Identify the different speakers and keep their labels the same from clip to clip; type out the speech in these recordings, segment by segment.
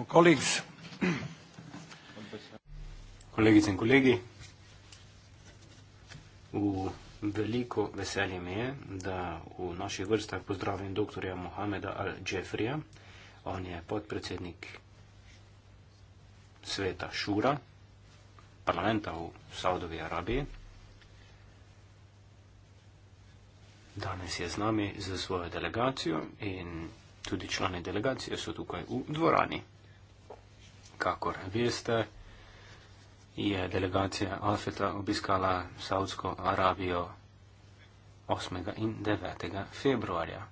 Speaker 1: welcome colleagues. Kolegice in kolegi, v veliko veselje mi je, da v naših vrstah pozdravim doktorja Mohameda Al-Džefrija. On je podpredsednik sveta Šura, parlamenta v Saudovi Arabiji. Danes je z nami za svojo delegacijo in tudi člani delegacije so tukaj v dvorani kakor veste, je delegacija Alfeta obiskala Saudsko Arabijo 8. in 9. februarja.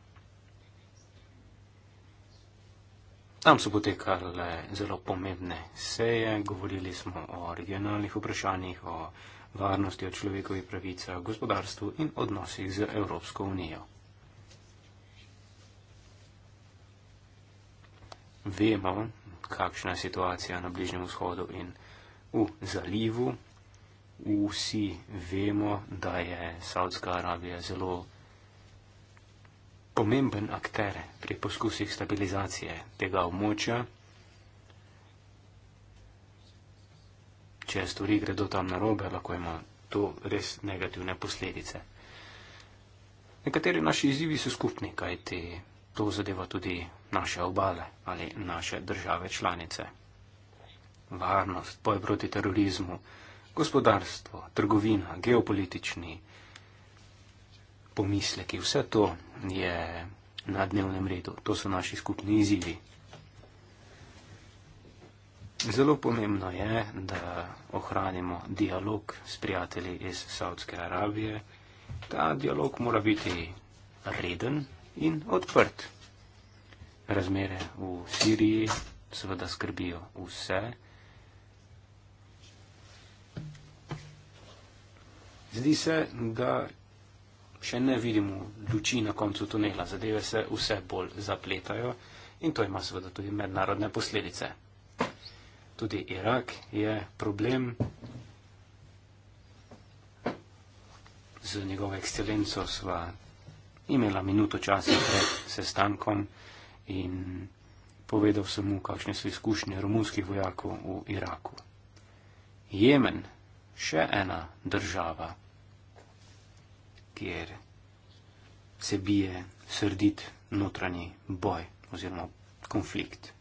Speaker 1: Tam so potekale zelo pomembne seje, govorili smo o regionalnih vprašanjih, o varnosti, o človekovi pravici, o gospodarstvu in odnosih z Evropsko unijo. Vemo, kakšna je situacija na Bližnjem vzhodu in v zalivu. Vsi vemo, da je Saudska Arabija zelo pomemben akter pri poskusih stabilizacije tega območja. Če stvari gredo tam narobe, lahko ima to res negativne posledice. Nekateri naši izzivi so skupni, kajti To zadeva tudi naše obale ali naše države članice. Varnost, boj proti terorizmu, gospodarstvo, trgovina, geopolitični pomisleki, vse to je na dnevnem redu. To so naši skupni izzivi. Zelo pomembno je, da ohranimo dialog s prijatelji iz Saudske Arabije. Ta dialog mora biti reden, in odprt. Razmere v Siriji seveda skrbijo vse. Zdi se, da še ne vidimo luči na koncu tunela. Zadeve se vse bolj zapletajo in to ima seveda tudi mednarodne posledice. Tudi Irak je problem z njegovo ekscelenco sva imela minuto časa pred sestankom in povedal sem mu, kakšne so izkušnje romunskih vojakov v Iraku. Jemen, še ena država, kjer se bije srdit notranji boj oziroma konflikt.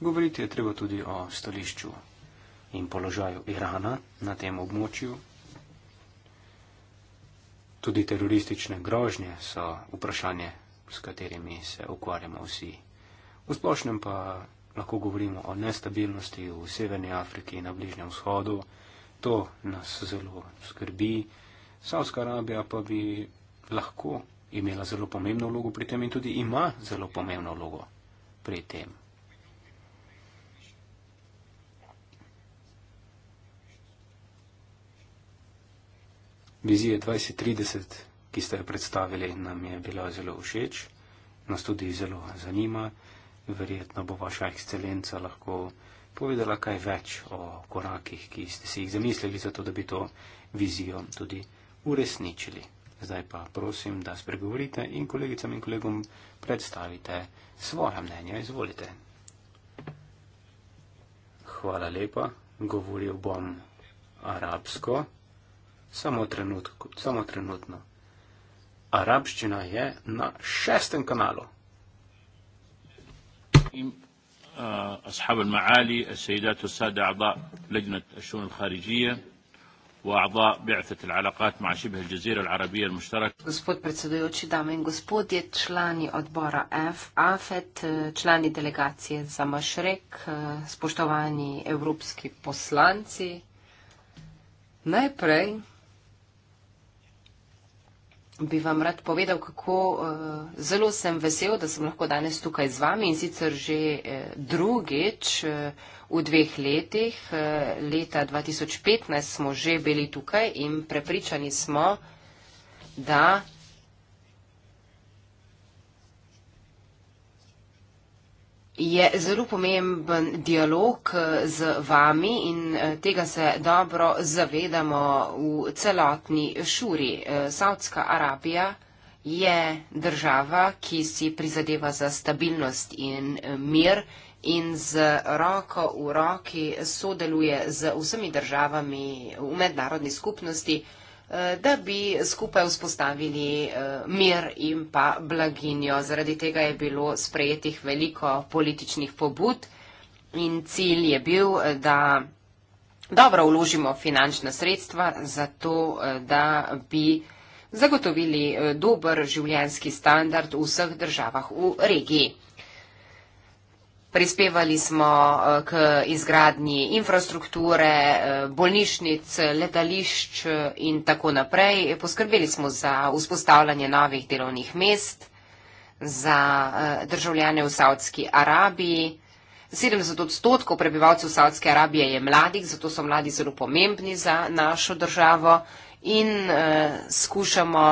Speaker 1: Govoriti je treba tudi o stališču in položaju Irana na tem območju Tudi teroristične grožnje so vprašanje, s katerimi se ukvarjamo vsi. V splošnem pa lahko govorimo o nestabilnosti v Severni Afriki in na Bližnjem vzhodu. To nas zelo skrbi. Savska Arabija pa bi lahko imela zelo pomembno vlogo pri tem in tudi ima zelo pomembno vlogo pri tem. vizije 2030, ki ste jo predstavili, nam je bila zelo všeč, nas tudi zelo zanima. Verjetno bo vaša ekscelenca lahko povedala kaj več o korakih, ki ste si jih zamislili, zato da bi to vizijo tudi uresničili. Zdaj pa prosim, da spregovorite in kolegicam in kolegom predstavite svoje mnenje. Izvolite. Hvala lepa. Govoril bom arabsko samo trenutku, samo trenutno. Arabščina je na šestem kanalu. In
Speaker 2: ashab al-ma'ali, sejidatu sada a'ba legnat šun al-Kharijije,
Speaker 3: Gospod predsedujoči, dame in gospodje, člani odbora F, AFET, e, člani delegacije za Mašrek, e, spoštovani evropski poslanci, najprej bi vam rad povedal, kako eh, zelo sem vesel, da sem lahko danes tukaj z vami in sicer že eh, drugič eh, v dveh letih. Leta 2015 smo že bili tukaj in prepričani smo, da Je zelo pomemben dialog eh, z vami in eh, tega se dobro zavedamo v celotni šuri. Eh, Saudska Arabija je država, ki si prizadeva za stabilnost in mir in z roko v roki sodeluje z vsemi državami v mednarodni skupnosti, da bi skupaj vzpostavili eh, mir in pa blaginjo. Zaradi tega je bilo sprejetih veliko političnih pobud in cilj je bil, eh, da dobro uložimo finančna sredstva za to, eh, da bi zagotovili dober življenski standard v vseh državah v regiji. Prispevali smo eh, k izgradnji infrastrukture, eh, bolnišnic, letališč eh, in tako naprej. Poskrbeli smo za vzpostavljanje novih delovnih mest za državljane v Saudski Arabiji. 70 odstotkov prebivalcev Saudske Arabije je mladih, zato so mladi zelo pomembni za našo državo in eh, skušamo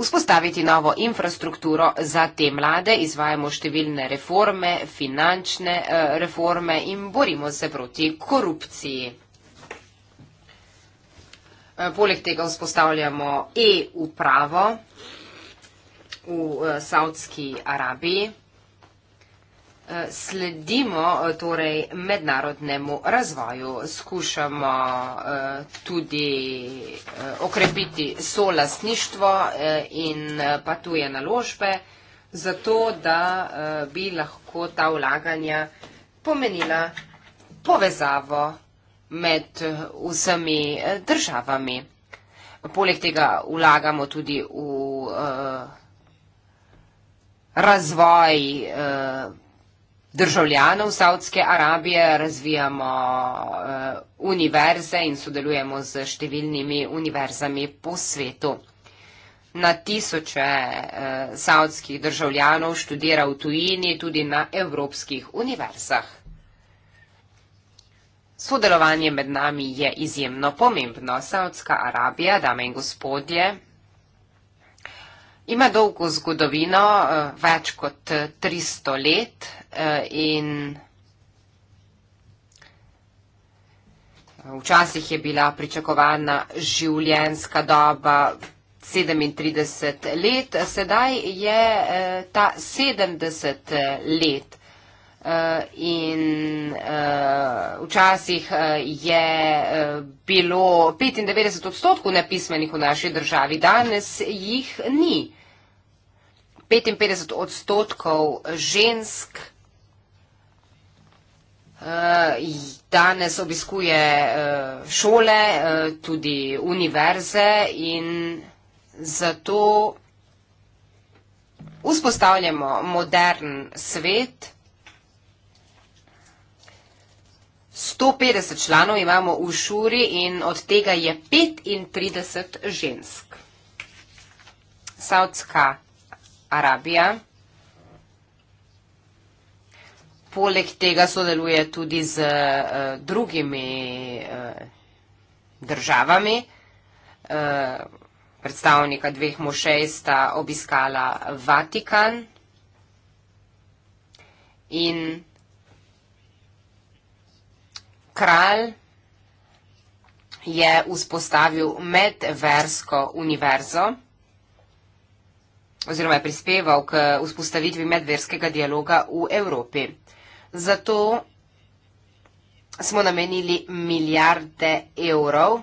Speaker 3: Vzpostaviti novo infrastrukturo za te mlade, izvajamo številne reforme, finančne eh, reforme in borimo se proti korupciji. Eh, poleg tega vzpostavljamo e-upravo v eh, Saudski Arabiji sledimo torej mednarodnemu razvoju, skušamo eh, tudi eh, okrepiti solastništvo eh, in pa tuje naložbe, zato da bi lahko ta vlaganja pomenila povezavo med vsemi državami. Poleg tega vlagamo tudi v razvoj državljanov Saudske Arabije, razvijamo uh, univerze in sodelujemo z številnimi univerzami po svetu. Na tisoče uh, saudskih državljanov študira v tujini tudi na evropskih univerzah. Sodelovanje med nami je izjemno pomembno. Saudska Arabija, dame in gospodje, Ima dolgo zgodovino, eh, več kot 300 eh, let eh, in včasih je bila pričakovana življenska doba 37 let, sedaj je ta 70 let. Uh, in uh, včasih uh, je uh, bilo 95 odstotkov nepismenih v naši državi, danes jih ni. Uh, 55 odstotkov žensk eh, danes obiskuje eh, šole, eh, tudi univerze in zato vzpostavljamo modern svet. 150 članov imamo v šuri in od tega je 35 žensk. Saudska Arabija. Poleg tega sodeluje tudi z uh, drugimi uh, državami. Uh, predstavnika dveh mošej sta obiskala Vatikan in kralj je vzpostavil medversko univerzo oziroma je prispeval k vzpostavitvi medverskega dialoga v Evropi. Zato smo namenili milijarde evrov.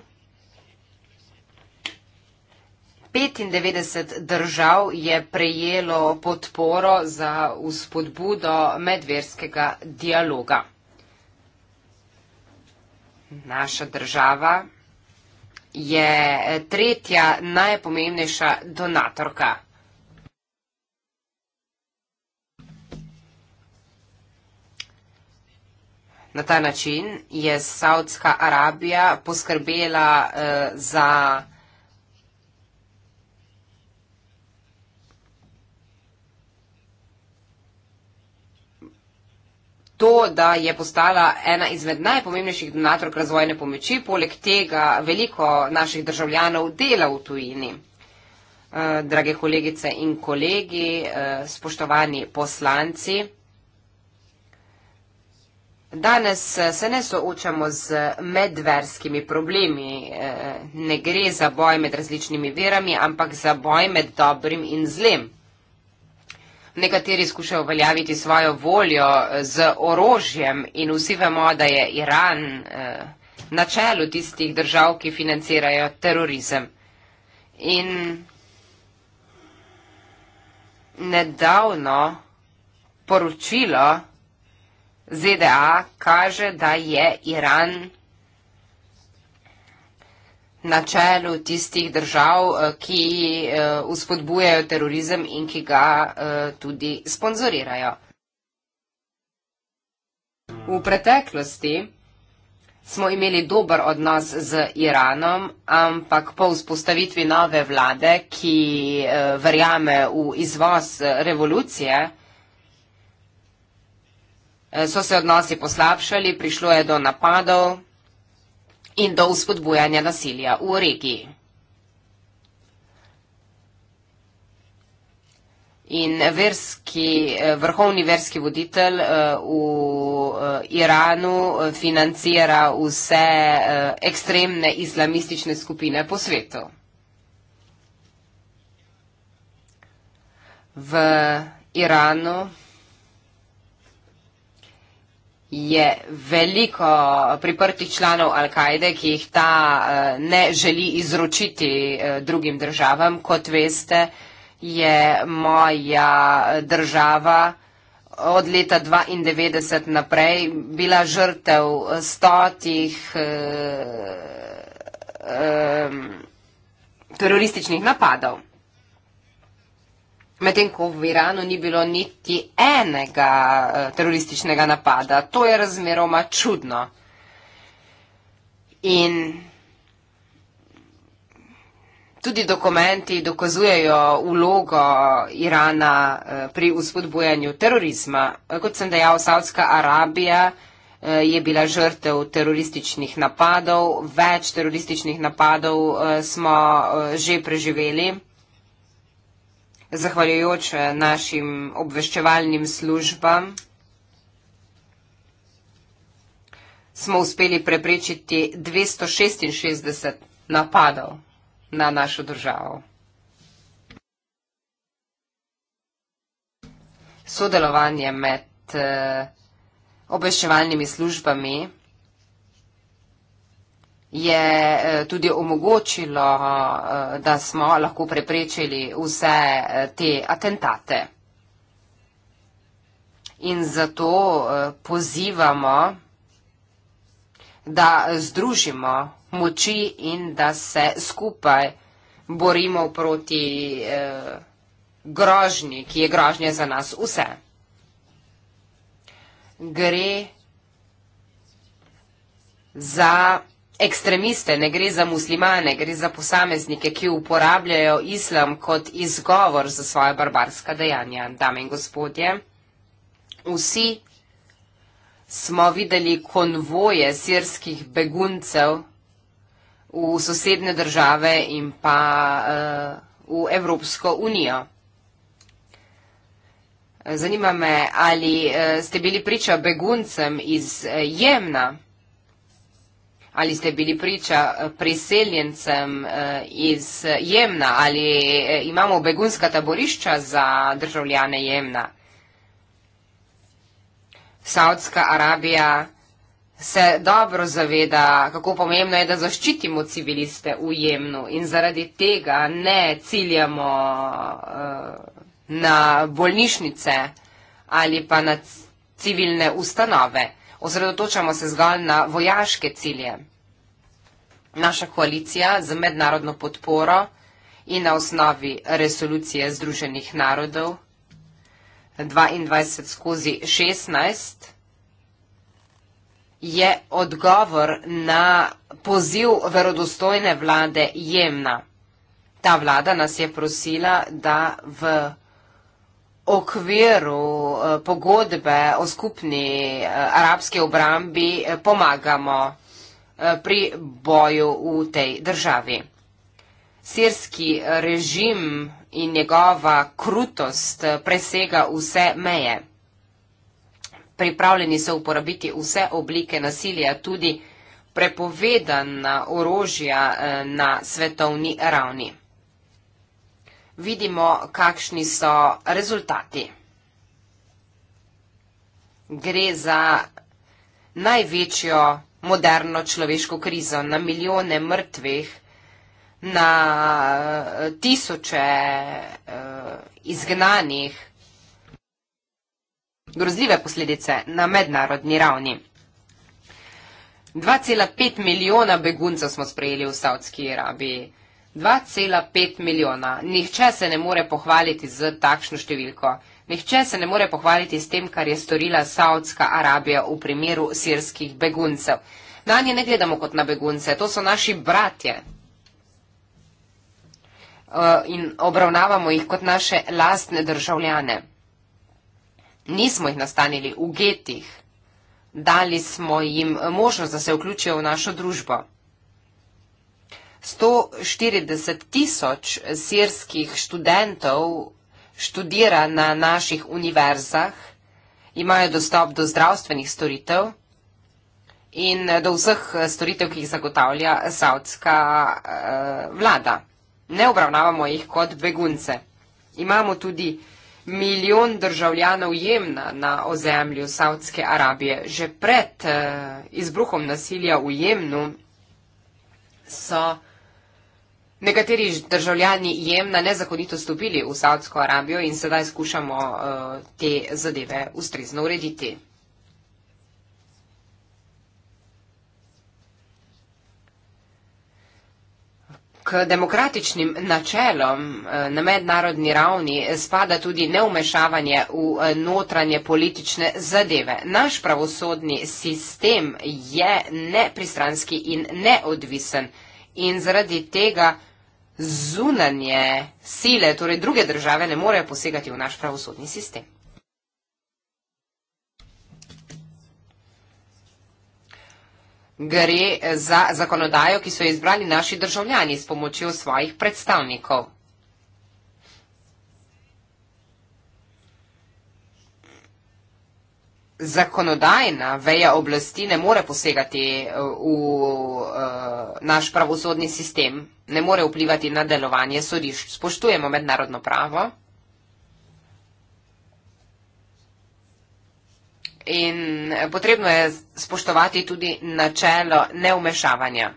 Speaker 3: 95 držav je prejelo podporo za vzpodbudo medverskega dialoga. Naša država je tretja najpomembnejša donatorka. Na ta način je Saudska Arabija poskrbela eh, za to, da je postala ena izmed najpomembnejših donatorov razvojne pomoči, poleg tega veliko naših državljanov dela v tujini. Eh, drage kolegice in kolegi, eh, spoštovani poslanci, Danes eh, se ne soočamo z medverskimi problemi. Eh, ne gre za boj med različnimi verami, ampak za boj med dobrim in zlem. Nekateri skušajo uveljaviti svojo voljo eh, z orožjem in vsi vemo, da je Iran na čelu tistih držav, ki financirajo terorizem. In nedavno poročilo ZDA kaže, da je Iran na čelu tistih držav, eh, ki uspodbujajo eh, terorizem in ki ga eh, tudi sponzorirajo. V preteklosti smo imeli dober odnos z Iranom, ampak po vzpostavitvi nove vlade, ki verjame v izvoz revolucije, Eh, so se odnosi poslabšali, prišlo je do napadov in do uspodbujanja nasilja v regiji. In verski, eh, vrhovni verski voditelj eh, v Iranu financira vse ekstremne islamistične skupine po svetu. V Iranu je veliko priprtih članov Al-Kaide, ki jih ta eh, ne želi izročiti eh, drugim državam. Kot veste, je moja država od leta 1992 naprej bila žrtev stotih eh, eh, terorističnih napadov. Medtem ko v Iranu ni bilo niti enega eh, terorističnega napada, to je razmeroma čudno. In tudi dokumenti dokazujejo ulogo Irana eh, pri uspodbujanju terorizma. Eh, kot sem dejal, Saudska Arabija je bila žrtev terorističnih napadov, več terorističnih napadov smo že preživeli zahvaljujoč eh, našim obveščevalnim službam, smo uspeli preprečiti 266 napadov na našo državo. Sodelovanje med eh, obveščevalnimi službami je eh, tudi omogočilo, eh, da smo lahko preprečili vse eh, te atentate. In zato pozivamo, da združimo moči in da se skupaj borimo proti grožnji, ki je grožnja za nas vse. Gre za ekstremiste, ne gre za muslimane, gre za posameznike, ki uporabljajo islam kot izgovor za svoje barbarska dejanja. Dame in gospodje, vsi smo videli konvoje sirskih beguncev v sosedne države in pa uh, v Evropsko unijo. Zanima me, ali eh, ste bili priča beguncem iz eh, Jemna. Ali ste bili priča eh, priseljencem eh, iz Jemna? Ali eh, imamo begunska taborišča za državljane Jemna? Saudska Arabija se dobro zaveda, kako pomembno je, da zaščitimo civiliste v Jemnu in zaradi tega ne ciljamo na bolnišnice ali pa na civilne ustanove. Osredotočamo se zgolj na vojaške cilje. Naša koalicija z mednarodno podporo in na osnovi resolucije Združenih narodov 22 skozi 16 je odgovor na poziv verodostojne vlade Jemna. Ta vlada nas je prosila, da v okviru eh, pogodbe o skupni eh, arabski obrambi eh, pomagamo pri boju v tej državi. Sirski režim in njegova krutost presega vse meje. Pripravljeni so uporabiti vse oblike nasilja, tudi prepovedana orožja na svetovni ravni vidimo, kakšni so rezultati. Gre za največjo moderno človeško krizo, na milijone mrtvih, na eh, tisoče eh, izgnanih, grozljive posledice na mednarodni ravni. 2,5 milijona beguncev smo sprejeli v Saudski Arabiji. 2,5 milijona. Nihče se ne more pohvaliti z takšno številko. Nihče se ne more pohvaliti s tem, kar je storila Saudska Arabija v primeru sirskih beguncev. Na nje ne gledamo kot na begunce, to so naši bratje. Eh, in obravnavamo jih kot naše lastne državljane. Nismo jih nastanili v getih. Dali smo jim možnost, da se vključijo v našo družbo. 140 tisoč sirskih študentov študira na naših univerzah, imajo dostop do zdravstvenih storitev in eh, do vseh eh, storitev, ki jih zagotavlja savdska eh, vlada. Ne obravnavamo jih kot begunce. Imamo tudi milijon državljanov Jemna na ozemlju Saudske Arabije. Že pred izbruhom nasilja v Jemnu so vsega, nekateri državljani jem na nezakonito stopili v Saudsko Arabijo in sedaj skušamo uh, te zadeve ustrezno urediti. K demokratičnim načelom uh, na mednarodni ravni spada tudi neumešavanje v uh, notranje politične zadeve. Naš pravosodni sistem je nepristranski in neodvisen in zaradi tega zunanje sile, torej druge države, ne morejo posegati v naš pravosodni sistem. Gre za zakonodajo, ki so jo izbrali naši državljani s pomočjo svojih predstavnikov. zakonodajna veja oblasti ne more posegati eh, v eh, naš pravosodni sistem, ne more vplivati na delovanje sodišč. Spoštujemo mednarodno pravo in eh, potrebno je spoštovati tudi načelo neumešavanja.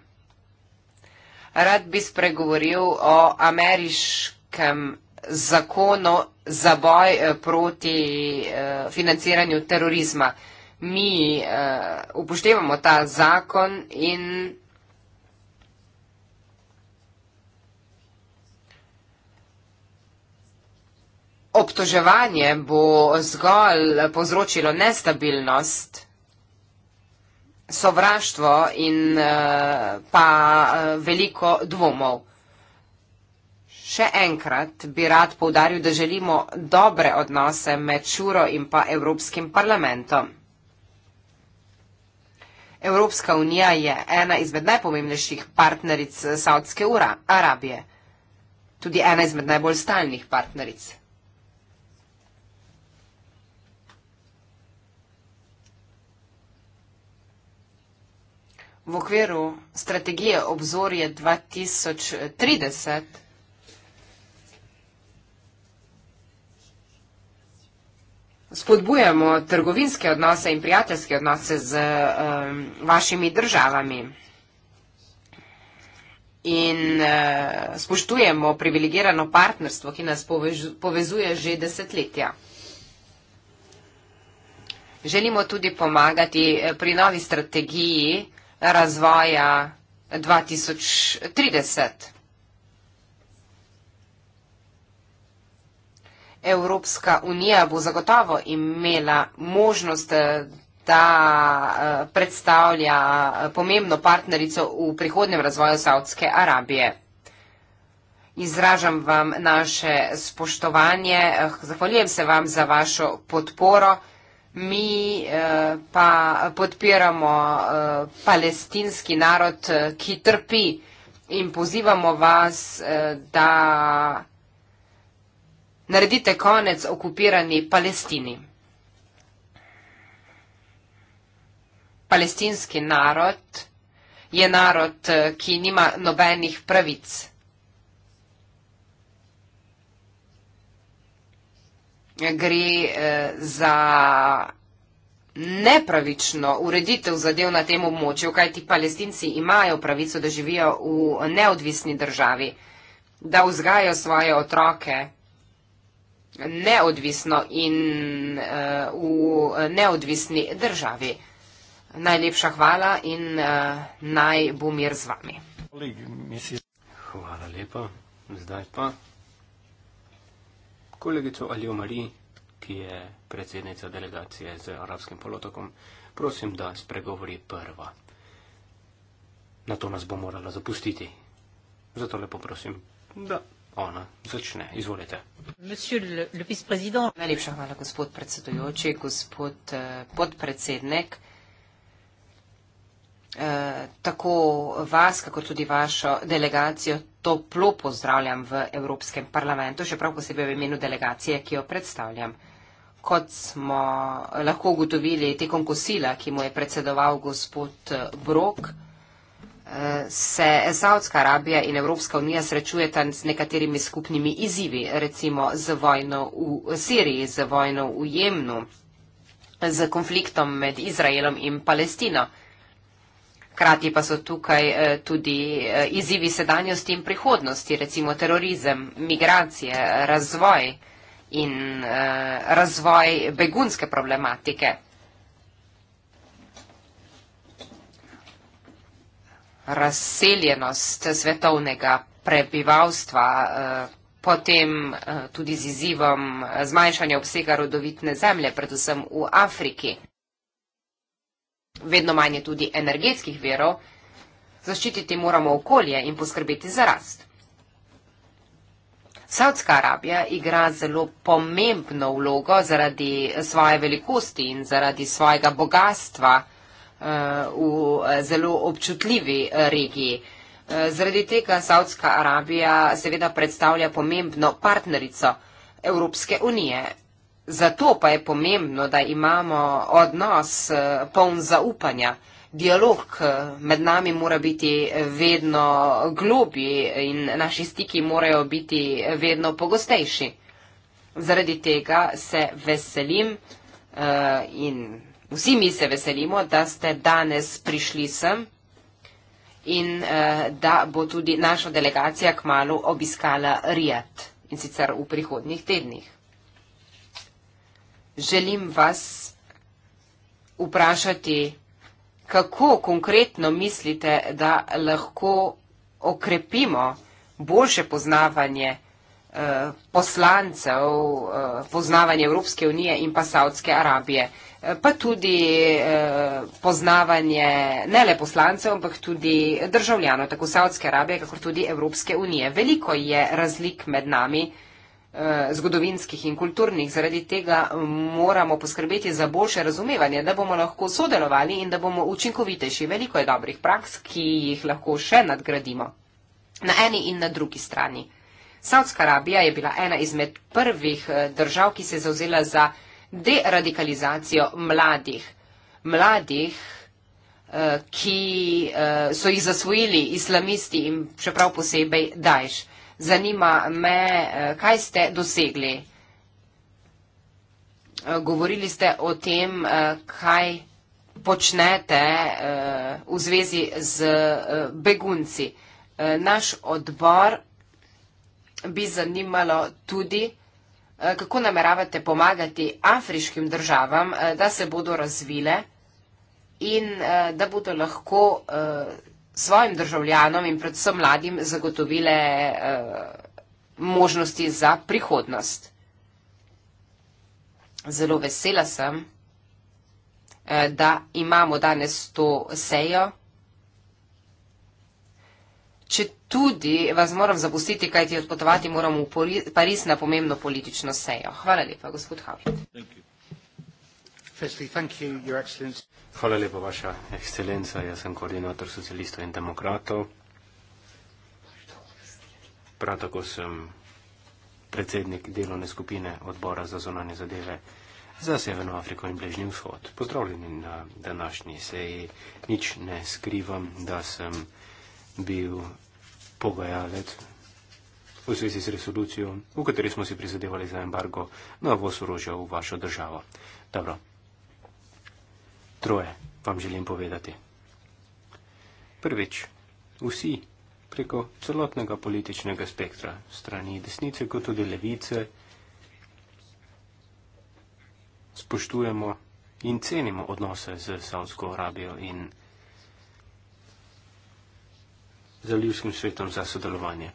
Speaker 3: Rad bi spregovoril o ameriškem zakonu za boj eh, proti eh, financiranju terorizma. Mi eh, upoštevamo ta zakon in obtoževanje bo zgolj povzročilo nestabilnost, sovraštvo in pa veliko dvomov. Še enkrat bi rad povdaril, da želimo dobre odnose med Šuro in pa Evropskim parlamentom. Evropska unija je ena izmed najpomembnejših partneric Saudske ura, Arabije. Tudi ena izmed najbolj stalnih partneric. V okviru strategije obzorje 2030 spodbujamo trgovinske odnose in prijateljske odnose z vašimi državami in e, spoštujemo privilegirano partnerstvo, ki nas povezuje že desetletja. Želimo tudi pomagati e, pri novi strategiji razvoja 2030. Evropska unija bo zagotovo imela možnost, eh, da eh, predstavlja eh, pomembno partnerico v prihodnem razvoju Saudske Arabije. Izražam vam naše spoštovanje, zahvaljujem se vam za vašo podporo. Mi pa podpiramo palestinski narod, ki trpi in pozivamo vas, da naredite konec okupirani Palestini. Palestinski narod je narod, eh, ki nima nobenih pravic. Gre eh, za nepravično ureditev zadev na tem območju, kajti palestinci imajo pravico, da živijo v neodvisni državi, da vzgajajo svoje otroke neodvisno in uh, v neodvisni državi. Najlepša hvala in uh, naj bo mir z vami. Hvala lepa.
Speaker 1: Zdaj pa kolegico Aljo Mari, ki je predsednica delegacije z Arabskim polotokom, prosim, da spregovori prva. Na to nas bo morala zapustiti. Zato lepo prosim, da ona začne. Izvolite.
Speaker 3: Najlepša hvala, gospod predsedujoči, gospod eh, podpredsednik. Eh, tako vas, kako tudi vašo delegacijo toplo pozdravljam v Evropskem parlamentu, še prav posebej v imenu delegacije, ki jo predstavljam. Kot smo eh, lahko ugotovili tekom kosila, ki mu je predsedoval gospod Brok, se Saudska Arabija in Evropska unija srečujeta z nekaterimi skupnimi izzivi, recimo z vojno v Siriji, z vojno v Jemnu, z konfliktom med Izraelom in Palestino. Hkrati pa so tukaj eh, tudi eh, izzivi sedanjosti in prihodnosti, recimo terorizem, migracije, razvoj in eh, razvoj begunske problematike. razseljenost svetovnega prebivalstva, eh, potem eh, tudi z izzivom eh, zmanjšanja obsega rodovitne zemlje, predvsem v Afriki. Vedno manj je tudi energetskih verov, zaščititi moramo okolje in poskrbeti za rast. Saudska Arabija igra zelo pomembno vlogo zaradi svoje velikosti in zaradi svojega bogatstva v zelo občutljivi eh, regiji. Eh, zaradi tega Saudska Arabija seveda predstavlja pomembno partnerico Evropske unije. Zato pa je pomembno, da imamo odnos eh, poln zaupanja. Dialog med nami mora biti vedno globji in naši stiki morajo biti vedno pogostejši. Zaradi tega se veselim uh, in Vsi mi se veselimo, da ste danes prišli sem in eh, da bo tudi naša delegacija kmalo obiskala Rijat in sicer v prihodnih tednih. Želim vas vprašati, kako konkretno mislite, da lahko okrepimo boljše poznavanje eh, poslancev, eh, poznavanje Evropske unije in pa Saudske Arabije pa tudi eh, poznavanje ne le poslancev, ampak tudi državljanov, tako Saudske Arabije, kakor tudi Evropske unije. Veliko je razlik med nami, eh, zgodovinskih in kulturnih. Zaradi tega moramo poskrbeti za boljše razumevanje, da bomo lahko sodelovali in da bomo učinkovitejši. Veliko je dobrih praks, ki jih lahko še nadgradimo. Na eni in na drugi strani. Saudska Arabija je bila ena izmed prvih eh, držav, ki se je zauzela za deradikalizacijo mladih. Mladih, eh, ki eh, so jih zasvojili islamisti in še prav posebej Daješ. Zanima me, eh, kaj ste dosegli. Govorili ste o tem, kaj počnete v zvezi z begunci. Naš odbor bi zanimalo tudi, Eh, kako nameravate pomagati afriškim državam, eh, da se bodo razvile in eh, da bodo lahko svojim državljanom in predvsem mladim zagotovile možnosti za prihodnost. Zelo vesela sem, da imamo danes to sejo. Če tudi vas moram zapustiti, kajti odpotovati moram v Pariz na pomembno politično sejo. Hvala lepa, gospod Havrit.
Speaker 1: Hvala lepa, vaša ekscelenca. Jaz sem koordinator socialistov in demokratov. Prav tako sem predsednik delovne skupine odbora za zonanje zadeve za Severno Afriko in Bližnji vzhod. Pozdravljeni na današnji seji. Nič ne skrivam, da sem bil pogajalec v zvezi z resolucijo, v kateri smo si prizadevali za embargo na voz orožja v vašo državo. Dobro. Troje vam želim povedati. Prvič, vsi preko celotnega političnega spektra, strani desnice kot tudi levice, spoštujemo in cenimo odnose z Saudsko Arabijo in Arabijo z ljudskim svetom za sodelovanje.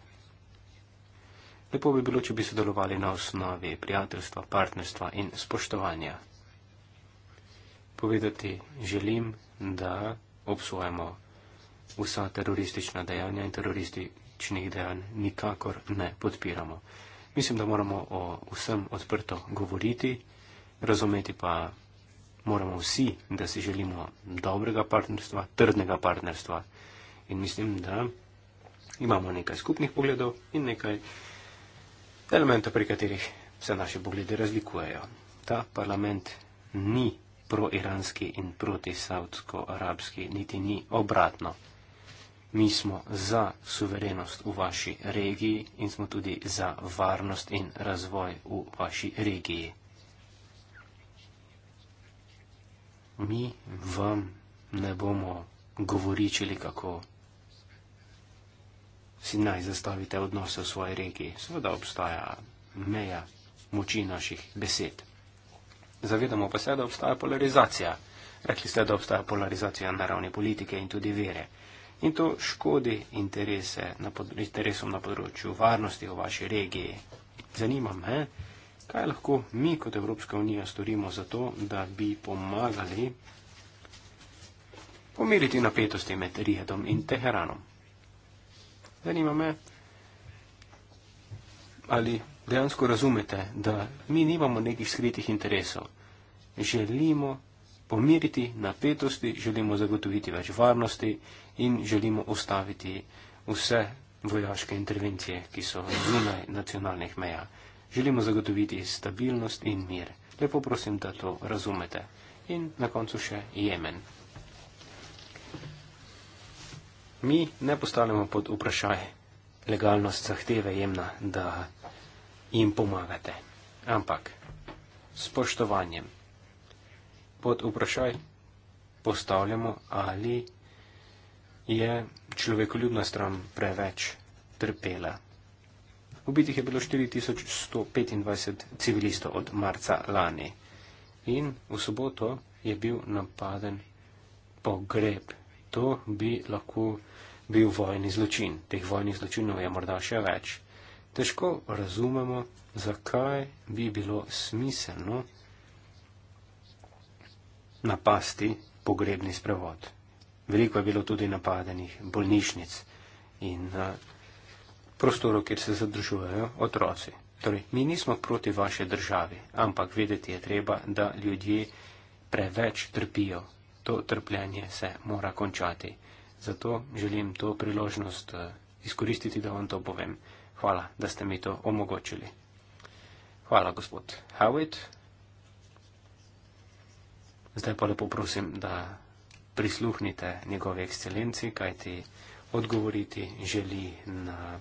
Speaker 1: Lepo bi bilo, če bi sodelovali na osnovi prijateljstva, partnerstva in spoštovanja. Povedati želim, da obsojamo vsa teroristična dejanja in terorističnih dejanj nikakor ne podpiramo. Mislim, da moramo o vsem odprto govoriti, razumeti pa moramo vsi, da si želimo dobrega partnerstva, trdnega partnerstva. In mislim, da imamo nekaj skupnih pogledov in nekaj elementov, pri katerih se naše poglede razlikujejo. Ta parlament ni proiranski in proti saudsko-arabski, niti ni obratno. Mi smo za suverenost v vaši regiji in smo tudi za varnost in razvoj v vaši regiji. Mi vam ne bomo govoričili, kako si naj zastavite odnose v svoji regiji. Seveda obstaja meja moči naših besed. Zavedamo pa se, da obstaja polarizacija. Rekli ste, da obstaja polarizacija na ravni politike in tudi vere. In to škodi interese na pod, interesom na področju varnosti v vaši regiji. Zanima me, kaj lahko mi kot Evropska unija storimo za to, da bi pomagali pomiriti napetosti med Rijedom in Teheranom. Zanima me, ali dejansko razumete, da mi nimamo nekih skritih interesov. Želimo pomiriti napetosti, želimo zagotoviti več varnosti in želimo ustaviti vse vojaške intervencije, ki so zunaj nacionalnih meja. Želimo zagotoviti stabilnost in mir. Lepo prosim, da to razumete. In na koncu še Jemen. mi ne postavljamo pod vprašaj legalnost zahteve jemna, da jim pomagate. Ampak s spoštovanjem pod vprašaj postavljamo, ali je človekoljubna stran preveč trpela. Ubitih je bilo 4125 civilistov od marca lani in v soboto je bil napaden pogreb to bi lahko bil vojni zločin. Teh vojnih zločinov je morda še več. Težko razumemo, zakaj bi bilo smiselno napasti pogrebni sprevod. Veliko je bilo tudi napadenih bolnišnic in prostorov, kjer se zadržujejo otroci. Torej, mi nismo proti vaše državi, ampak vedeti je treba, da ljudje preveč trpijo to trpljenje se mora končati. Zato želim to priložnost eh, izkoristiti, da vam to povem. Hvala, da ste mi to omogočili. Hvala, gospod Howitt. Zdaj pa lepo prosim, da prisluhnite njegovi ekscelenci, kajti odgovoriti želi na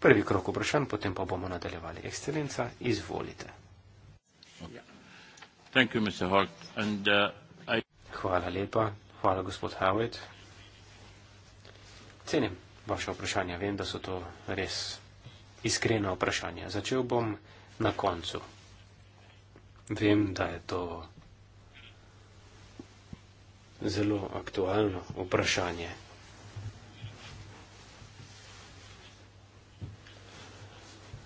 Speaker 1: prvi krok vprašanj, potem pa bomo nadaljevali. Ekscelenca, izvolite.
Speaker 2: Hvala, gospod Howitt. Uh, Hvala lepa. Hvala, gospod Howard.
Speaker 1: Cenim vaše vprašanje. Vem, da so to res iskrena vprašanja. Začel bom na koncu. Vem, da je to zelo aktualno vprašanje.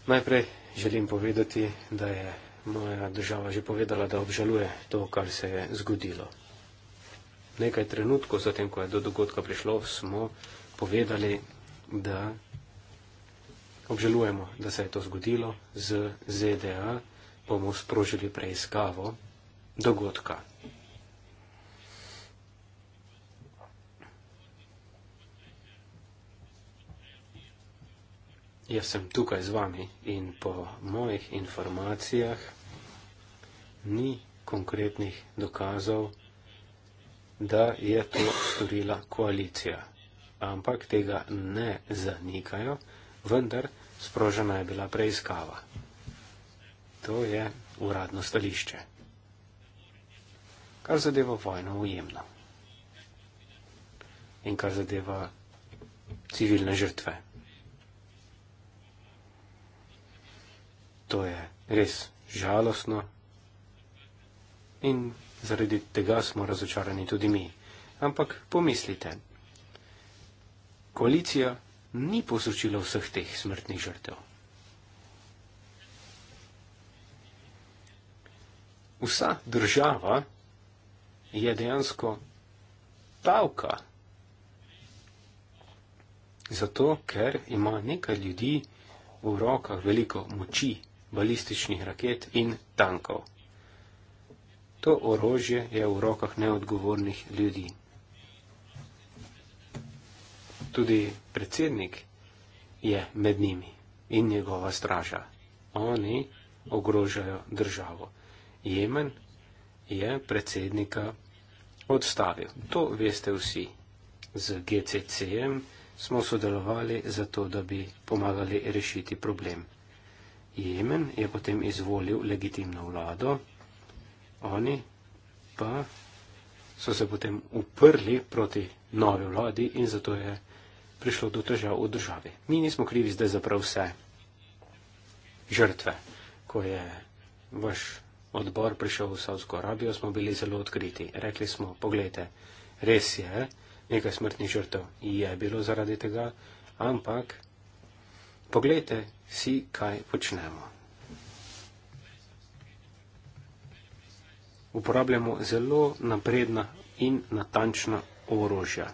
Speaker 1: Najprej želim povedati, da je moja država že povedala, da obžaluje to, kar se je zgodilo nekaj trenutkov zatem, ko je do dogodka prišlo, smo povedali, da obžalujemo, da se je to zgodilo z ZDA, bomo sprožili preiskavo dogodka. Jaz sem tukaj z vami in po mojih informacijah ni konkretnih dokazov, da je to storila koalicija. Ampak tega ne zanikajo, vendar sprožena je bila preiskava. To je uradno stališče. Kar zadeva vojno ujemno in kar zadeva civilne žrtve. To je res žalostno in Zaradi tega smo razočarani tudi mi. Ampak pomislite, koalicija ni posučila vseh teh smrtnih žrtev. Vsa država je dejansko davka. Zato, ker ima nekaj ljudi v rokah veliko moči balističnih raket in tankov. To orožje je v rokah neodgovornih ljudi. Tudi predsednik je med njimi in njegova straža. Oni ogrožajo državo. Jemen je predsednika odstavil. To veste vsi. Z GCCM smo sodelovali zato, da bi pomagali rešiti problem. Jemen je potem izvolil legitimno vlado oni pa so se potem uprli proti nove vladi in zato je prišlo do težav v državi. Mi nismo krivi zdaj za prav vse žrtve, ko je vaš odbor prišel v Savsko Arabijo, smo bili zelo odkriti. Rekli smo, pogledajte, res je, nekaj smrtnih žrtev je bilo zaradi tega, ampak pogledajte si, kaj počnemo. uporabljamo zelo napredna in natančna orožja.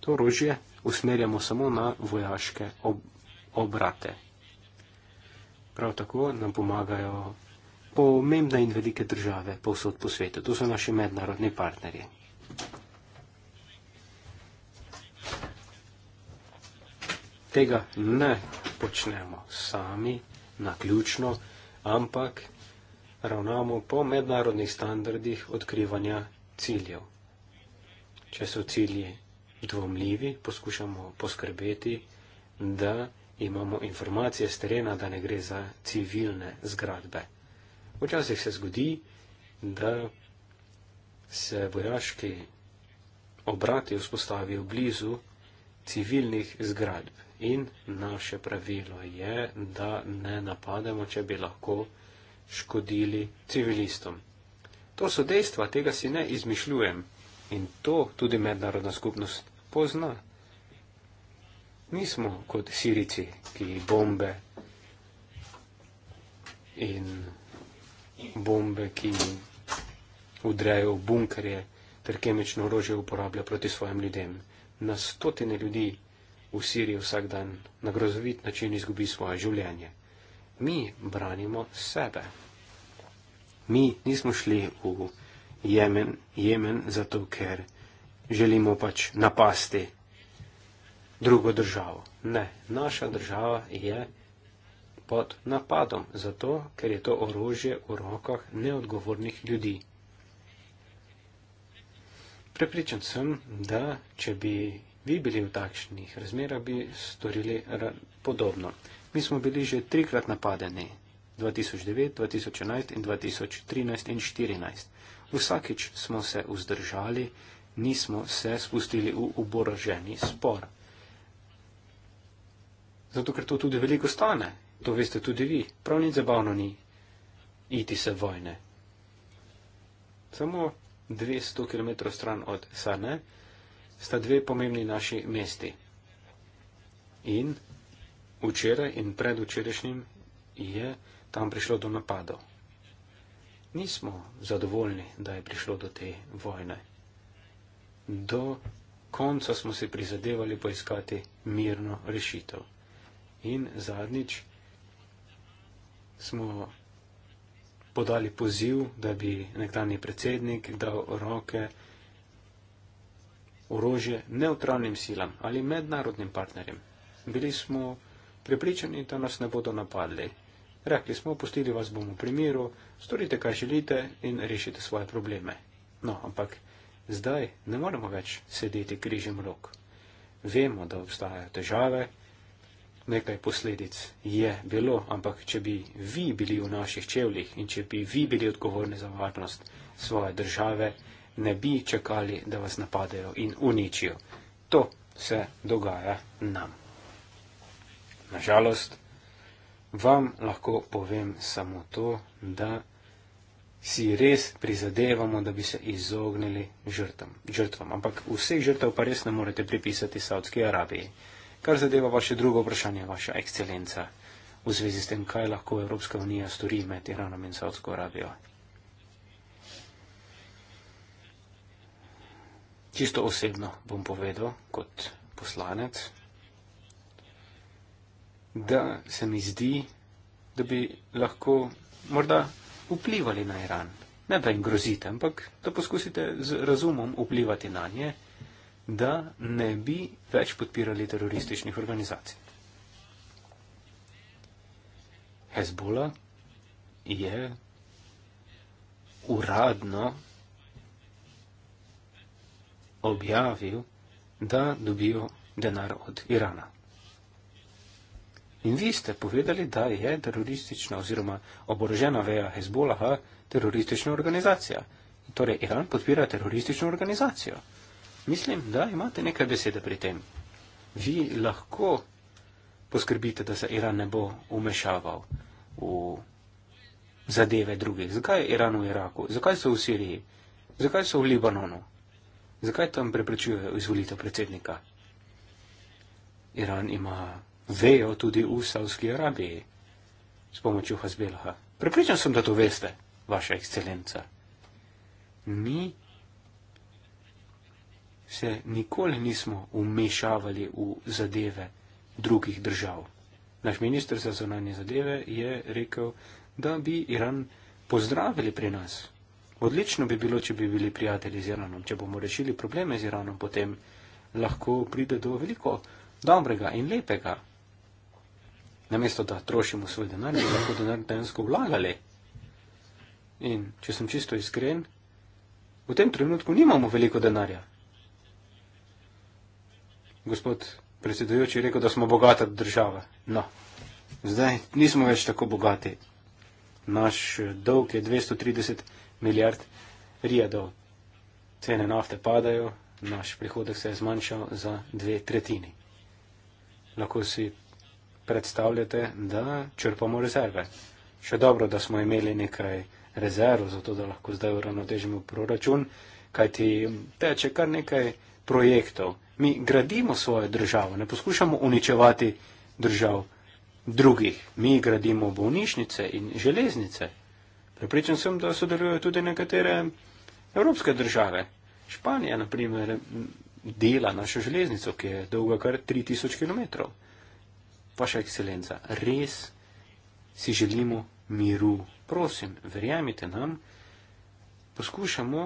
Speaker 1: To orožje usmerjamo samo na vojaške ob obrate. Prav tako nam pomagajo pomembne in velike države povsod po svetu. To so naši mednarodni partnerji. Tega ne počnemo sami, naključno, ampak ravnamo po mednarodnih standardih odkrivanja ciljev. Če so cilji dvomljivi, poskušamo poskrbeti, da imamo informacije z terena, da ne gre za civilne zgradbe. Včasih se zgodi, da se vojaški obrati vzpostavijo blizu civilnih zgradb. In naše pravilo je, da ne napademo, če bi lahko škodili civilistom. To so dejstva, tega si ne izmišljujem in to tudi mednarodna skupnost pozna. Nismo kot Sirici, ki bombe in bombe, ki udrejo v bunkerje ter kemično orožje uporablja proti svojim ljudem. Na stotine ljudi v Siriji vsak dan na grozovit način izgubi svoje življenje mi branimo sebe. Mi nismo šli v Jemen, Jemen zato, ker želimo pač napasti drugo državo. Ne, naša država je pod napadom, zato, ker je to orožje v rokah neodgovornih ljudi. Prepričan sem, da če bi vi bili v takšnih razmerah, bi storili podobno. Mi smo bili že trikrat napadeni, 2009, 2011 in 2013 in 2014. Vsakič smo se vzdržali, nismo se spustili v oboroženi spor. Zato, ker to tudi veliko stane, to veste tudi vi, prav ni zabavno ni iti se vojne. Samo 200 km stran od Sane sta dve pomembni naši mesti. In včeraj in predvčerajšnjim je tam prišlo do napadov. Nismo zadovoljni, da je prišlo do te vojne. Do konca smo si prizadevali poiskati mirno rešitev. In zadnjič smo podali poziv, da bi nekdani predsednik dal roke orožje neutralnim silam ali mednarodnim partnerjem. Bili smo prepričani, da nas ne bodo napadli. Rekli smo, pustili vas bomo v primiru, storite, kaj želite in rešite svoje probleme. No, ampak zdaj ne moremo več sedeti križem rok. Vemo, da obstajajo težave, nekaj posledic je bilo, ampak če bi vi bili v naših čevljih in če bi vi bili odgovorni za varnost svoje države, ne bi čakali, da vas napadejo in uničijo. To se dogaja nam. Nažalost, vam lahko povem samo to, da si res prizadevamo, da bi se izognili žrtvam. žrtvam. Ampak vseh žrtev pa res ne morete pripisati Saudski Arabiji. Kar zadeva vaše drugo vprašanje, vaša ekscelenca, v zvezi s tem, kaj lahko Evropska unija stori med Iranom in Saudsko Arabijo. Čisto osebno bom povedal, kot poslanec, da se mi zdi, da bi lahko morda vplivali na Iran. Ne da jim grozite, ampak da poskusite z razumom vplivati na nje, da ne bi več podpirali terorističnih organizacij. Hezbola je uradno objavil, da dobijo denar od Irana. In vi ste povedali, da je teroristična oziroma oborožena veja Hezbolaha teroristična organizacija. Torej, Iran podpira teroristično organizacijo. Mislim, da imate nekaj besede pri tem. Vi lahko poskrbite, da se Iran ne bo umešaval v zadeve drugih. Zakaj je Iran v Iraku? Zakaj so v Siriji? Zakaj so v Libanonu? Zakaj tam preprečujejo izvolitev predsednika? Iran ima vejo tudi usavski arabiji s pomočjo Hazbelaha. Pripričan sem, da to veste, vaša ekscelenca. Mi se nikoli nismo umešavali v zadeve drugih držav. Naš ministr za zonanje zadeve je rekel, da bi Iran pozdravili pri nas. Odlično bi bilo, če bi bili prijatelji z Iranom. Če bomo rešili probleme z Iranom, potem lahko pride do veliko dobrega in lepega namesto da trošimo svoj denar, bi lahko denar dejansko vlagali. In če sem čisto iskren, v tem trenutku nimamo veliko denarja. Gospod predsedujoči je rekel, da smo bogata država. No, zdaj nismo več tako bogati. Naš dolg je 230 milijard rijadov. Cene nafte padajo, naš prihodek se je zmanjšal za dve tretjini. Lahko si predstavljate, da črpamo rezerve. Še dobro, da smo imeli nekaj rezerv, zato da lahko zdaj uravnotežimo proračun, kajti teče kar nekaj projektov. Mi gradimo svojo državo, ne poskušamo uničevati držav drugih. Mi gradimo bolnišnice in železnice. Prepričan sem, da sodelujejo tudi nekatere evropske države. Španija, na primer, dela našo železnico, ki je dolga kar 3000 km. Vaša ekscelenca, res si želimo miru. Prosim, verjamite nam, poskušamo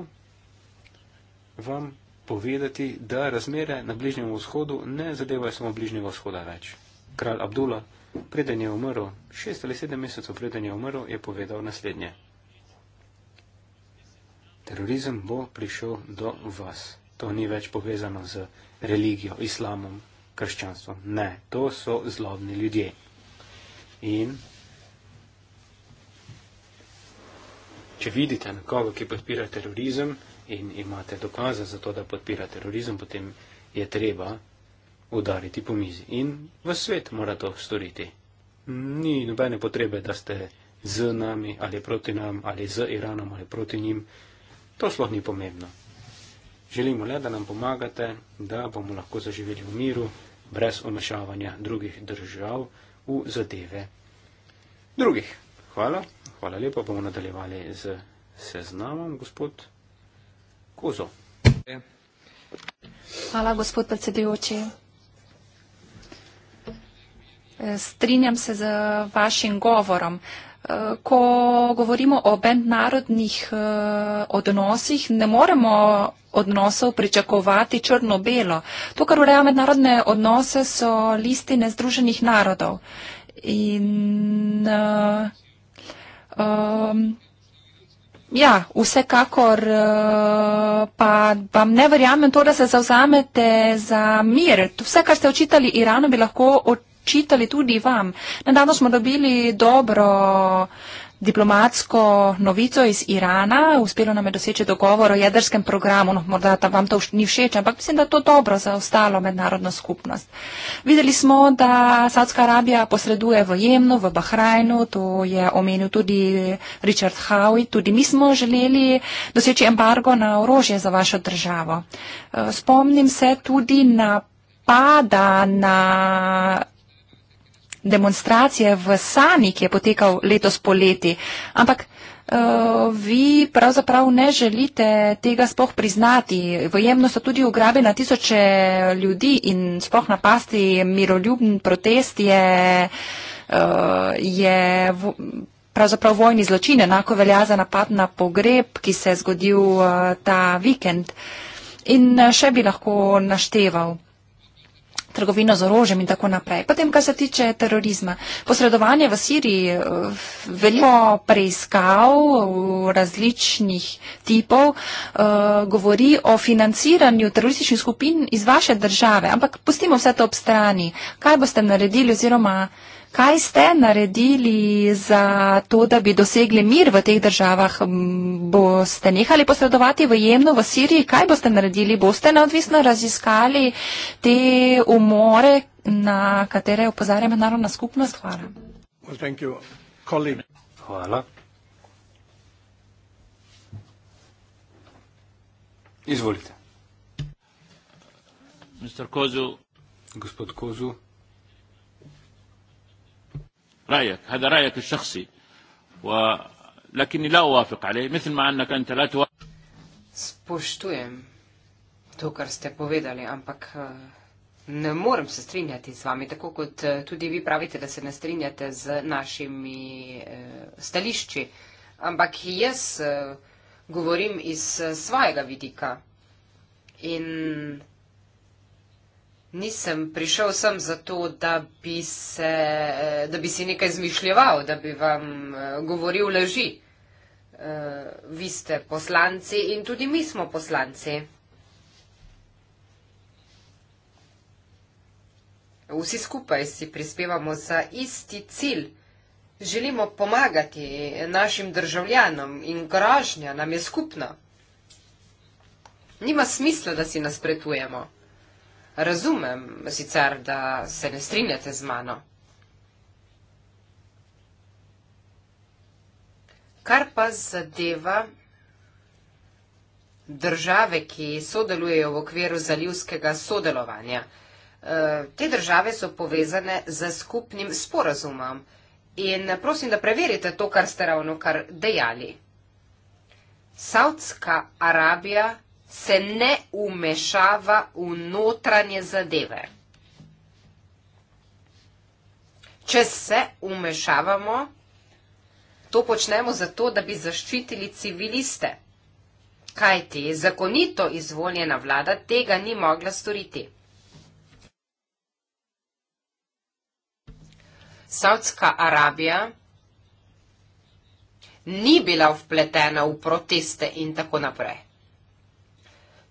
Speaker 1: vam povedati, da razmere na Bližnjem vzhodu ne zadevajo samo Bližnjega vzhoda več. Kralj Abdullah, preden je umrl, šest ali sedem mesecev preden je umrl, je povedal naslednje. Terorizem bo prišel do vas. To ni več povezano z religijo, islamom, krščanstvo. Ne, to so zlobni ljudje. In če vidite nekoga, ki podpira terorizem in imate dokaze za to, da podpira terorizem, potem je treba udariti po mizi. In v svet mora to storiti. Ni nobene potrebe, da ste z nami ali proti nam ali z Iranom ali proti njim. To sploh ni pomembno. Želimo le, da nam pomagate, da bomo lahko zaživeli v miru brez omešavanja drugih držav v zadeve drugih. Hvala, hvala lepa, bomo nadaljevali z seznamom, gospod Kozo.
Speaker 4: Hvala, gospod predsedujoči. E, strinjam se z vašim govorom. Eh, ko govorimo o mednarodnih eh, odnosih, ne moremo odnosov pričakovati črno-belo. To, kar ureja mednarodne odnose, so listine Združenih narodov. In uh, um, ja, vsekakor uh, pa vam ne verjamem to, da se zauzamete za mir. Vse, kar ste očitali Iranu, bi lahko od čitali tudi vam. Nedavno smo dobili dobro diplomatsko novico iz Irana, uspelo nam je doseči dogovor o jedrskem programu, no, morda da vam to ni všeč, ampak mislim, da je to dobro za ostalo mednarodno skupnost. Videli smo, da Saudska Arabija posreduje v Jemnu, v Bahrajnu, to je omenil tudi Richard Howey, tudi mi smo želeli doseči embargo na orožje za vašo državo. Eh, spomnim se tudi na pada na demonstracije v Sani, ki je potekal letos poleti. Ampak uh, vi pravzaprav ne želite tega spoh priznati. V Jemnu so tudi ugrabe na tisoče ljudi in spoh napasti miroljubni protest je, uh, je v, pravzaprav vojni zločin. Enako velja za napad na pogreb, ki se je zgodil uh, ta vikend. In še bi lahko našteval trgovino z orožjem in tako naprej. Potem, kar se tiče terorizma. Posredovanje v Siriji, eh, veliko preiskav eh, različnih tipov eh, govori o financiranju terorističnih skupin iz vaše države. Ampak pustimo vse to ob strani. Kaj boste naredili oziroma Kaj ste naredili za to, da bi dosegli mir v teh državah? Boste nehali posredovati v Jemnu, v Siriji? Kaj boste naredili? Boste neodvisno raziskali te umore, na katere upozarja mednarodna skupnost? Hvala.
Speaker 2: Well, Hvala. Izvolite. Gospod Kozu. رأيك هذا رأيك الشخصي ولكني لا أوافق عليه مثل ما أنك أنت لا توافق
Speaker 3: Spoštujem to, kar ste povedali, ampak eh, ne morem se strinjati z vami, tako kot eh, tudi vi pravite, da se ne strinjate z našimi eh, stališči. Ampak jaz govorim iz svojega vidika in Nisem prišel sem zato, da bi, se, da bi si nekaj zmišljeval, da bi vam eh, govoril laži. Eh, vi ste poslanci in tudi mi smo poslanci. Vsi skupaj si prispevamo za isti cilj. Želimo pomagati našim državljanom in grožnja nam je skupna. Nima smisla, da si nasprotujemo. Razumem sicer, da se ne strinjate z mano. Kar pa zadeva države, ki sodelujejo v okviru zalivskega sodelovanja. Eh, te države so povezane z skupnim sporazumom in prosim, da preverite to, kar ste ravno kar dejali. Saudska Arabija se ne umešava v notranje zadeve. Če se umešavamo, to počnemo zato, da bi zaščitili civiliste. Kaj ti je zakonito izvoljena vlada tega ni mogla storiti? Saudska Arabija ni bila vpletena v proteste in tako naprej.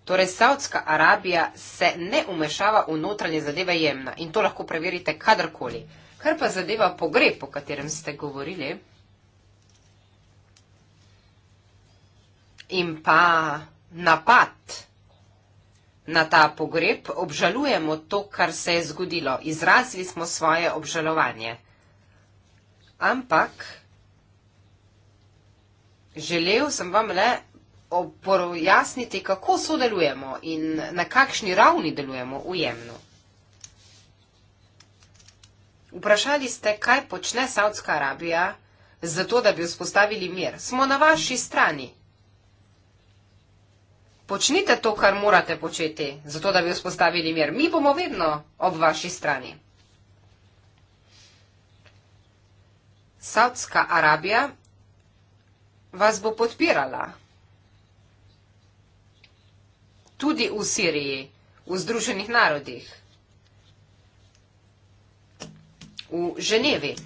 Speaker 3: Torej, Saudska Arabija se ne umešava v notranje zadeve jemna in to lahko preverite kadarkoli. Kar pa zadeva pogreb, o katerem ste govorili, in pa napad na ta pogreb, obžalujemo to, kar se je zgodilo. Izrazili smo svoje obžalovanje. Ampak želel sem vam le pojasniti, kako sodelujemo in na kakšni ravni delujemo v Jemnu. Vprašali ste, kaj počne Saudska Arabija za to, da bi vzpostavili mir. Smo na vaši strani. Počnite to, kar morate početi, za to, da bi vzpostavili mir. Mi bomo vedno ob vaši strani. Saudska Arabija vas bo podpirala tudi v Siriji, v Združenih narodih, v Ženevi.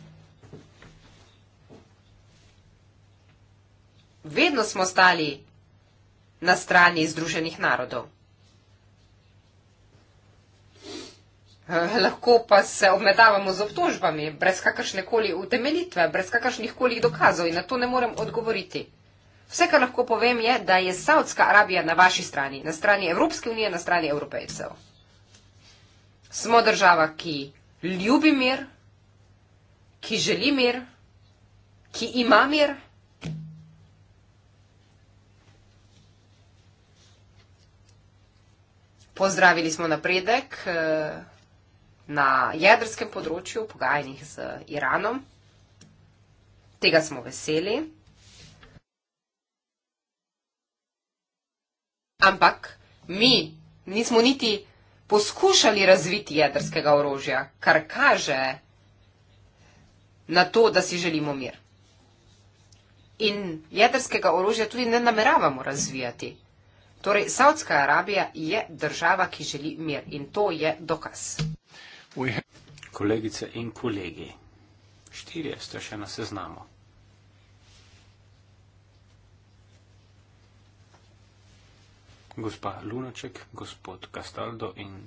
Speaker 3: Vedno smo stali na strani Združenih narodov. Eh, lahko pa se obmedavamo z obtožbami, brez kakršne koli utemeljitve, brez kakršnih koli dokazov in na to ne morem odgovoriti. Vse, kar lahko povem, je, da je Saudska Arabija na vaši strani, na strani Evropske unije, na strani evropejcev. Smo država, ki ljubi mir, ki želi mir, ki ima mir. Pozdravili smo napredek eh, na jedrskem področju, pogajanjih z Iranom. Tega smo veseli. Ampak mi nismo niti poskušali razviti jedrskega orožja, kar kaže na to, da si želimo mir. In jedrskega orožja tudi ne nameravamo razvijati. Torej, Saudska Arabija je država, ki želi mir in to je dokaz.
Speaker 1: Kolegice in kolegi, štirje ste še na seznamu. gospa Lunaček, gospod Castaldo in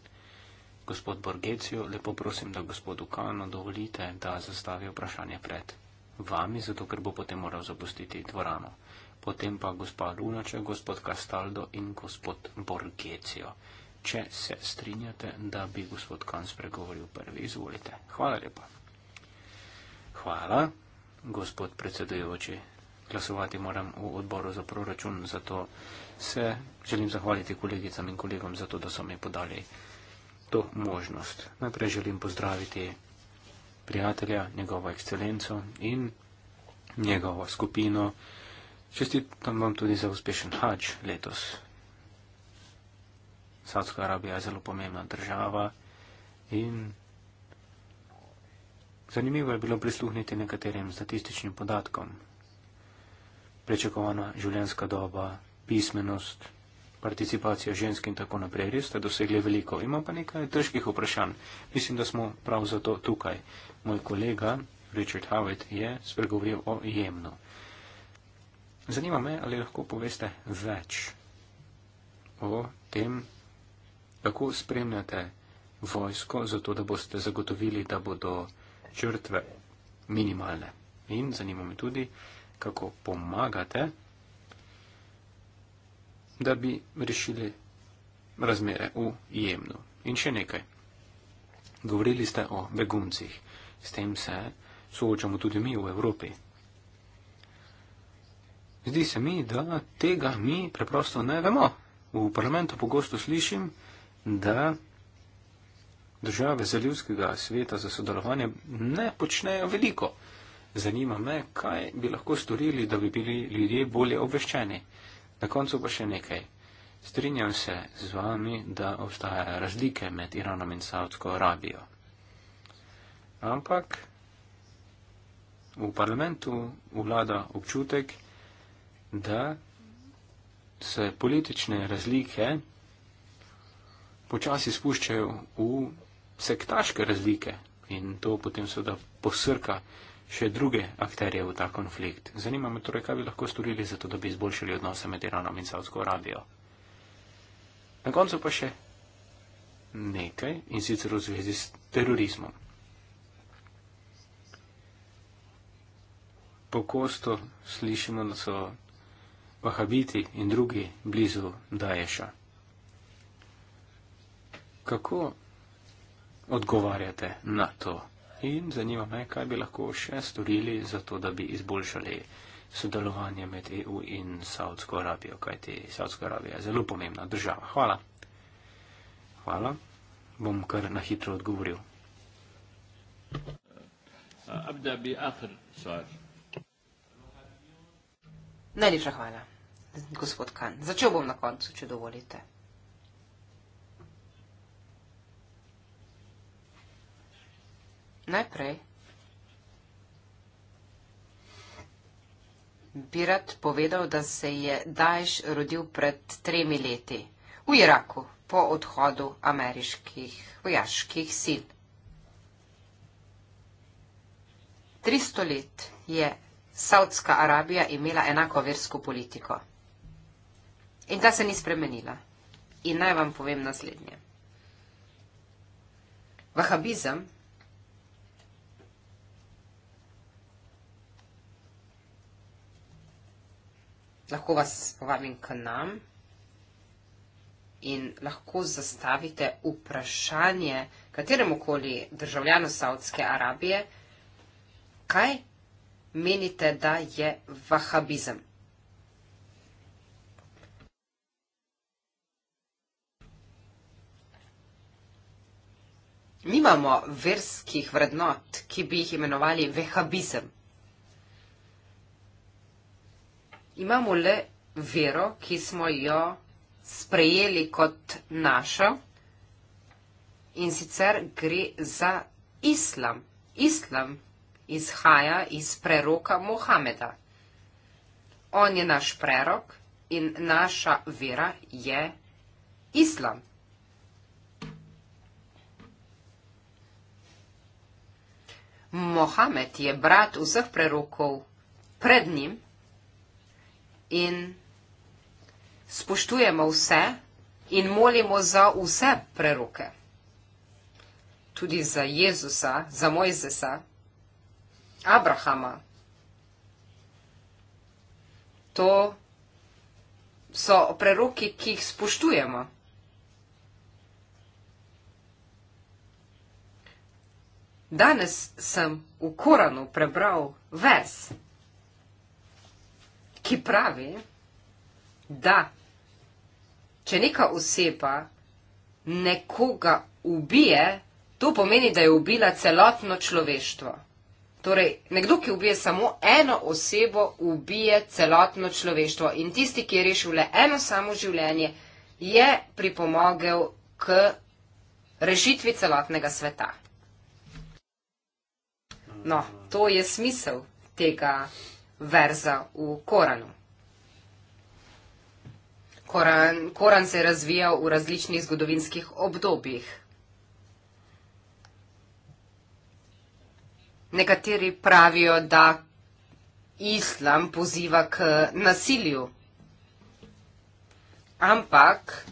Speaker 1: gospod Borgecijo, lepo prosim, da gospodu Kano dovolite, da zastavi vprašanje pred vami, zato ker bo potem moral zapustiti dvorano. Potem pa gospa Lunaček, gospod Castaldo in gospod Borgecijo. Če se strinjate, da bi gospod Kans pregovoril prvi, izvolite. Hvala lepa. Hvala, gospod predsedujoči. Glasovati moram v odboru za proračun, zato se želim zahvaliti kolegicam in kolegom za to, da so mi podali to možnost. Najprej želim pozdraviti prijatelja, njegovo ekscelenco in njegovo skupino. Čestitam vam tudi za uspešen hač letos. Saudska Arabija je zelo pomembna država in zanimivo je bilo prisluhniti nekaterim statističnim podatkom. Prečakovana življenjska doba pismenost, participacija žensk in tako naprej. Res ste dosegli veliko, ima pa nekaj težkih vprašanj. Mislim, da smo prav zato tukaj. Moj kolega Richard Howitt je spregovoril o jemnu. Zanima me, ali lahko poveste več o tem, kako spremljate vojsko, zato da boste zagotovili, da bodo žrtve minimalne. In zanima me tudi, kako pomagate da bi rešili razmere v Jemnu. In še nekaj. Govorili ste o beguncih. S tem se soočamo tudi mi v Evropi. Zdi se mi, da tega mi preprosto ne vemo. V parlamentu pogosto slišim, da države zaljivskega sveta za sodelovanje ne počnejo veliko. Zanima me, kaj bi lahko storili, da bi bili ljudje bolje obveščeni. Na koncu pa še nekaj. Strinjam se z vami, da obstajajo razlike med Iranom in Saudsko Arabijo. Ampak v parlamentu vlada občutek, da se politične razlike počasi spuščajo v sektaške razlike in to potem seveda posrka še druge akterje v ta konflikt. Zanima me torej, kaj bi lahko storili za to, da bi izboljšali odnose med Iranom in Saudsko Arabijo. Na koncu pa še nekaj in sicer v zvezi s terorizmom. Pokosto slišimo, da so vahabiti in drugi blizu Daesha. Kako odgovarjate na to? in zanima me, kaj bi lahko še storili za to, da bi izboljšali sodelovanje med EU in Saudsko Arabijo, kajti Saudska Arabija je zelo pomembna država. Hvala. Hvala. Bom kar na hitro odgovoril.
Speaker 3: Najlepša hvala, gospod Kan. Začel bom na koncu, če dovolite. Najprej. Bi rad povedal, da se je Daesh rodil pred tremi leti v Iraku po odhodu ameriških vojaških sil. 300 let je Saudska Arabija imela enako versko politiko. In ta se ni spremenila. In naj vam povem naslednje. Vahabizem lahko vas povabim k nam in lahko zastavite vprašanje kateremu koli državljanu Saudske Arabije, kaj menite, da je vahabizem. Mi imamo verskih vrednot, ki bi jih imenovali vehabizem. imamo le vero, ki smo jo sprejeli kot našo in sicer gre za islam. Islam izhaja iz preroka Mohameda. On je naš prerok in naša vera je islam. Mohamed je brat vseh prerokov pred njim in spoštujemo vse in molimo za vse preroke, tudi za Jezusa, za Mojzesa, Abrahama. To so preroki, ki jih spoštujemo. Danes sem v Koranu prebral ves ki pravi, da če neka oseba nekoga ubije, to pomeni, da je ubila celotno človeštvo. Torej, nekdo, ki ubije samo eno osebo, ubije celotno človeštvo in tisti, ki je rešil le eno samo življenje, je pripomogel k rešitvi celotnega sveta. No, to je smisel tega verza v Koranu. Koran, Koran se je razvijal v različnih zgodovinskih obdobjih. Nekateri pravijo, da islam poziva k nasilju, ampak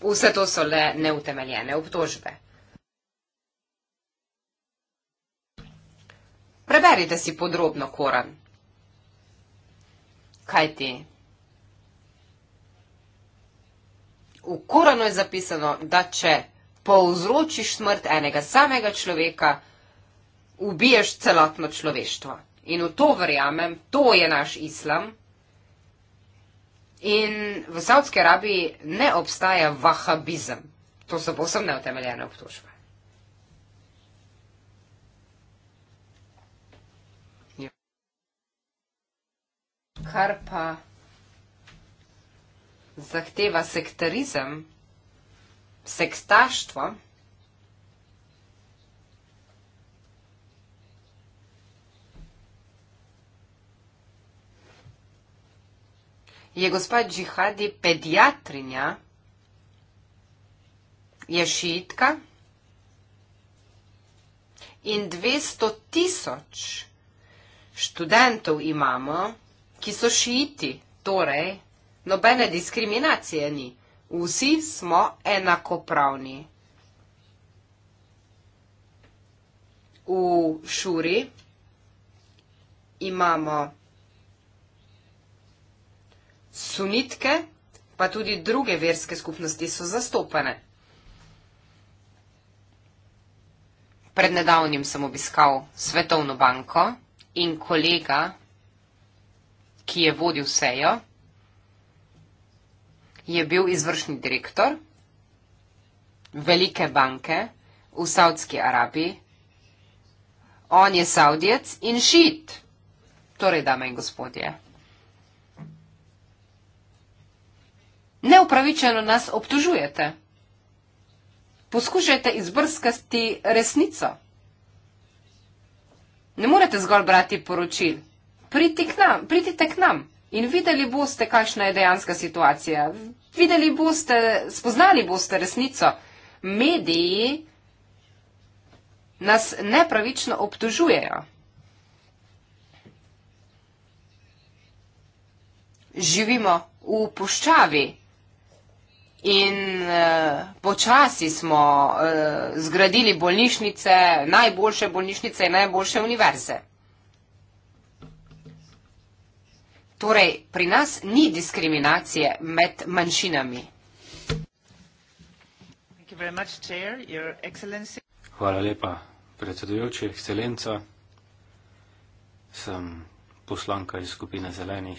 Speaker 3: vse to so le neutemeljene obtožbe. Preberi, da si podrobno koran. Kaj ti? V koranu je zapisano, da če povzročiš smrt enega samega človeka, ubiješ celotno človeštvo. In v to verjamem, to je naš islam. In v Saudski Arabiji ne obstaja vahabizem. To so povsem neutemeljene obtožbe. kar pa zahteva sektarizem, sektaštvo, je gospa Džihadi pediatrinja, je šitka in 200 tisoč študentov imamo, ki so šiti, torej nobene diskriminacije ni, vsi smo enakopravni. V šuri imamo sunitke, pa tudi druge verske skupnosti so zastopane. Pred nedavnim sem obiskal Svetovno banko in kolega ki je vodil sejo, je bil izvršni direktor velike banke v Saudski Arabiji. On je Saudijec in šit. Torej, dame in gospodje. Neupravičeno nas obtožujete. Poskušajte izbrskati resnico. Ne morete zgolj brati poročil pridite k nam, pridite k nam in videli boste, kakšna je dejanska situacija. Videli boste, spoznali boste resnico. Mediji nas nepravično obtožujejo. Živimo v puščavi in e, počasi smo e, zgradili bolnišnice, najboljše bolnišnice in najboljše univerze. Torej, pri nas ni diskriminacije med manjšinami.
Speaker 1: Hvala lepa, predsedujoči, ekscelenca. Sem poslanka iz skupine zelenih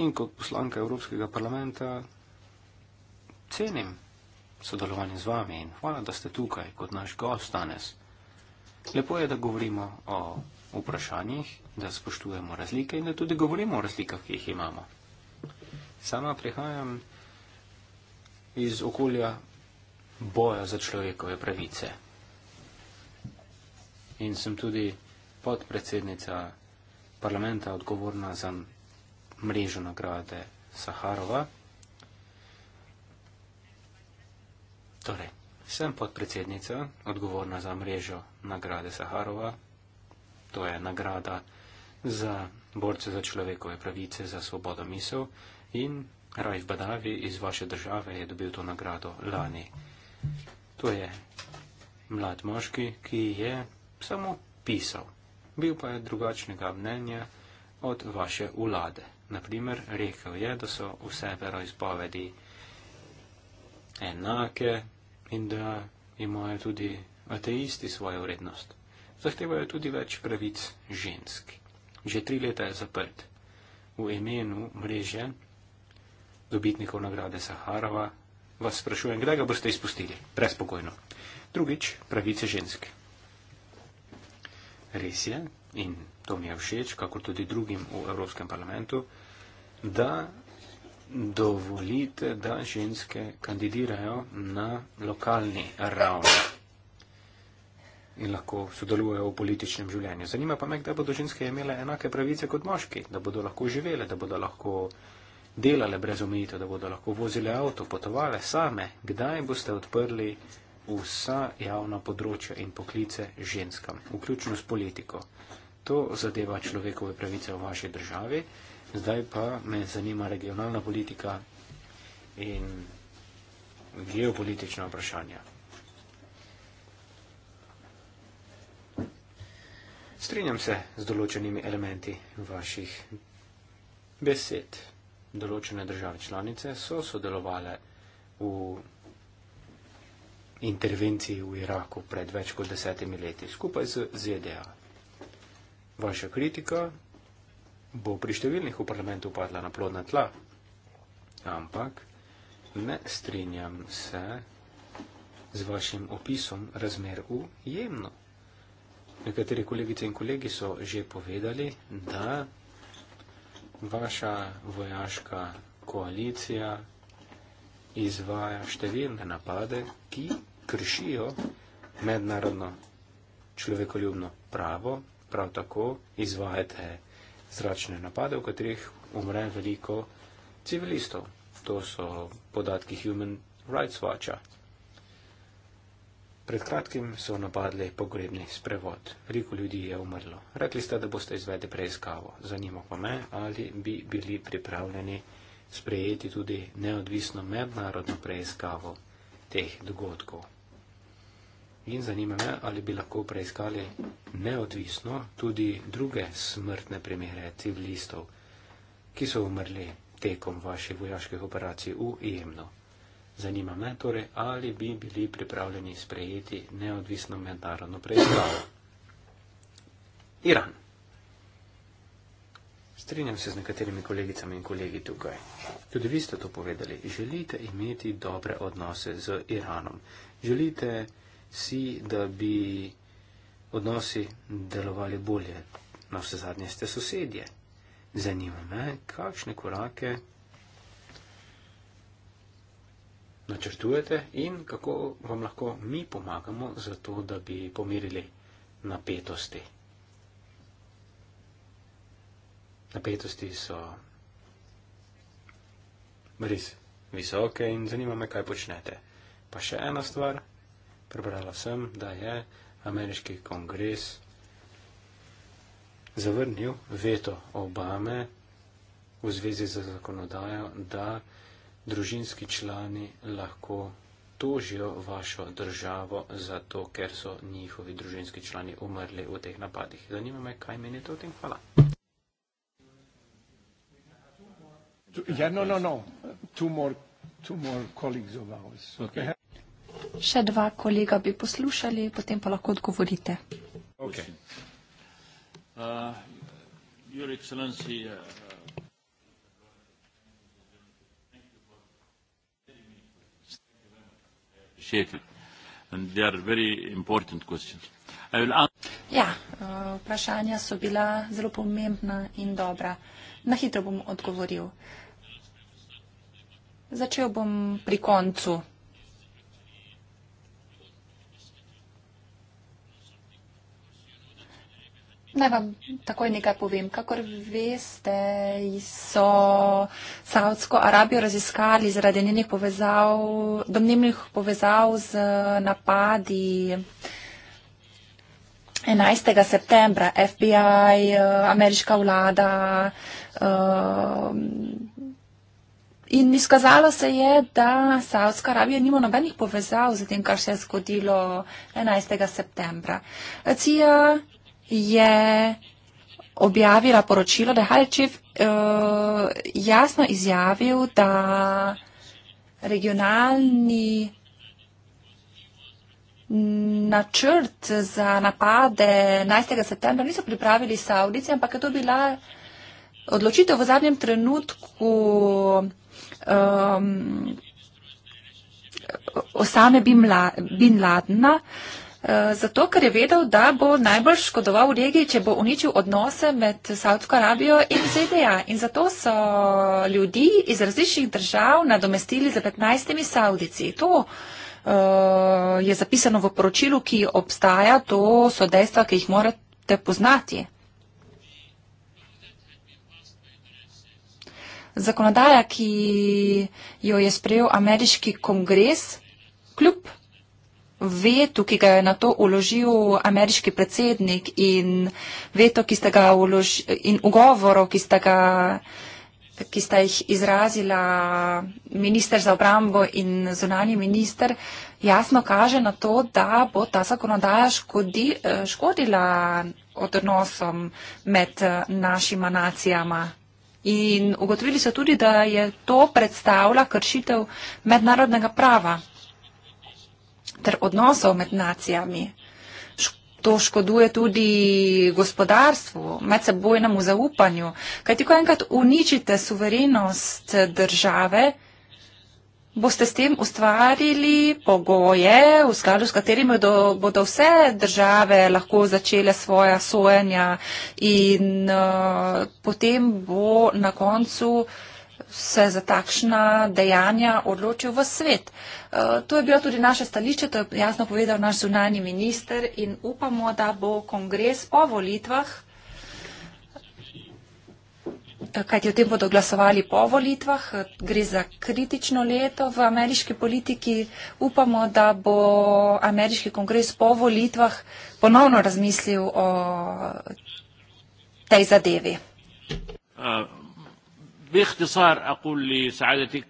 Speaker 1: in kot poslanka Evropskega parlamenta cenim sodelovanje z vami in hvala, da ste tukaj kot naš gost danes. Lepo je, da govorimo o vprašanjih da spoštujemo razlike in da tudi govorimo o razlikah, ki jih imamo. Sama prihajam iz okolja boja za človekove pravice. In sem tudi podpredsednica parlamenta odgovorna za mrežo nagrade Saharova. Torej, sem podpredsednica odgovorna za mrežo nagrade Saharova. To je nagrada za borce za človekove pravice, za svobodo misel in Rajf Badavi iz vaše države je dobil to nagrado lani. To je mlad moški, ki je samo pisal. Bil pa je drugačnega mnenja od vaše vlade. Naprimer, rekel je, da so vse veroizpovedi enake in da imajo tudi ateisti svojo vrednost. Zahtevajo tudi več pravic ženski že tri leta je zaprt. V imenu mreže dobitnikov nagrade Saharova vas sprašujem, kdaj ga boste izpustili? Prespokojno. Drugič, pravice žensk. Res je, in to mi je všeč, kako tudi drugim v Evropskem parlamentu, da dovolite, da ženske kandidirajo na lokalni ravni in lahko sodelujejo v političnem življenju. Zanima pa me, da bodo ženske imele enake pravice kot moški, da bodo lahko živele, da bodo lahko delale brez omejitev, da bodo lahko vozile avto, potovale same. Kdaj boste odprli vsa javna področja in poklice ženskam, vključno s politiko? To zadeva človekove pravice v vaši državi. Zdaj pa me zanima regionalna politika in geopolitična vprašanja. strinjam se z določenimi elementi vaših besed. Določene države članice so sodelovali v intervenciji v Iraku pred več kot desetimi leti skupaj z ZDA. Vaša kritika bo pri številnih v parlamentu padla na plodna tla, ampak ne strinjam se z vašim opisom razmer v Jemnu. Nekateri kolegice in kolegi so že povedali, da vaša vojaška koalicija izvaja številne napade, ki kršijo mednarodno človekoljubno pravo, prav tako izvajate zračne napade, v katerih umre veliko civilistov. To so podatki Human Rights Watcha. Pred kratkim so napadli pogrebni sprevod. Veliko ljudi je umrlo. Rekli ste, da boste izvedli preiskavo. Zanima pa me, ali bi bili pripravljeni sprejeti tudi neodvisno mednarodno preiskavo teh dogodkov. In zanima me, ali bi lahko preiskali neodvisno tudi druge smrtne primere civilistov, ki so umrli tekom vaših vojaških operacij v Jemnu zanima me torej, ali bi bili pripravljeni sprejeti neodvisno mednarodno preiskavo. Iran. Strinjam se z nekaterimi kolegicami in kolegi tukaj. Tudi vi ste to povedali. Želite imeti dobre odnose z Iranom. Želite si, da bi odnosi delovali bolje. Na vse zadnje ste sosedje. Zanima me, kakšne korake načrtujete in kako vam lahko mi pomagamo, zato da bi pomirili napetosti. Napetosti so res visoke in zanima me, kaj počnete. Pa še ena stvar, prebrala sem, da je ameriški kongres zavrnil veto Obame v zvezi z zakonodajo, da družinski člani lahko tožijo vašo državo zato, ker so njihovi družinski člani umrli v teh napadih. Zanima me, kaj menite o tem? Hvala.
Speaker 4: Še dva kolega bi poslušali, potem pa lahko odgovorite.
Speaker 2: Okay. Uh, your excellency, uh, appreciate it. And they are very important questions. I will answer.
Speaker 4: Ja, eh, vprašanja so bila zelo pomembna in dobra. Na hitro bom odgovoril. Začel bom pri koncu. Naj vam takoj nekaj povem. Kakor veste, so Saudsko Arabijo raziskali zaradi njenih povezav, domnevnih povezav z napadi 11. septembra. FBI, eh, ameriška vlada. Eh, in izkazalo se je, da Saudska Arabija nima nobenih povezav z tem, kar se je zgodilo 11. septembra. CIA je objavila poročilo, da je Halčev uh, jasno izjavil, da regionalni načrt za napade 11. septembra niso pripravili Saudici, ampak je to bila odločitev v zadnjem trenutku um, osame bin Ladna. Bin Ladna. Eh, zato, ker je vedel, da bo najbolj škodoval v regiji, če bo uničil odnose med Saudsko Arabijo in ZDA. In zato so ljudi iz različnih držav nadomestili za 15 Saudici. To eh, je zapisano v poročilu, ki obstaja, to so dejstva, ki jih morate poznati. Zakonodaja, ki jo je sprejel ameriški kongres, kljub veto, ki ga je na to uložil ameriški predsednik in veto, ki ste ga uložili in ugovorov, ki ste ga ki sta jih izrazila minister za obrambo in zunanji minister, jasno kaže na to, da bo ta zakonodaja škodi, škodila odnosom med našima nacijama. In ugotovili so tudi, da je to predstavlja kršitev mednarodnega prava ter odnosov med nacijami. To škoduje tudi gospodarstvu, medsebojnemu zaupanju. Kaj ti, ko enkrat uničite suverenost države, boste s tem ustvarili pogoje, v skladu s katerimi do, bodo vse države lahko začele svoja sojenja in uh, potem bo na koncu uh, se za takšna dejanja odločil v svet. E, to je bilo tudi naše stališče, to je jasno povedal naš zunani minister in upamo, da bo kongres po volitvah, kajti o tem bodo glasovali po volitvah, gre za kritično leto v ameriški politiki, upamo, da bo ameriški kongres po volitvah ponovno razmislil o tej zadevi.
Speaker 2: Uh, باختصار أقول لسعادتك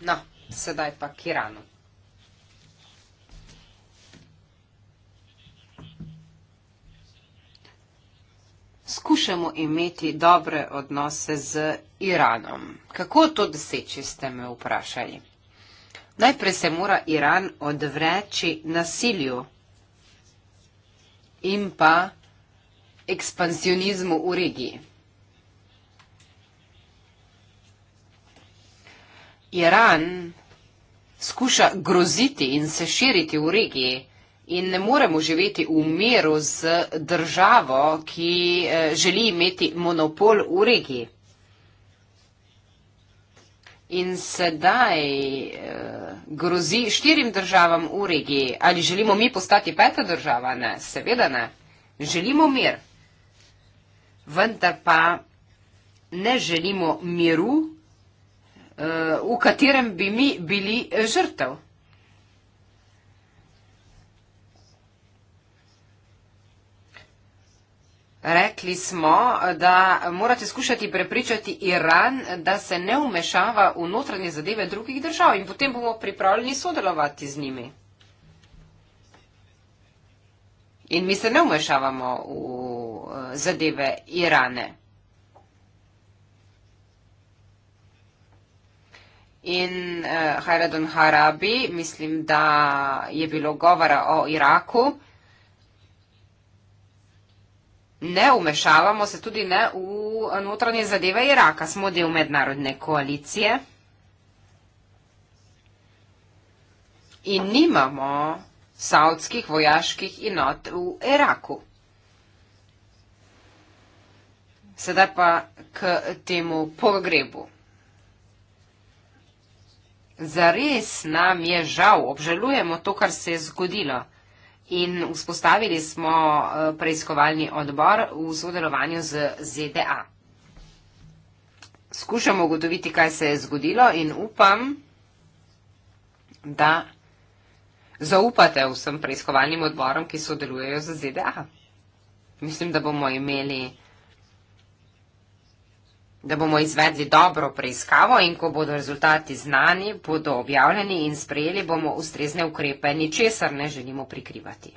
Speaker 3: نعم سداي كيرانو Skušamo imeti dobre odnose z Iranom. Kako to doseči, ste me vprašali? Najprej se mora Iran odvreči nasilju in pa ekspansionizmu v regiji. Iran skuša groziti in se širiti v regiji in ne moremo živeti v miru z državo, ki eh, želi imeti monopol v regiji. In sedaj eh, grozi štirim državam v regiji. Ali želimo mi postati peta država? Ne, seveda ne. Želimo mir. Vendar pa ne želimo miru Eh, v katerem bi mi bili eh, žrtev. Rekli smo, da morate skušati prepričati Iran, da se ne umešava v notranje zadeve drugih držav in potem bomo pripravljeni sodelovati z njimi. In mi se ne umešavamo v eh, zadeve Irane. In uh, eh, Haradon Harabi, mislim, da je bilo govora o Iraku. Ne umešavamo se tudi ne v notranje zadeve Iraka, smo del mednarodne koalicije. In nimamo saudskih vojaških enot v Iraku. Sedaj pa k temu pogrebu. Zares nam je žal, obžalujemo to, kar se je zgodilo. In vzpostavili smo eh, preiskovalni odbor v sodelovanju z ZDA. Skušamo ugotoviti, kaj se je zgodilo in upam, da zaupate vsem preiskovalnim odborom, ki sodelujejo z ZDA. Mislim, da bomo imeli da bomo izvedli dobro preiskavo in ko bodo rezultati znani, bodo objavljeni in sprejeli bomo ustrezne ukrepe, ničesar ne želimo prikrivati.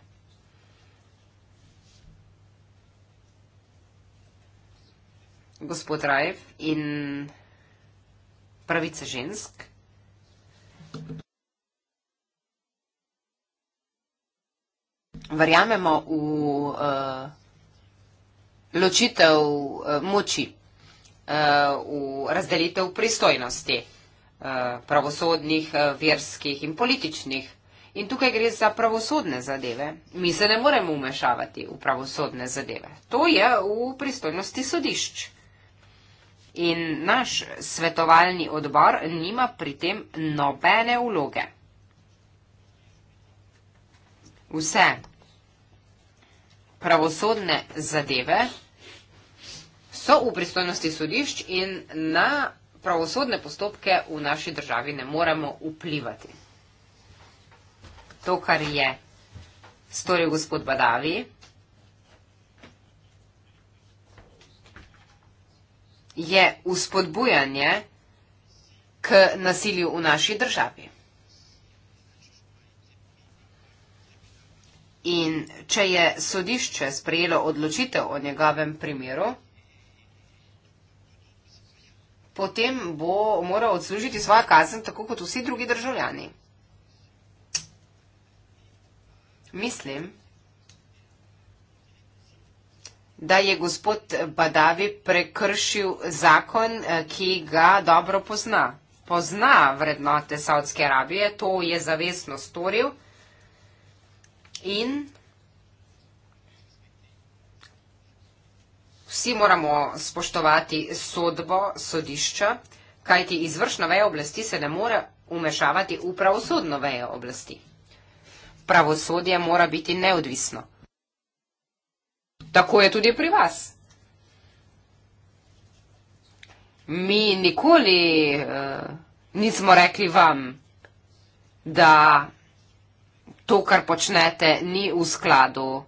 Speaker 3: Gospod Rajev in pravice žensk. Verjamemo v uh, ločitev uh, moči. Eh, v razdelitev pristojnosti eh, pravosodnih, eh, verskih in političnih. In tukaj gre za pravosodne zadeve. Mi se ne moremo umešavati v pravosodne zadeve. To je v pristojnosti sodišč. In naš svetovalni odbor nima pri tem nobene vloge. Vse pravosodne zadeve so v pristojnosti sodišč in na pravosodne postopke v naši državi ne moremo vplivati. To, kar je storil gospod Badavi, je uspodbujanje k nasilju v naši državi. In če je sodišče sprejelo odločitev o njegovem primeru, potem bo moral odslužiti svojo kazen, tako kot vsi drugi državljani. Mislim, da je gospod Badavi prekršil zakon, eh, ki ga dobro pozna. Pozna vrednote Saudske Arabije, to je zavestno storil in Vsi moramo spoštovati sodbo sodišča, kajti izvršna veja oblasti se ne more umešavati v pravosodno vejo oblasti. Pravosodje mora biti neodvisno. Tako je tudi pri vas. Mi nikoli uh, nismo rekli vam, da to, kar počnete, ni v skladu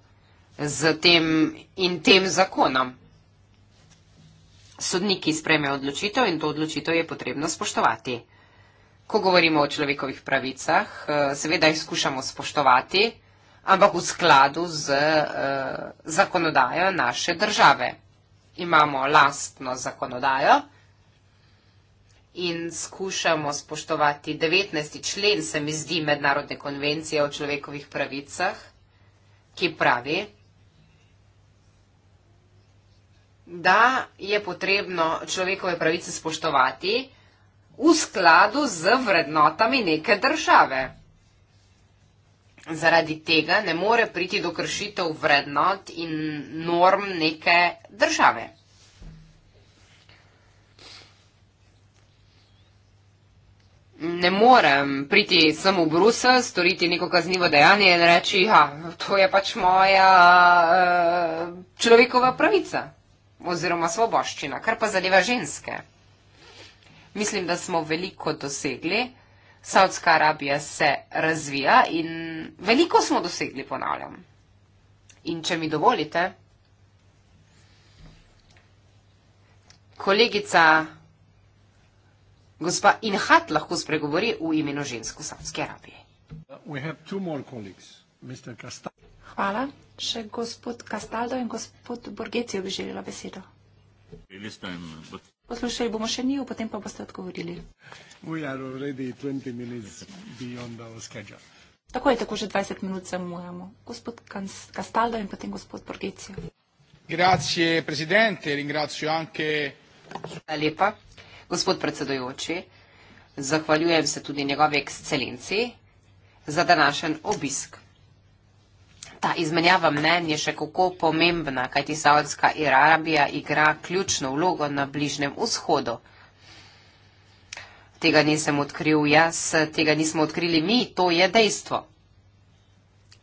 Speaker 3: z tem in tem zakonom. Sodniki sprejmejo odločitev in to odločitev je potrebno spoštovati. Ko govorimo o človekovih pravicah, eh, seveda jih skušamo spoštovati, ampak v skladu z eh, zakonodajo naše države. Imamo lastno zakonodajo in skušamo spoštovati 19. člen, se mi zdi, Mednarodne konvencije o človekovih pravicah, ki pravi, da je potrebno človekove pravice spoštovati v skladu z vrednotami neke države. Zaradi tega ne more priti do kršitev vrednot in norm neke države. Ne morem priti sem v Brusel, storiti neko kaznivo dejanje in reči, ja, to je pač moja uh, človekova pravica oziroma svoboščina, kar pa zadeva ženske. Mislim, da smo veliko dosegli, Saudska Arabija se razvija in veliko smo dosegli, ponavljam. In če mi dovolite, kolegica gospa Inhat lahko spregovori v imenu žensko Saudske Arabije.
Speaker 4: Uh, Hvala. Še gospod Kastaldo in gospod Borgecijo bi želela besedo. Poslušali bomo še njo, potem pa boste odgovorili. Tako je, tako že 20 minut zamujamo. Gospod Kastaldo in potem gospod Borgecijo.
Speaker 3: Grazie, presidente, ringrazio anche... Hvala lepa, gospod predsedojoči. Zahvaljujem se tudi njegove ekscelenci za današnji obisk ta izmenjava mnen je še kako pomembna, kajti Saudska Arabija igra ključno vlogo na Bližnem vzhodu. Tega nisem odkril jaz, tega nismo odkrili mi, to je dejstvo.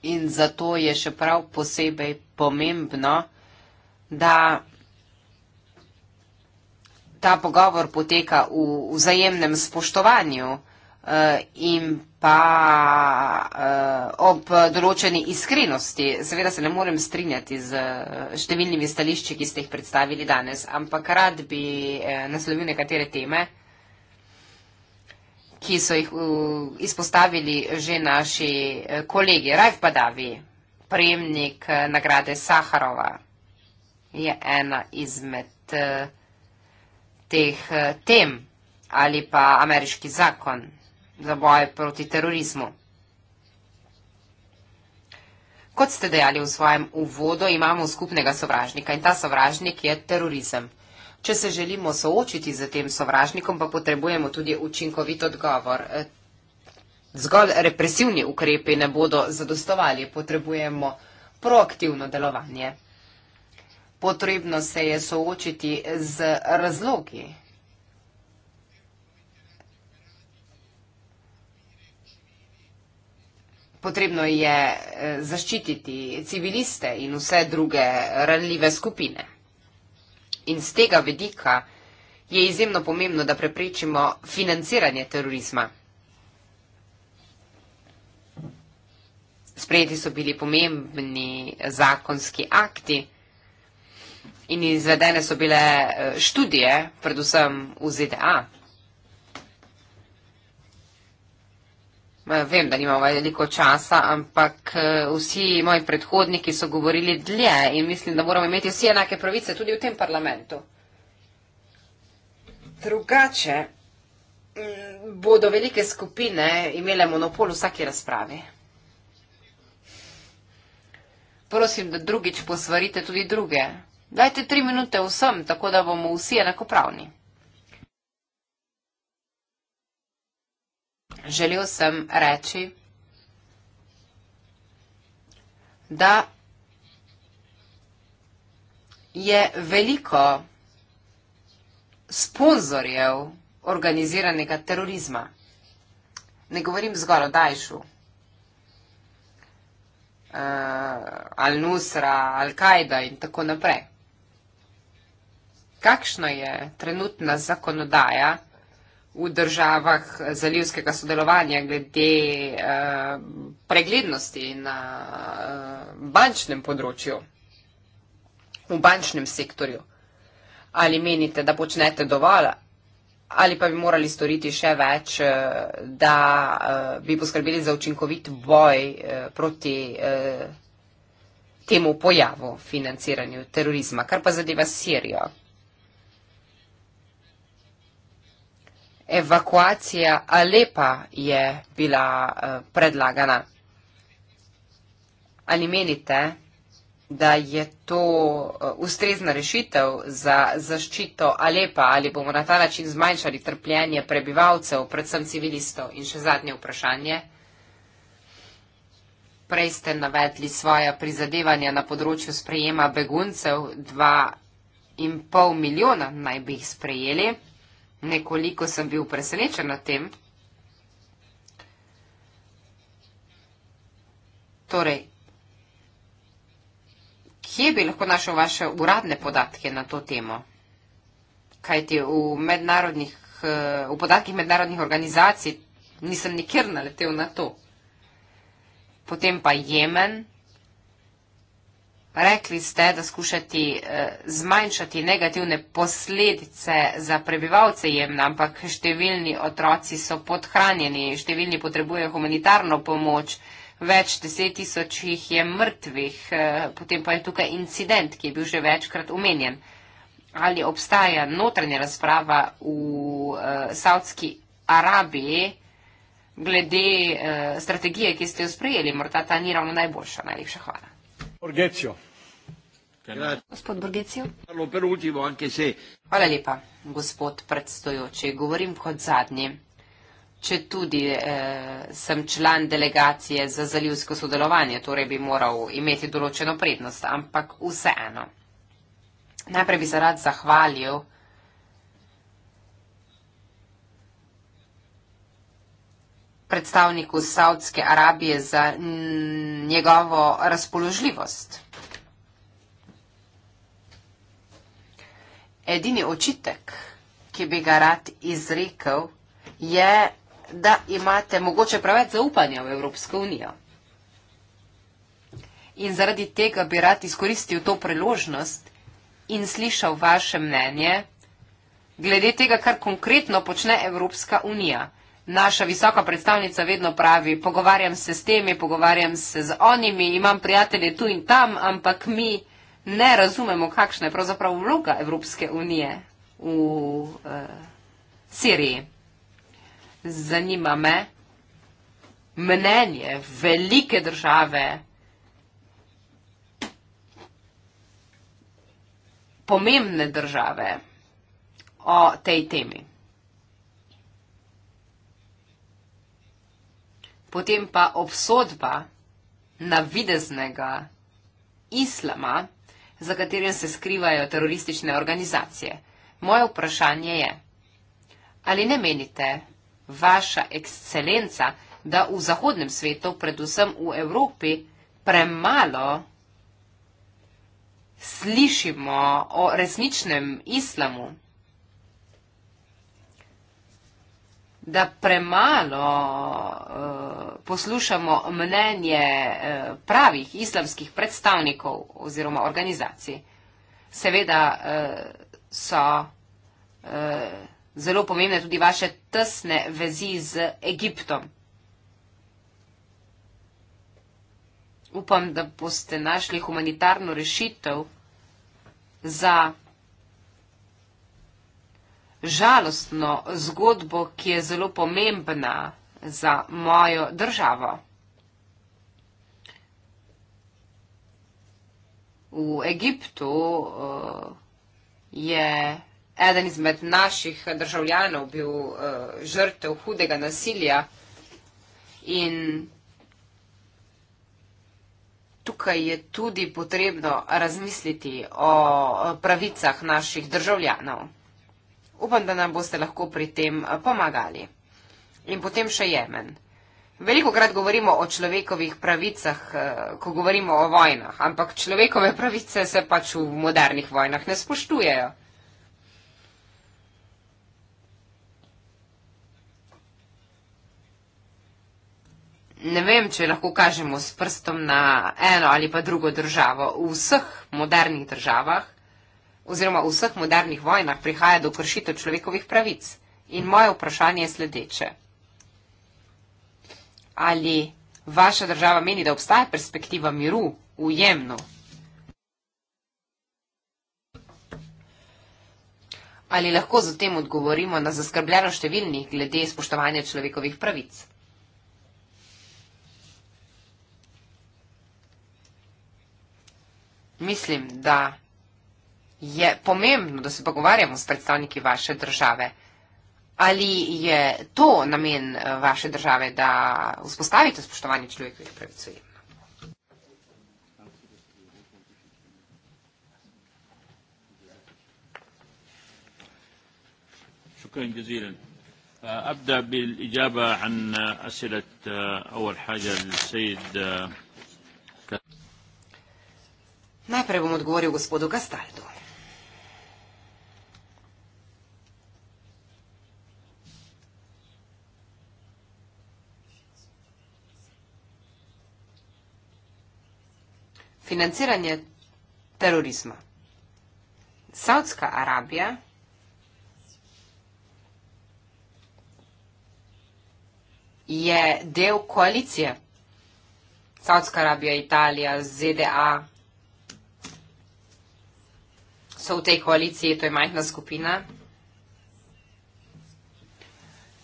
Speaker 3: In zato je še prav posebej pomembno, da ta pogovor poteka v vzajemnem spoštovanju uh, in pa uh, ob določeni iskrenosti. Seveda se ne morem strinjati z eh, številnimi stališči, ki ste jih predstavili danes, ampak rad bi eh, naslovil nekatere teme, ki so jih uh, izpostavili že naši kolegi. Rajf Padavi, prejemnik nagrade Saharova, je ena izmed uh, teh uh, tem ali pa ameriški zakon za boje proti terorizmu. Kot ste dejali v svojem uvodu, imamo skupnega sovražnika in ta sovražnik je terorizem. Če se želimo soočiti z tem sovražnikom, pa potrebujemo tudi učinkovit odgovor. E, zgolj represivni ukrepi ne bodo zadostovali, potrebujemo proaktivno delovanje. Potrebno se je soočiti z razlogi. Potrebno je eh, zaščititi civiliste in vse druge ranljive skupine. In z tega vedika je izjemno pomembno, da preprečimo financiranje terorizma. Sprejeti so bili pomembni zakonski akti in izvedene so bile eh, študije, predvsem v ZDA. Vem, da nimamo veliko časa, ampak eh, vsi moji predhodniki so govorili dlje in mislim, da moramo imeti vsi enake pravice tudi v tem parlamentu. Drugače mm, bodo velike skupine imele monopol v vsaki razpravi. Prosim, da drugič posvarite tudi druge. Dajte tri minute vsem, tako da bomo vsi enakopravni. želel sem reči, da je veliko sponzorjev organiziranega terorizma. Ne govorim zgolj o Dajšu, uh, eh, Al-Nusra, Al-Kajda in tako naprej. Kakšno je trenutna zakonodaja? v državah zalivskega sodelovanja glede uh, preglednosti na uh, bančnem področju, v bančnem sektorju. Ali menite, da počnete dovolj, ali pa bi morali storiti še več, uh, da uh, bi poskrbeli za učinkovit boj uh, proti uh, temu pojavu financiranju terorizma, kar pa zadeva Sirijo. evakuacija Alepa je bila eh, predlagana. Ali menite, da je to eh, ustrezna rešitev za zaščito Alepa ali bomo na ta način zmanjšali trpljenje prebivalcev, predvsem civilistov? In še zadnje vprašanje. Prej ste navedli svoja prizadevanja na področju sprejema beguncev, dva in pol milijona naj bi jih sprejeli nekoliko sem bil presenečen nad tem. Torej, kje bi lahko našel vaše uradne podatke na to temo? Kajti v, eh, v podatkih mednarodnih organizacij nisem nikjer naletel na to. Potem pa Jemen. Rekli ste, da skušati eh, zmanjšati negativne posledice za prebivalce Jemna, ampak številni otroci so podhranjeni, številni potrebujejo humanitarno pomoč, več deset tisoč jih je mrtvih, eh, potem pa je tukaj incident, ki je bil že večkrat umenjen. Ali obstaja notranja razprava v eh, Saudski Arabiji glede strategije, ki ste jo sprejeli, morda ta ni ravno najboljša, najlepša hvala. Borghezio. Gospod Borghezio. Per ultimo, anche se... Hvala lepa, gospod predstojoči. Govorim kot zadnji. Če tudi eh, sem član delegacije za zalivsko sodelovanje, torej bi moral imeti določeno prednost, ampak vseeno. Najprej bi se rad zahvalil predstavniku Saudske Arabije za njegovo razpoložljivost. Edini očitek, ki bi ga rad izrekel, je, da imate mogoče preveč zaupanja v Evropsko unijo. In zaradi tega bi rad izkoristil to priložnost in slišal vaše mnenje glede tega, kar konkretno počne Evropska unija naša visoka predstavnica vedno pravi, pogovarjam se s temi, pogovarjam se z onimi, imam prijatelje tu in tam, ampak mi ne razumemo, kakšna je pravzaprav vloga Evropske unije v eh, Siriji. Zanima me mnenje velike države, pomembne države o tej temi. potem pa obsodba navideznega islama, za katerim se skrivajo teroristične organizacije. Moje vprašanje je, ali ne menite, vaša ekscelenca, da v zahodnem svetu, predvsem v Evropi, premalo slišimo o resničnem islamu? da premalo uh, poslušamo mnenje uh, pravih islamskih predstavnikov oziroma organizacij. Seveda uh, so uh, zelo pomembne tudi vaše tesne vezi z Egiptom. Upam, da boste našli humanitarno rešitev za žalostno zgodbo, ki je zelo pomembna za mojo državo. V Egiptu uh, je eden izmed naših državljanov bil uh, žrtev hudega nasilja in tukaj je tudi potrebno razmisliti o eh, pravicah naših državljanov. Upam, da nam boste lahko pri tem eh, pomagali. In potem še Jemen. Veliko krat govorimo o človekovih pravicah, eh, ko govorimo o vojnah, ampak človekove pravice se pač v modernih vojnah ne spoštujejo. Ne vem, če lahko kažemo s prstom na eno ali pa drugo državo. V vseh modernih državah oziroma v vseh modernih vojnah prihaja do kršitev človekovih pravic. In moje vprašanje je sledeče. Ali vaša država meni, da obstaja perspektiva miru v Jemnu? Ali lahko zatem odgovorimo na zaskrbljeno številnih glede spoštovanja človekovih pravic? Mislim, da je pomembno, da se pogovarjamo s predstavniki vaše države. Ali je to namen eh, vaše države, da vzpostavite spoštovanje človekovih pravic? Najprej bom odgovoril gospodu Gastaldu. financiranje terorizma. Saudska Arabija je del koalicije. Saudska Arabija, Italija, ZDA so v tej koaliciji, to je majhna skupina,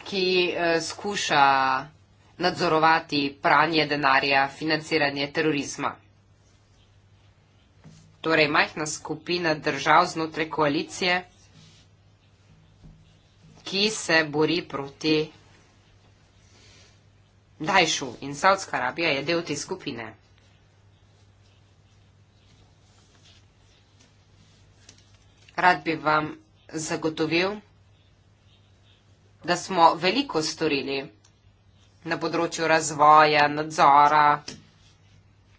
Speaker 3: ki eh, skuša nadzorovati pranje denarja, financiranje terorizma torej majhna skupina držav znotraj koalicije, ki se bori proti Dajšu in Saudska Arabija je del te skupine. Rad bi vam zagotovil, da smo veliko storili na področju razvoja, nadzora,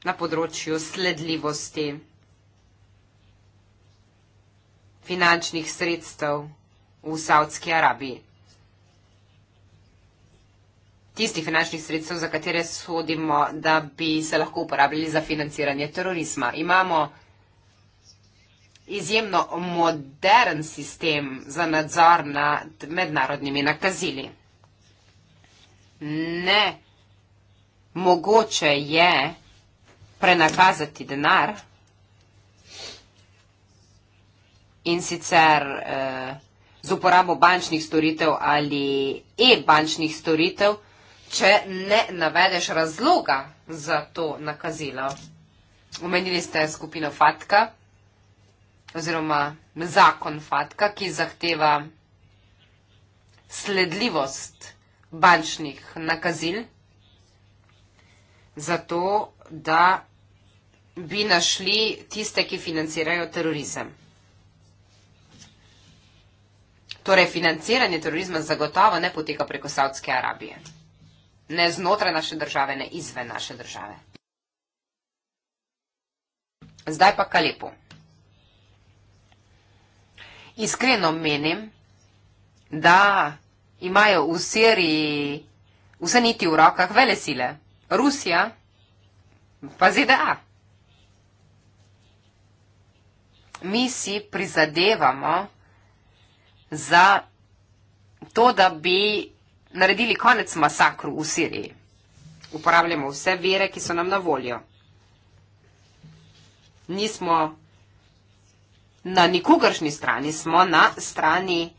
Speaker 3: na področju sledljivosti finančnih sredstev v Saudski Arabiji. Tistih finančnih sredstev, za katere sodimo, da bi se lahko uporabljali za financiranje terorizma. Imamo izjemno modern sistem za nadzor nad mednarodnimi nakazili. Ne mogoče je prenakazati denar in sicer eh, z uporabo bančnih storitev ali e-bančnih storitev, če ne navedeš razloga za to nakazilo. Omenili ste skupino FATKA oziroma zakon FATKA, ki zahteva sledljivost bančnih nakazil, zato da bi našli tiste, ki financirajo terorizem. Torej, financiranje terorizma zagotovo ne poteka preko Saudske Arabije. Ne znotraj naše države, ne izven naše države. Zdaj pa kalepu. Iskreno menim, da imajo v Siriji vse niti v rokah vele sile. Rusija, pa ZDA. Mi si prizadevamo, za to, da bi naredili konec masakru v Siriji. Uporabljamo vse vere, ki so nam na voljo. Nismo na nikogaršnji strani, smo na strani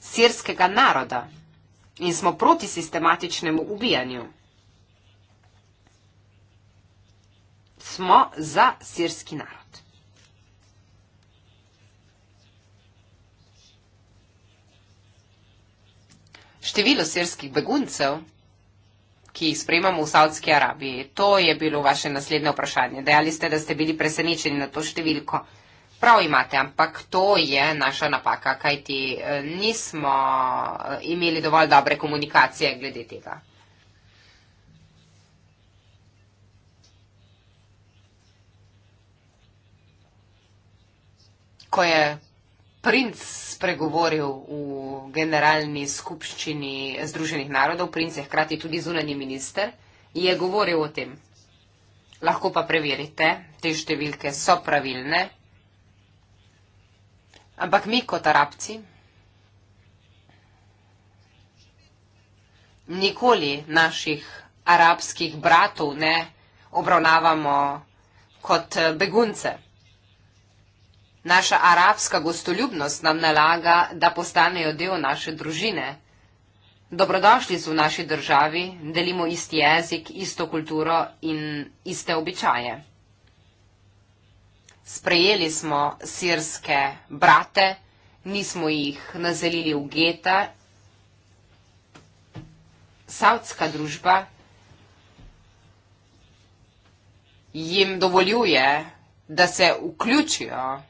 Speaker 3: sirskega naroda in smo proti sistematičnemu ubijanju. Smo za sirski narod. Število sirskih beguncev, ki jih sprejemamo v Saudski Arabiji, to je bilo vaše naslednje vprašanje. Dejali ste, da ste bili presenečeni na to številko. Prav imate, ampak to je naša napaka, kajti eh, nismo eh, imeli dovolj dobre komunikacije glede tega. Ko je princ spregovoril v generalni skupščini Združenih narodov, princ je hkrati tudi zunanji minister, je govoril o tem. Lahko pa preverite, te številke so pravilne. Ampak mi kot arabci nikoli naših arabskih bratov ne obravnavamo kot begunce. Naša arabska gostoljubnost nam nalaga, da postanejo del naše družine. Dobrodošli so v naši državi, delimo isti jezik, isto kulturo in iste običaje. Sprejeli smo sirske brate, nismo jih nazelili v geta. Savdska družba jim dovoljuje, da se vključijo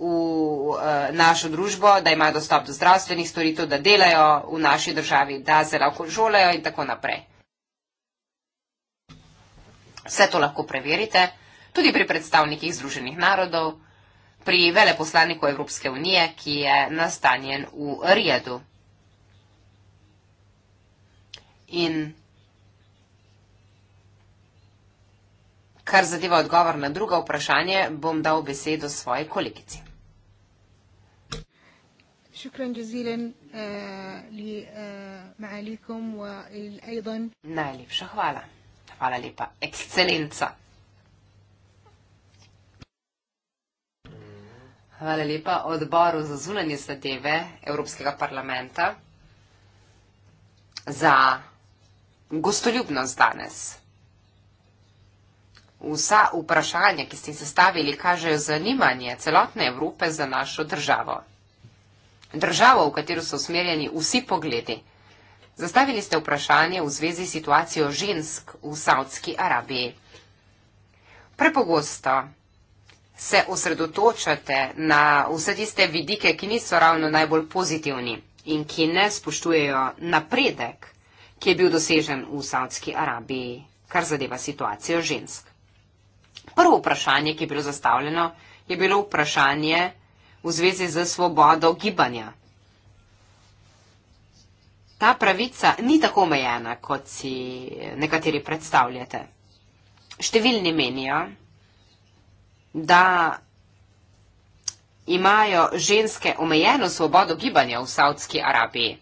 Speaker 3: v uh, našo družbo, da imajo dostop do zdravstvenih storitev, da delajo v naši državi, da se lahko žolajo in tako naprej. Vse to lahko preverite tudi pri predstavnikih Združenih narodov, pri veleposlaniku Evropske unije, ki je nastanjen v Rijedu. In kar zadeva odgovor na drugo vprašanje, bom dal besedo svoji kolegici. شكرا جزيلا آه لمعاليكم آه وايضا نالي بشهوالا على ليبا اكسلينسا Hvala lepa odboru za zunanje zadeve Evropskega parlamenta za gostoljubnost danes. Vsa vprašanja, ki ste jih zastavili, kažejo zanimanje celotne Evrope za našo državo. Država, v katero so usmerjeni vsi pogledi. Zastavili ste vprašanje v zvezi s situacijo žensk v Saudski Arabiji. Prepogosto se osredotočate na vse tiste vidike, ki niso ravno najbolj pozitivni in ki ne spoštujejo napredek, ki je bil dosežen v Saudski Arabiji, kar zadeva situacijo žensk. Prvo vprašanje, ki je bilo zastavljeno, je bilo vprašanje, v zvezi z svobodo gibanja. Ta pravica ni tako omejena, kot si nekateri predstavljate. Številni menijo, da imajo ženske omejeno svobodo gibanja v Saudski Arabiji.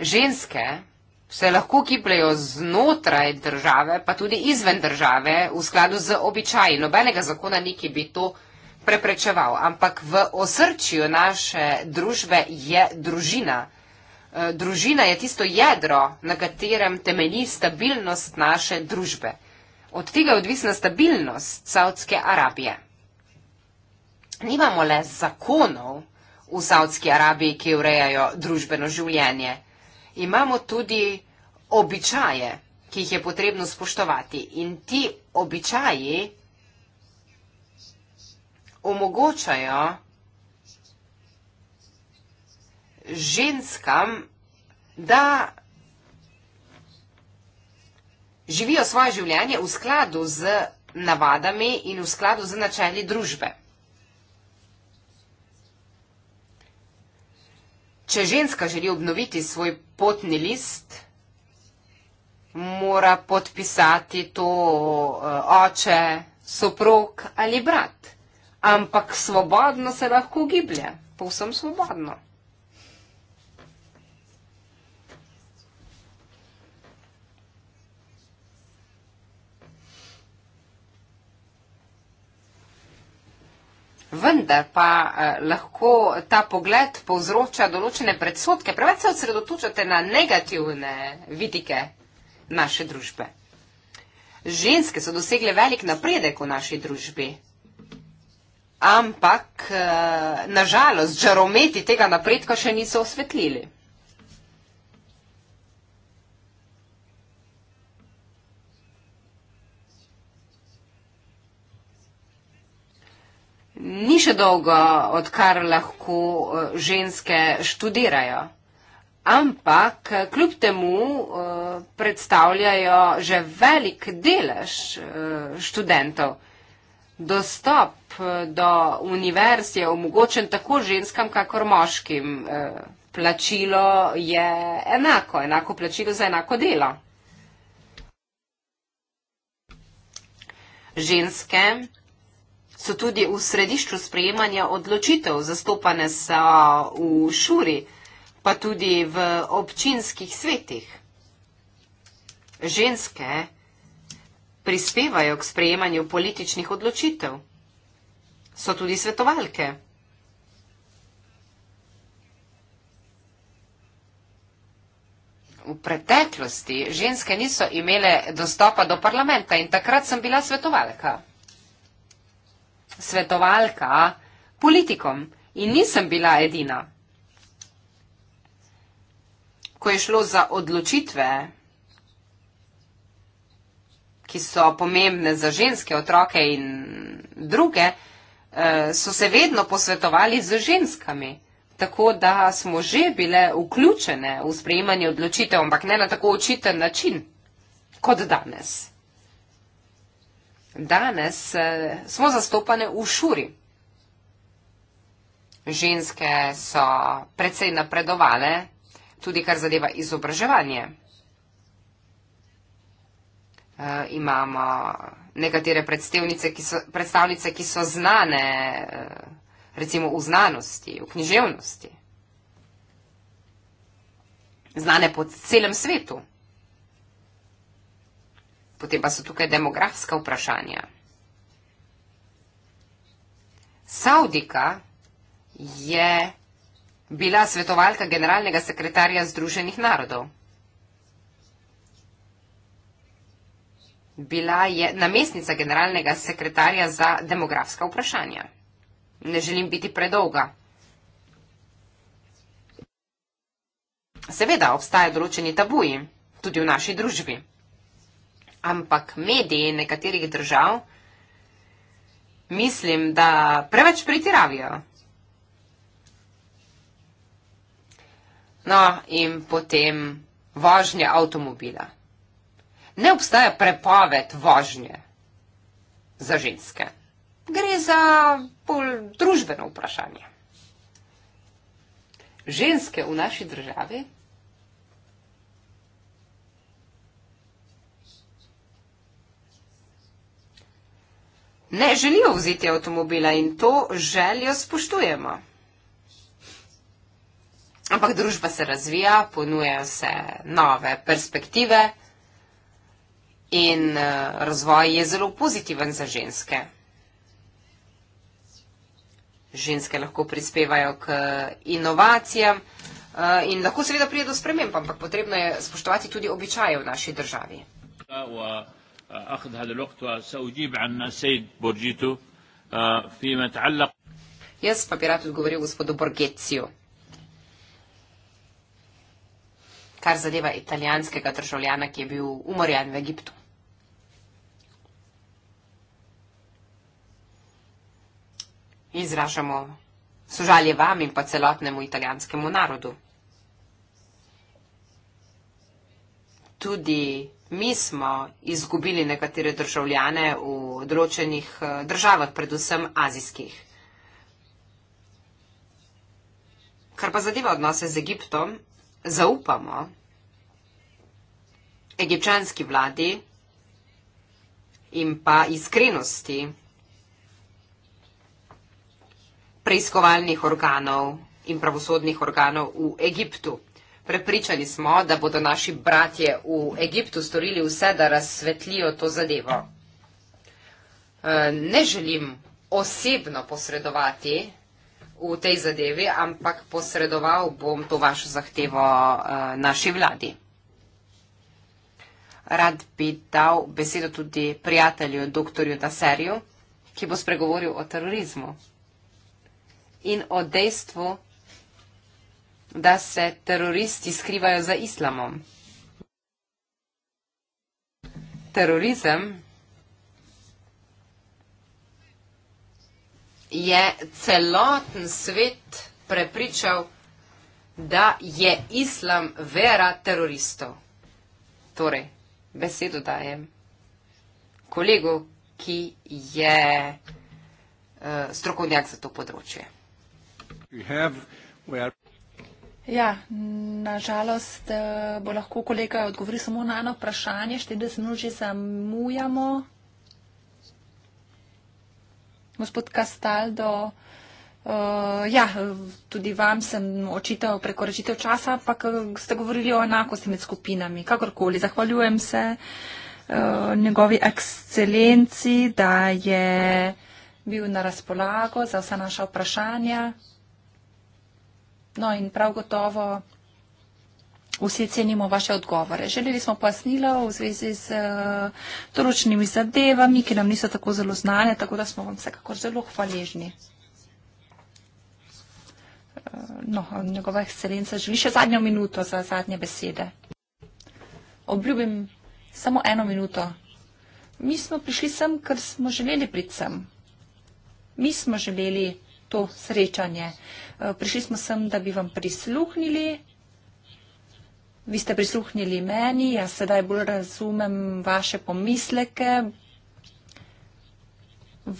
Speaker 3: Ženske se lahko gibljajo znotraj države, pa tudi izven države, v skladu z običajem. Nobenega zakona ni, ki bi to preprečeval, ampak v osrčju naše družbe je družina. E, družina je tisto jedro, na katerem temelji stabilnost naše družbe. Od tega je odvisna stabilnost Saudske Arabije. Nimamo le zakonov v Saudski Arabiji, ki urejajo družbeno življenje. Imamo tudi običaje, ki jih je potrebno spoštovati. In ti običaji omogočajo ženskam, da živijo svoje življenje v skladu z navadami in v skladu z načeli družbe. Če ženska želi obnoviti svoj potni list, mora podpisati to eh, oče, soprok ali brat ampak svobodno se lahko giblje, povsem svobodno. Vendar pa eh, lahko ta pogled povzroča določene predsotke. Preveč se osredotočate na negativne vidike naše družbe. Ženske so dosegle velik napredek v naši družbi ampak eh, nažalost žarometi tega napredka še niso osvetlili. Ni še dolgo, odkar lahko eh, ženske študirajo, ampak eh, kljub temu predstavljajo že velik delež študentov. Dostop Eh, do univerz je omogočen tako ženskam, kakor moškim. Eh, plačilo je enako, enako plačilo za enako delo. Ženske so tudi v središču sprejemanja odločitev, zastopane so v šuri, pa tudi v občinskih svetih. Ženske prispevajo k sprejemanju političnih odločitev so tudi svetovalke. V preteklosti ženske niso imele dostopa do parlamenta in takrat sem bila svetovalka. Svetovalka politikom in nisem bila edina. Ko je šlo za odločitve, ki so pomembne za ženske otroke in druge, Eh, so se vedno posvetovali z ženskami. Tako da smo že bile vključene v sprejemanje odločitev, ampak ne na tako očiten način kot danes. Danes eh, smo zastopane v šuri. Ženske so precej napredovale, tudi kar zadeva izobraževanje uh, imamo nekatere predstavnice, ki so, predstavnice, ki so znane uh, recimo v znanosti, v književnosti, znane po celem svetu. Potem pa so tukaj demografska vprašanja. Saudika je bila svetovalka generalnega sekretarja Združenih narodov. bila je namestnica generalnega sekretarja za demografska vprašanja. Ne želim biti predolga. Seveda obstajajo določeni tabuji, tudi v naši družbi. Ampak mediji nekaterih držav mislim, da preveč pritiravijo. No, in potem vožnja avtomobila ne obstaja prepoved vožnje za ženske. Gre za bolj družbeno vprašanje. Ženske v naši državi ne želijo vzeti avtomobila in to željo spoštujemo. Ampak družba se razvija, ponujajo se nove perspektive in eh, razvoj je zelo pozitiven za ženske. Ženske lahko prispevajo k eh, inovacijam eh, in lahko seveda prije do sprememb, ampak potrebno je spoštovati tudi običaje v naši državi. Jaz pa bi rad odgovoril gospodu Borgeciju. kar zadeva italijanskega državljana, ki je bil umorjen v Egiptu. Izražamo sožalje vam in pa celotnemu italijanskemu narodu. Tudi mi smo izgubili nekatere državljane v določenih eh, državah, predvsem azijskih. Kar pa zadeva odnose z Egiptom, zaupamo egipčanski vladi in pa iskrenosti preiskovalnih organov in pravosodnih organov v Egiptu. Prepričani smo, da bodo naši bratje v Egiptu storili vse, da razsvetlijo to zadevo. Eh, ne želim osebno posredovati v tej zadevi, ampak posredoval bom to vašo zahtevo eh, naši vladi. Rad bi dal besedo tudi prijatelju doktorju Daseriju, ki bo spregovoril o terorizmu in o dejstvu, da se teroristi skrivajo za islamom. Terorizem je celoten svet prepričal, da je islam vera teroristov. Torej, besedo dajem kolegu, ki je uh, strokovnjak za to področje.
Speaker 4: Ja, nažalost eh, bo lahko kolega odgovoril samo na eno vprašanje, 40 minut že zamujamo. Gospod Kastaldo, uh, eh, ja, tudi vam sem očital prekoračitev časa, ampak eh, ste govorili o enakosti med skupinami. Kakorkoli, zahvaljujem se uh, njegovi ekscelenci, da je bil na razpolago za vsa naša vprašanja. No in prav gotovo Vsi cenimo vaše odgovore. Želeli smo pojasnila v zvezi z uh, eh, toročnimi zadevami, ki nam niso tako zelo znane, tako da smo vam vsekakor zelo hvaležni. Uh, no, njegova ekscelenca želi še zadnjo minuto za zadnje besede. Obljubim samo eno minuto. Mi smo prišli sem, ker smo želeli priti sem. Mi smo želeli to srečanje. Uh, prišli smo sem, da bi vam prisluhnili. Vi ste prisluhnili meni, jaz sedaj bolj razumem vaše pomisleke,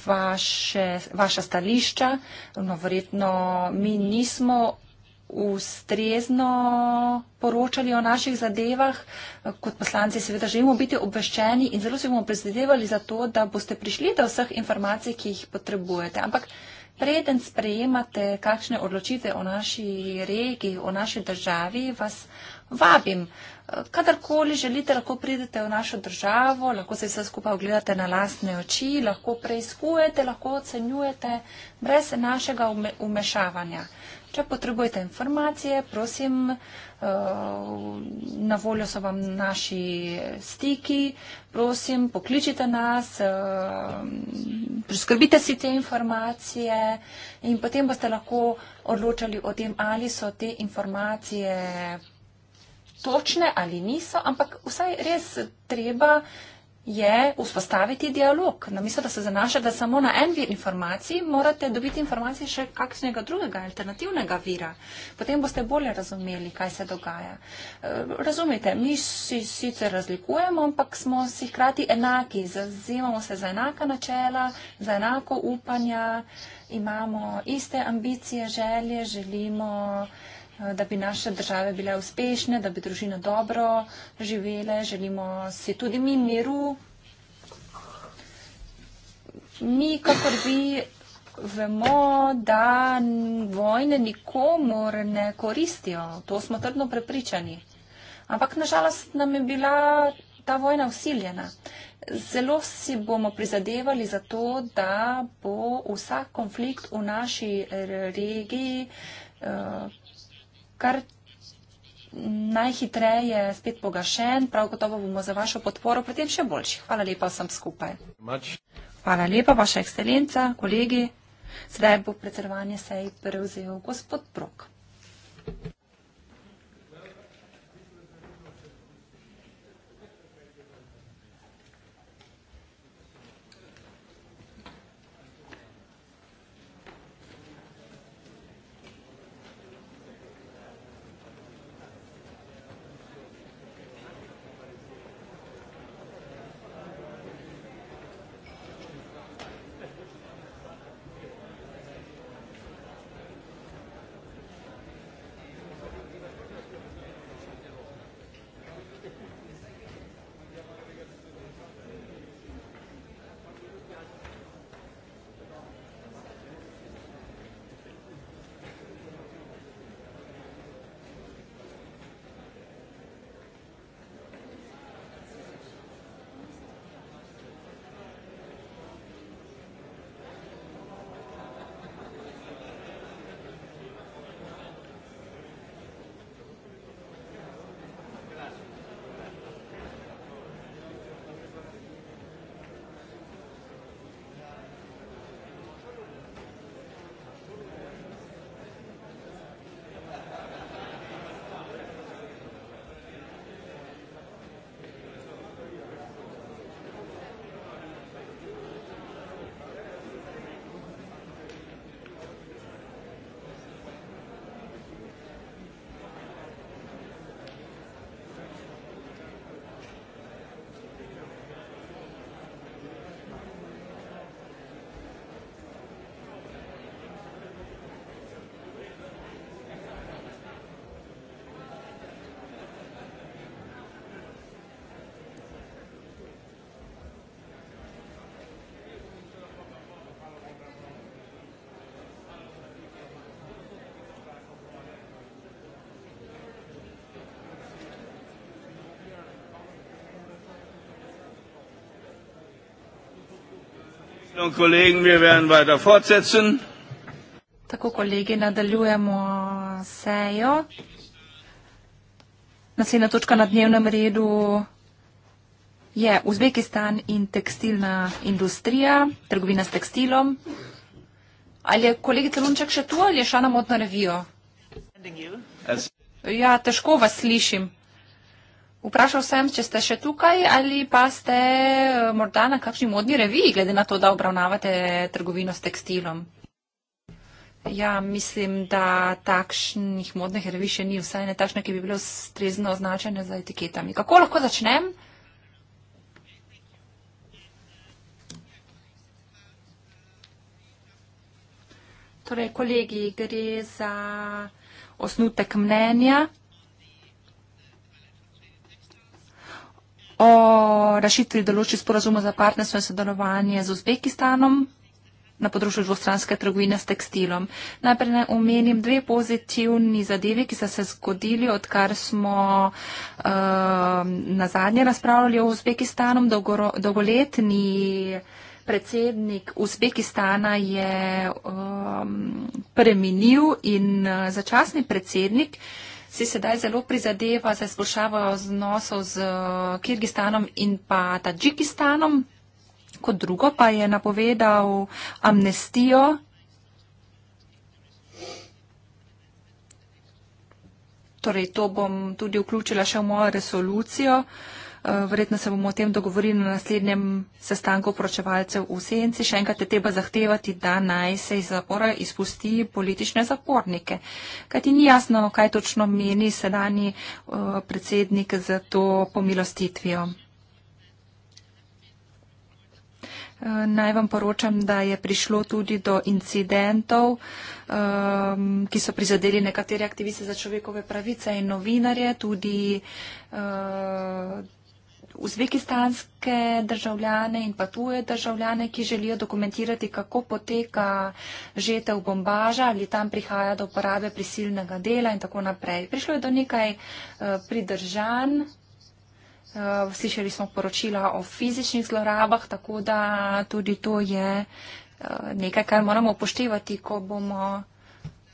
Speaker 4: vaše, vaša stališča. No, verjetno mi nismo ustrezno poročali o naših zadevah. Kot poslanci seveda želimo biti obveščeni in zelo se bomo prizadevali za to, da boste prišli do vseh informacij, ki jih potrebujete. Ampak preden sprejemate kakšne odločitve o naši regiji, o naši državi, vas vabim. Kadarkoli želite, lahko pridete v našo državo, lahko se vse skupaj ogledate na lastne oči, lahko preizkujete, lahko ocenjujete brez našega umešavanja. Če potrebujete informacije, prosim, eh, na voljo so vam naši stiki, prosim, pokličite nas, eh, priskrbite si te informacije in potem boste lahko odločali o tem, ali so te informacije točne ali niso, ampak vsaj res treba je vzpostaviti dialog. Namesto, da se zanaša, da samo na en vir informacij, morate dobiti informacije še kakšnega drugega, alternativnega vira. Potem boste bolje razumeli, kaj se dogaja. E, Razumite, mi si sicer razlikujemo, ampak smo si hkrati enaki, zazivamo se za enaka načela, za enako upanja, imamo iste ambicije, želje, želimo. Eh, da bi naše države bile uspešne, da bi družine dobro živele, želimo si tudi mi miru. Mi, kakor vi, vemo, da vojne nikomor ne koristijo. To smo trdno prepričani. Ampak nažalost nam je bila ta vojna usiljena. Zelo si bomo prizadevali za to, da bo vsak konflikt v naši regiji eh, kar najhitreje spet pogašen. Prav gotovo bomo za vašo podporo potem še boljši. Hvala lepa vsem skupaj. Hvala lepa, vaša ekscelenca, kolegi. Sedaj bo predsedovanje sej prevzel gospod Prok. Tako, kolegi, nadaljujemo sejo. Naslednja točka na dnevnem redu je Uzbekistan in tekstilna industrija, trgovina s tekstilom. Ali je kolegica Lunček še tu ali je šla na modno revijo? Ja, težko vas slišim. Vprašal sem, če ste še tukaj ali pa ste eh, morda na kakšni modni reviji, glede na to, da obravnavate trgovino s tekstilom. Ja, mislim, da takšnih modnih revij še ni, vsaj ne takšne, ki bi bile strezno označene za etiketami. Kako lahko začnem? Torej, kolegi, gre za osnutek mnenja. o rašitvi določi sporazuma za partnerstvo in sodelovanje z Uzbekistanom na področju dvostranske trgovine s tekstilom. Najprej naj omenim dve pozitivni zadevi, ki so se zgodili, odkar smo uh, na zadnje razpravljali o Uzbekistanu. Dolgoro, dolgoletni predsednik Uzbekistana je um, preminil in uh, začasni predsednik uh, si sedaj zelo prizadeva za izboljšavo odnosov z eh, Kyrgyzstanom in pa Tadžikistanom. Kot drugo pa je napovedal amnestijo. Torej, to bom tudi vključila še v mojo resolucijo. Uh, Eh, verjetno se bomo o tem dogovorili na naslednjem sestanku poročevalcev v Senci. Še enkrat je treba zahtevati, da naj se iz zapora izpusti politične zapornike. Kaj ti ni jasno, kaj točno meni sedani eh, predsednik za to pomilostitvijo? Eh, naj vam poročam, da je prišlo tudi do incidentov, um, ki so prizadeli nekatere aktiviste za človekove pravice in novinarje, tudi uh, uzbekistanske državljane in pa tuje državljane, ki želijo dokumentirati, kako poteka žetev bombaža ali tam prihaja do uporabe prisilnega dela in tako naprej. Prišlo je do nekaj eh, pridržan. Eh, slišali smo poročila o fizičnih zlorabah, tako da tudi to je eh, nekaj, kar moramo upoštevati, ko bomo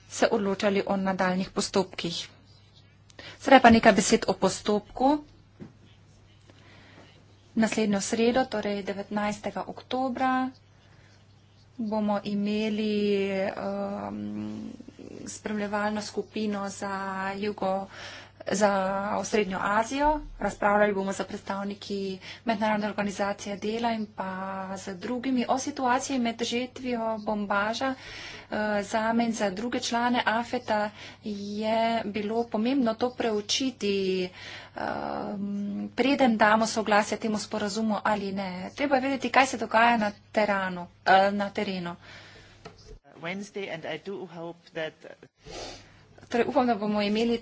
Speaker 4: se odločali o nadaljnih postopkih. Sedaj pa nekaj besed o postopku. Naslednjo sredo, torej 19. oktobra, bomo imeli um, spremljevalno skupino za, jugo, za osrednjo Azijo. Razpravljali bomo za predstavniki mednarodne organizacije dela in pa za drugimi o situaciji med žetvijo bombaža uh, Eh, zame in za druge člane AFETA je bilo pomembno to preučiti, ehm, preden damo soglasje temu sporazumu ali ne. Treba vedeti, kaj se dogaja na, teranu, eh, na terenu. Torej upam, da bomo imeli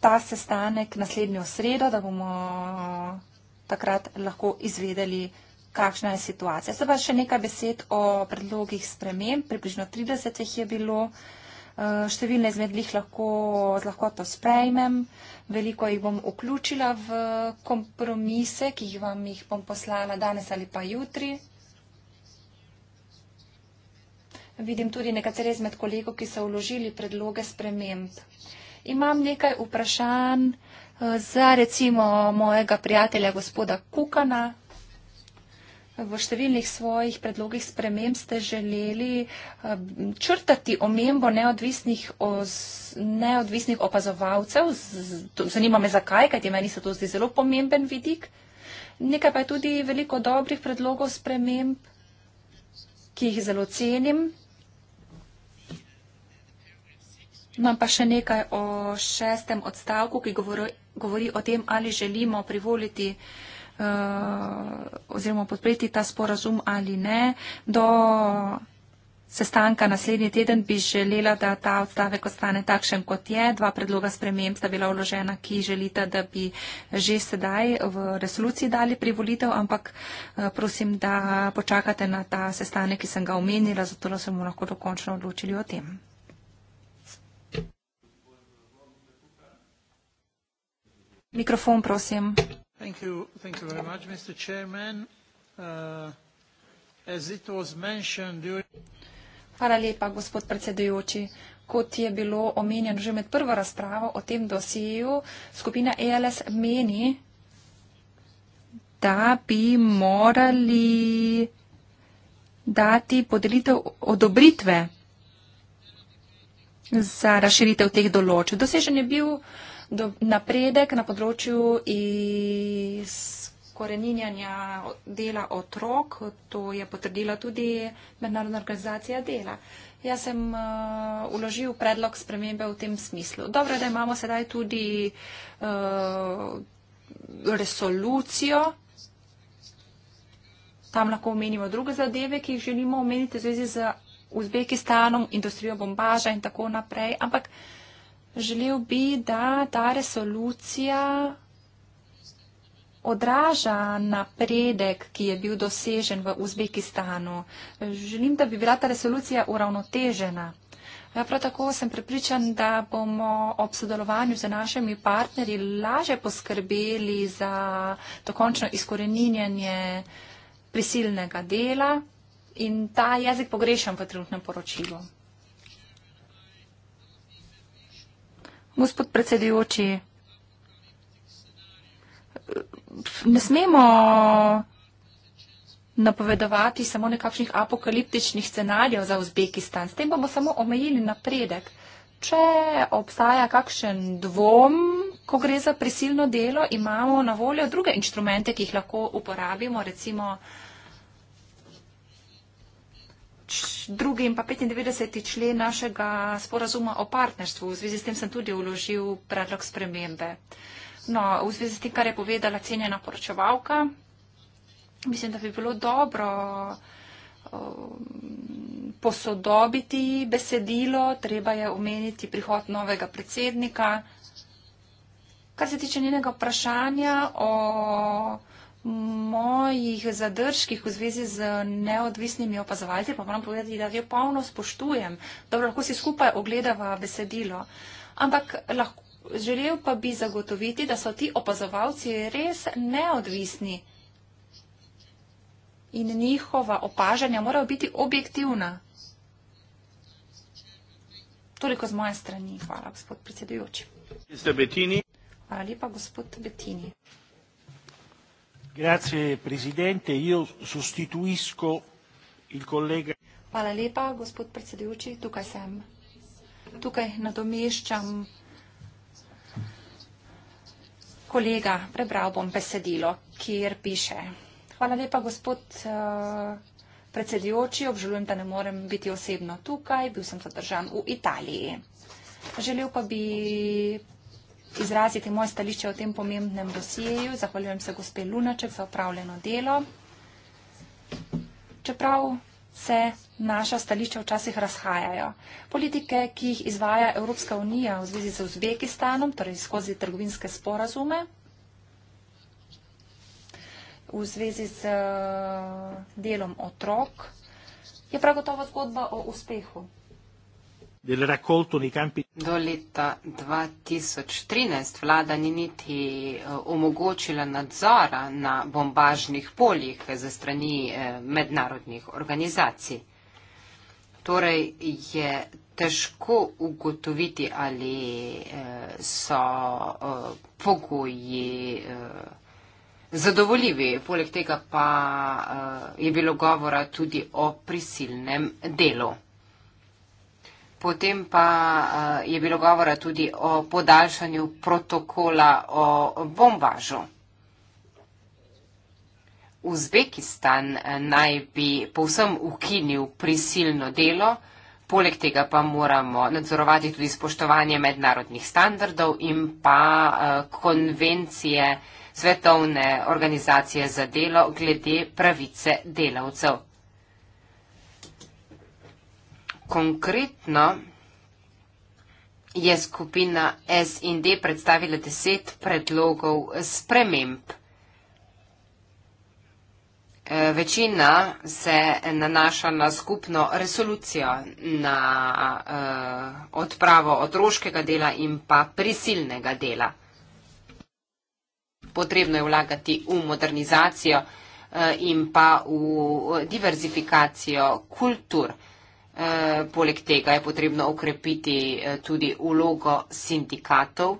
Speaker 4: ta sestanek naslednjo sredo, da bomo eh, takrat lahko izvedeli, kakšna je situacija. Zdaj pa še nekaj besed o predlogih sprememb. Približno 30 jih je bilo. Eh, številne izmed njih lahko z lahkoto sprejmem. Veliko jih bom vključila v kompromise, ki jih vam jih bom poslala danes ali pa jutri. Vidim tudi nekatere izmed kolegov, ki so vložili predloge sprememb. Imam nekaj vprašanj eh, za recimo mojega prijatelja gospoda Kukana, v številnih svojih predlogih sprememb ste želeli eh, črtati omembo neodvisnih, neodvisnih opazovalcev. Zanima me zakaj, kajti meni se to zdi zelo pomemben vidik. Nekaj pa je tudi veliko dobrih predlogov sprememb, ki jih zelo cenim. Imam pa še nekaj o šestem odstavku, ki govori, govori o tem, ali želimo privoliti uh, Eh, oziroma podpreti ta sporazum ali ne. Do sestanka naslednji teden bi želela, da ta odstavek ostane takšen, kot je. Dva predloga sprememb sta bila vložena, ki želita, da bi že sedaj v resoluciji dali privolitev, ampak eh, prosim, da počakate na ta sestanek, ki sem ga omenila, zato da se bomo lahko dokončno odločili o tem. Mikrofon, prosim. Thank
Speaker 2: you. Thank you very much, Mr. Chairman. Uh, as it was mentioned during...
Speaker 4: Hvala lepa, gospod predsedujoči. Kot je bilo omenjeno že med prvo razpravo o tem dosiju, skupina ELS meni, da bi morali dati podelitev odobritve za razširitev teh določb. Dosežen je bil uh, do, napredek na področju izkoreninjanja dela otrok. To je potrdila tudi Mednarodna organizacija dela. Jaz sem uh, uložil predlog spremembe v tem smislu. Dobro, da imamo sedaj tudi uh, resolucijo. Tam lahko omenimo druge zadeve, ki jih želimo omeniti v zvezi z Uzbekistanom, industrijo bombaža in tako naprej. Ampak uh, Želel bi, da ta resolucija odraža napredek, ki je bil dosežen v Uzbekistanu. Želim, da bi bila ta resolucija uravnotežena. Ja, prav tako sem prepričan, da bomo ob sodelovanju z našimi partnerji laže poskrbeli za dokončno izkoreninjanje prisilnega dela in ta jezik pogrešam v trenutnem poročilu. Gospod predsedujoči, ne smemo napovedovati samo nekakšnih apokaliptičnih scenarijev za Uzbekistan. S tem bomo samo omejili napredek. Če obstaja kakšen dvom, ko gre za prisilno delo, imamo na voljo druge inštrumente, ki jih lahko uporabimo, recimo drugi in pa 95. člen našega sporazuma o partnerstvu. V zvezi s tem sem tudi uložil predlog spremembe. No, v zvezi s tem, kar je povedala cenjena poročevalka, mislim, da bi bilo dobro um, posodobiti besedilo, treba je omeniti prihod novega predsednika. Kar se tiče njenega vprašanja o mojih zadržkih v zvezi z neodvisnimi opazovalci, pa moram povedati, da jo polno spoštujem. Dobro, lahko si skupaj ogledava besedilo. Ampak lahko, želel pa bi zagotoviti, da so ti opazovalci res neodvisni in njihova opažanja morajo biti objektivna. Toliko z moje strani. Hvala, gospod predsedujoči. Hvala lepa, gospod Betini.
Speaker 2: Grazie presidente, io sostituisco il collega.
Speaker 4: Hvala lepa, gospod predsedujoči, tukaj sem. Tukaj nadomeščam kolega, prebral bom besedilo, kjer piše. Hvala lepa, gospod eh, predsedujoči, obžalujem, da ne morem biti osebno tukaj, bil sem zadržan v Italiji. Želel pa bi izraziti moje stališče o tem pomembnem dosijeju. Zahvaljujem se gospe Lunaček za upravljeno delo. Čeprav se naša stališča včasih razhajajo. Politike, ki jih izvaja Evropska unija v zvezi z Uzbekistanom, torej skozi trgovinske sporazume, v zvezi z eh, delom otrok, je prav gotovo zgodba o uspehu
Speaker 3: del raccolto nei campi. Do leta 2013 vlada ni niti eh, omogočila nadzora na bombažnih poljih za strani eh, mednarodnih organizacij. Torej je težko ugotoviti, ali eh, so pogoji zadovoljivi. Poleg tega pa je bilo govora tudi o prisilnem delu. Potem pa eh, je bilo govora tudi o podaljšanju protokola o bombažu. Uzbekistan eh, naj bi povsem ukinil prisilno delo, poleg tega pa moramo nadzorovati tudi spoštovanje mednarodnih standardov in pa eh, konvencije Svetovne organizacije za delo glede pravice delavcev. Konkretno je skupina SND predstavila deset predlogov sprememb. E, večina se nanaša na skupno resolucijo, na uh, odpravo otroškega dela in pa prisilnega dela. Potrebno je vlagati v modernizacijo uh, in pa v diverzifikacijo kultur. Uh, Eh, poleg tega je potrebno okrepiti eh, tudi ulogo sindikatov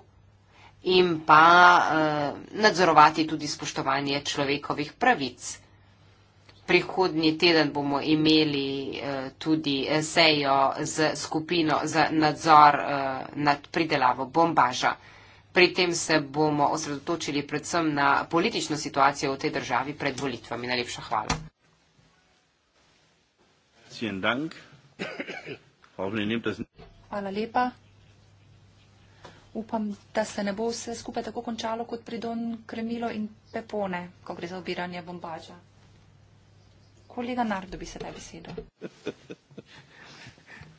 Speaker 3: in pa eh, nadzorovati tudi spoštovanje človekovih pravic. Prihodnji teden bomo imeli tudi sejo z skupino za nadzor nad pridelavo bombaža. Pri tem se bomo osredotočili predvsem na politično situacijo v tej državi pred volitvami. Najlepša hvala.
Speaker 4: Hvala lepa. Upam, da se ne bo vse skupaj tako končalo kot pri Don Kremilo in Pepone, ko gre za obiranje bombaža. Kolega Nardo bi sedaj besedo.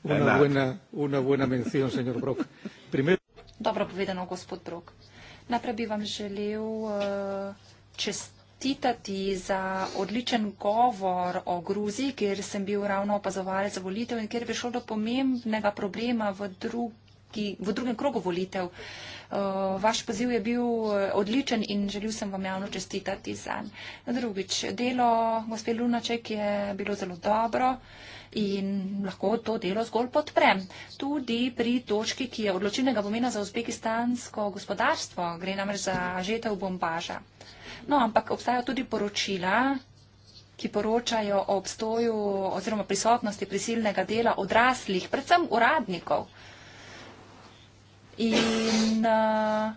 Speaker 1: una, buena, una buena mención, señor Brok. Primer...
Speaker 4: Dobro povedano, gospod Brok. Najprej bi vam želel uh, čest čestitati za odličen govor o Gruziji, kjer sem bil ravno opazovalec volitev in kjer je prišlo do pomembnega problema v, drugi, v drugem krogu volitev. Uh, vaš poziv je bil uh, odličen in želil sem vam javno čestitati za. Drugič, delo gospe Lunaček je bilo zelo dobro in lahko to delo zgolj podprem. Tudi pri točki, ki je odločilnega pomena za uzbekistansko gospodarstvo, gre namreč za žetev bombaža. No, ampak obstajajo tudi poročila ki poročajo o obstoju oziroma prisotnosti prisilnega dela odraslih, predvsem uradnikov. In uh,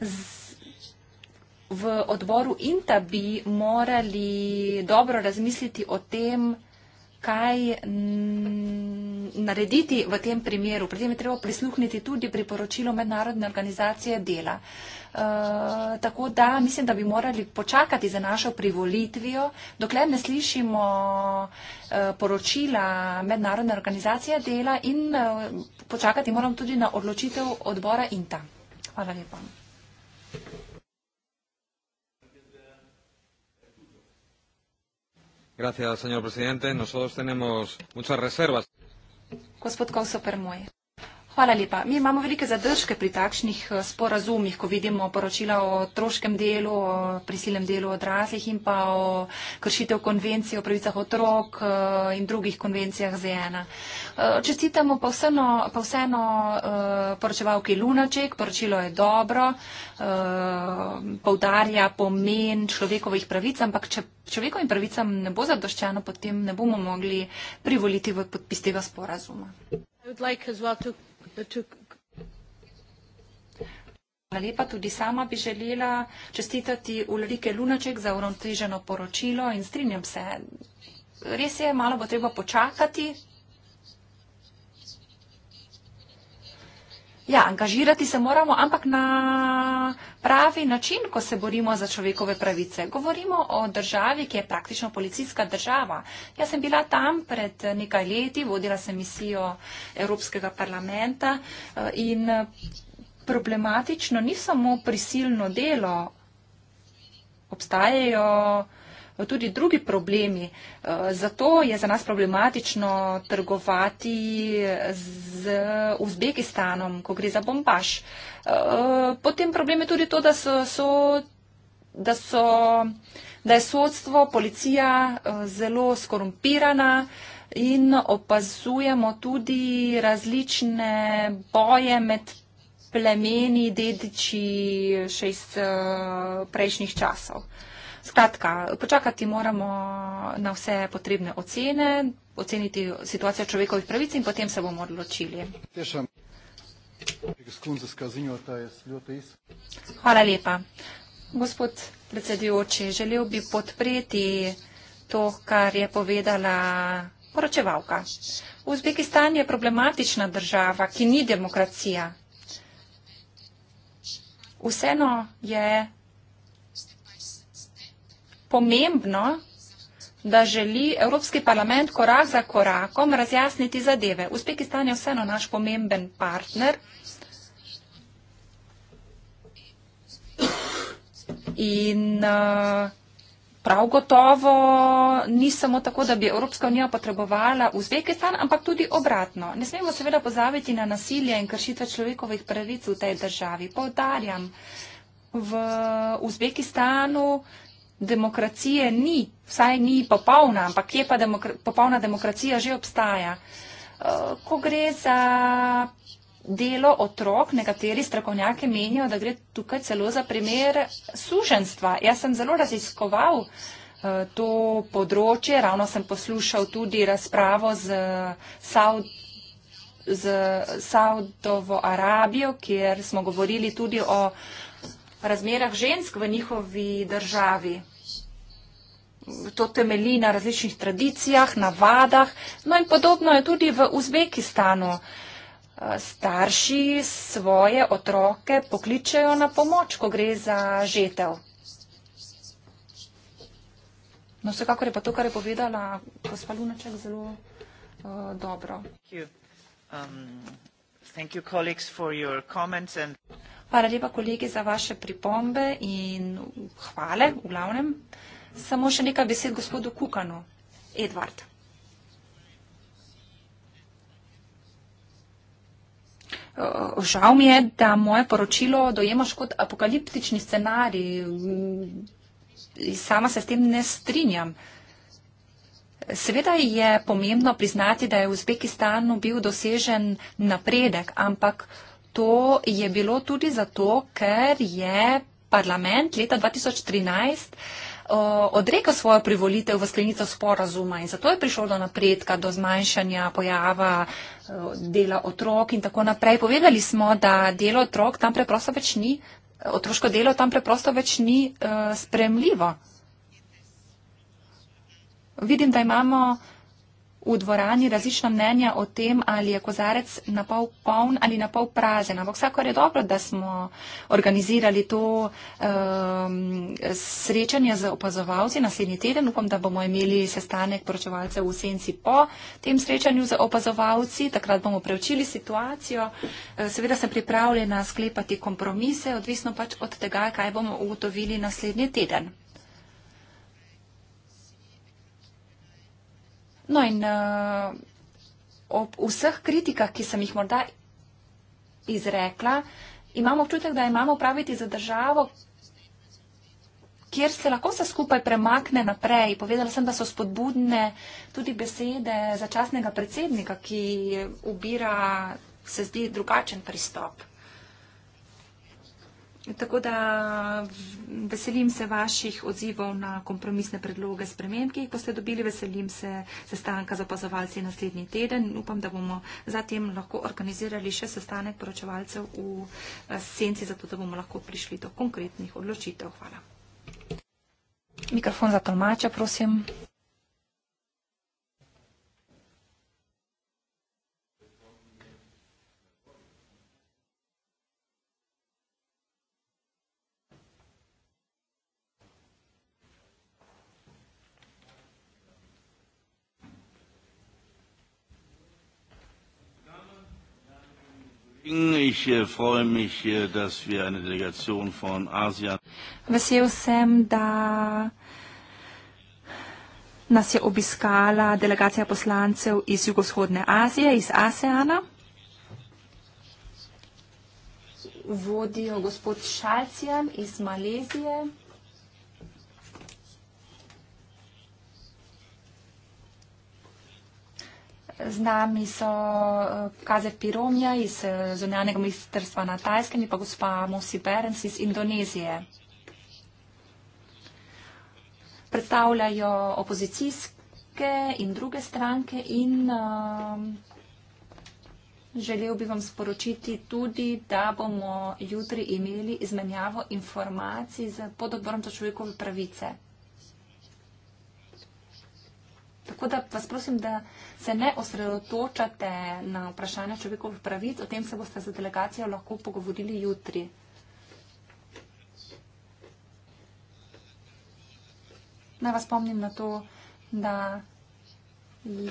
Speaker 4: z, v odboru Intabi morali dobro razmisliti o tem, kaj narediti v tem primeru. Pri tem je treba prisluhniti tudi priporočilo mednarodne organizacije dela. Uh, tako da mislim, da bi morali počakati za našo privolitvijo, dokler ne slišimo uh, poročila mednarodne organizacije dela in uh, počakati moram tudi na odločitev odbora INTA. Hvala lepa.
Speaker 1: Gracias, señor presidente. Nosotros tenemos muchas reservas.
Speaker 4: Gospod Kosoper, moj. Hvala lepa. Mi imamo velike zadržke pri takšnih eh, sporazumih, ko vidimo poročila o troškem delu, o prisilnem delu odraslih in pa o kršitev konvencije o pravicah otrok eh, in drugih konvencijah ZN. Eh, čestitamo pa vseeno, pa vseeno poročevalki Lunaček, poročilo je dobro, povdarja pomen človekovih pravic, ampak če človekovim pravicam ne bo zadoščeno, potem ne bomo mogli privoliti v podpis tega sporazuma. I would like as well to Hvala lepa. Tudi sama bi želela čestitati Ulrike Lunaček za uravnoteženo poročilo in strinjam se. Res je, malo bo treba počakati, Ja, angažirati se moramo, ampak na pravi način, ko se borimo za človekove pravice. Govorimo o državi, ki je praktično policijska država. Jaz sem bila tam pred nekaj leti, vodila sem misijo Evropskega parlamenta eh, in eh, problematično ni samo prisilno delo. Obstajajo tudi drugi problemi. Eh, zato je za nas problematično trgovati z Uzbekistanom, ko gre za bombaž. Eh, potem problem je tudi to, da so. so, da so da je sodstvo, policija eh, zelo skorumpirana in opazujemo tudi različne boje med plemeni, dediči še iz prejšnjih časov. Skratka, počakati moramo na vse potrebne ocene, oceniti situacijo človekovih pravic in potem se bomo odločili. Hvala lepa. Gospod predsedujoči, želel bi podpreti to, kar je povedala poročevalka. Uzbekistan je problematična država, ki ni demokracija. Vseeno je pomembno, da želi Evropski parlament korak za korakom razjasniti zadeve. Uzbekistan je vseeno naš pomemben partner in eh, prav gotovo ni samo tako, da bi Evropska unija potrebovala Uzbekistan, ampak tudi obratno. Ne smemo seveda pozaviti na nasilje in kršitve človekovih pravic v tej državi. Povdarjam, v Uzbekistanu demokracije ni, vsaj ni popolna, ampak je pa demokra popolna demokracija že obstaja. Eh, ko gre za delo otrok, nekateri strokovnjaki menijo, da gre tukaj celo za primer suženstva. Jaz sem zelo raziskoval eh, to področje, ravno sem poslušal tudi razpravo z, Saud z Saudovo Arabijo, kjer smo govorili tudi o razmerah žensk v njihovi državi. To temelji na različnih tradicijah, navadah. No in podobno je tudi v Uzbekistanu. Starši svoje otroke pokličejo na pomoč, ko gre za žetev. No, vsekakor je pa to, kar je povedala gospa Lunaček, zelo uh, dobro. Thank you. Um, thank you, Hvala lepa, kolegi, za vaše pripombe in hvale, v glavnem. Samo še nekaj besed gospodu Kukanu. Edvard. Žal mi je, da moje poročilo dojemaš kot apokaliptični scenarij. Sama se s tem ne strinjam. Seveda je pomembno priznati, da je v Uzbekistanu bil dosežen napredek, ampak to je bilo tudi zato, ker je parlament leta 2013 odrekel svojo privolitev v sklenico sporazuma in zato je prišlo do napredka, do zmanjšanja pojava dela otrok in tako naprej. Povedali smo, da delo otrok tam preprosto več ni, otroško delo tam preprosto več ni e, spremljivo. Vidim, da imamo v dvorani različna mnenja o tem, ali je kozarec na pol poln ali na pol prazen. Ampak vsakor je dobro, da smo organizirali to um, srečanje z opazovalci naslednji teden. Upam, da bomo imeli sestanek poročevalcev v senci po tem srečanju z opazovalci. Takrat bomo preučili situacijo. E, seveda sem pripravljena sklepati kompromise, odvisno pač od tega, kaj bomo ugotovili naslednji teden. No in uh, ob vseh kritikah, ki sem jih morda izrekla, imamo občutek, da imamo praviti za državo, kjer se lahko se skupaj premakne naprej. Povedala sem, da so spodbudne tudi besede začasnega predsednika, ki ubira, se zdi, drugačen pristop. Tako da veselim se vaših odzivov na kompromisne predloge sprememb, ki jih boste dobili. Veselim se sestanka z opazovalci naslednji teden. Upam, da bomo zatem lahko organizirali še sestanek poročevalcev v eh, senci, zato da bomo lahko prišli do konkretnih odločitev. Hvala. Mikrofon za tolmača, prosim.
Speaker 2: Ich äh, freue mich, äh, dass wir eine Delegation von
Speaker 4: Asien. Vesel sem, da nas je obiskala delegacija poslancev iz jugovzhodne Azije, iz ASEANA. Vodijo gospod Šalcijan iz Malezije. Z nami so eh, Kazef Piromija iz eh, zunanjega ministrstva na Tajskem in pa gospa Mosi Berens iz Indonezije. Predstavljajo opozicijske in druge stranke in eh, želel bi vam sporočiti tudi, da bomo jutri imeli izmenjavo informacij z pod odborom za človekove pravice. Tako da vas prosim, da se ne osredotočate na vprašanje človekovih pravic, o tem se boste z delegacijo lahko pogovorili jutri. Naj vas spomnim na to, da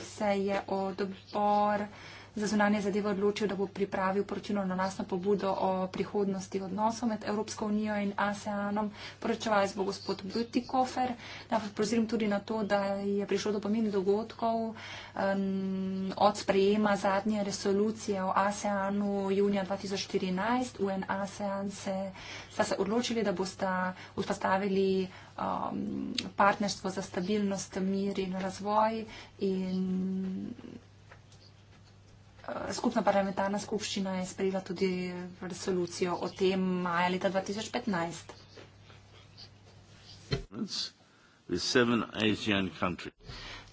Speaker 4: se je odbor za zunanje zadeve odločil, da bo pripravil poročilo na lasno pobudo o prihodnosti odnosov med Evropsko unijo in ASEANom. Poročevalec bo gospod Blutikofer. Da pa prozirim tudi na to, da je prišlo do pomembnih dogodkov um, od sprejema zadnje resolucije o ASEANu junija 2014. UN ASEAN se, sta se odločili, da boste vzpostavili um, partnerstvo za stabilnost, mir in razvoj. In skupna parlamentarna skupščina je sprejela tudi resolucijo o tem maja leta 2015.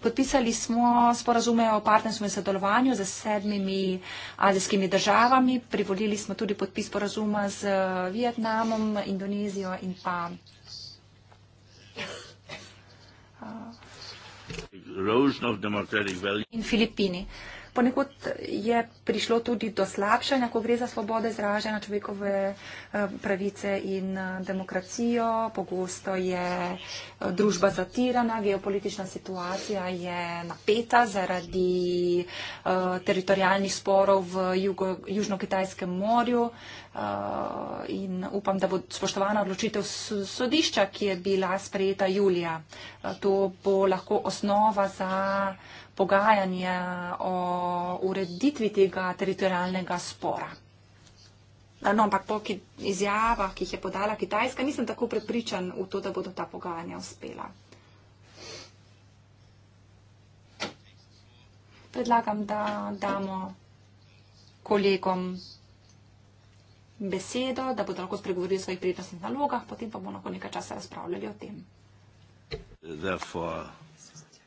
Speaker 4: Podpisali smo sporazume o partnerstvu in sodelovanju z sedmimi azijskimi državami. Privolili smo tudi podpis sporazuma z Vietnamom, Indonezijo in pa. In Filipini. Ponekod je prišlo tudi do slabšanja, ko gre za svobode izražanja človekove eh, pravice in eh, demokracijo. Pogosto je eh, družba zatirana, geopolitična situacija je napeta zaradi teritorijalnih sporov v Južno-Kitajskem morju. In upam, da bo spoštovana odločitev sodišča, ki je bila sprejeta julija. To bo lahko osnova za pogajanje o ureditvi tega teritorijalnega spora. No, ampak po izjavah, ki jih je podala Kitajska, nisem tako prepričan v to, da bodo ta pogajanja uspela. Predlagam, da damo kolegom besedo, da bodo lahko spregovorili o svojih prednostnih nalogah, potem pa bomo lahko nekaj časa razpravljali o tem.
Speaker 2: Therefore...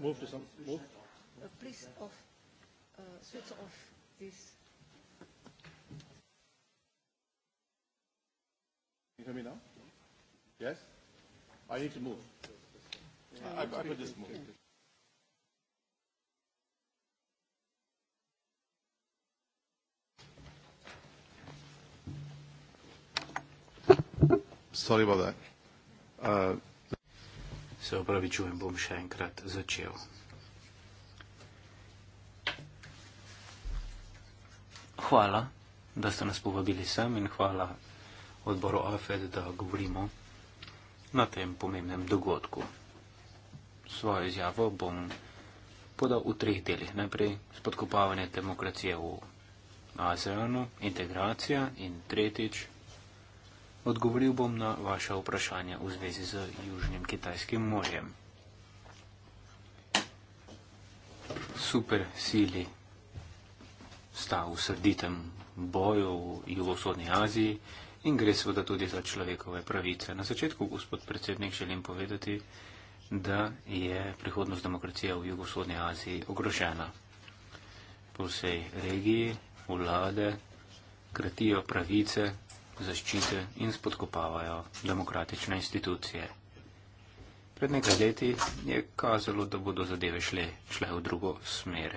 Speaker 2: move to some move.
Speaker 1: Uh, please off,
Speaker 4: uh, switch off this.
Speaker 2: Can you hear me now? Yes? I need to move. Yeah, I, I, I could just move. Yeah. Sorry about that. Uh
Speaker 1: se opravičujem, bom še enkrat začel. Hvala, da ste nas povabili sem in hvala odboru AFED, da govorimo na tem pomembnem dogodku. Svojo izjavo bom podal v treh delih. Najprej spodkopavanje demokracije v ASEANu, integracija in tretjič Odgovoril bom na vaše vprašanje v zvezi z Južnim Kitajskim morjem. Super sili sta v srditem boju v jugovzhodni Aziji in gre seveda tudi za človekove pravice. Na začetku, gospod predsednik, želim povedati, da je prihodnost demokracije v jugovzhodni Aziji ogrožena. Po vsej regiji vlade kratijo pravice zaščite in spodkopavajo demokratične institucije. Pred nekaj leti je kazalo, da bodo zadeve šle, šle v drugo smer.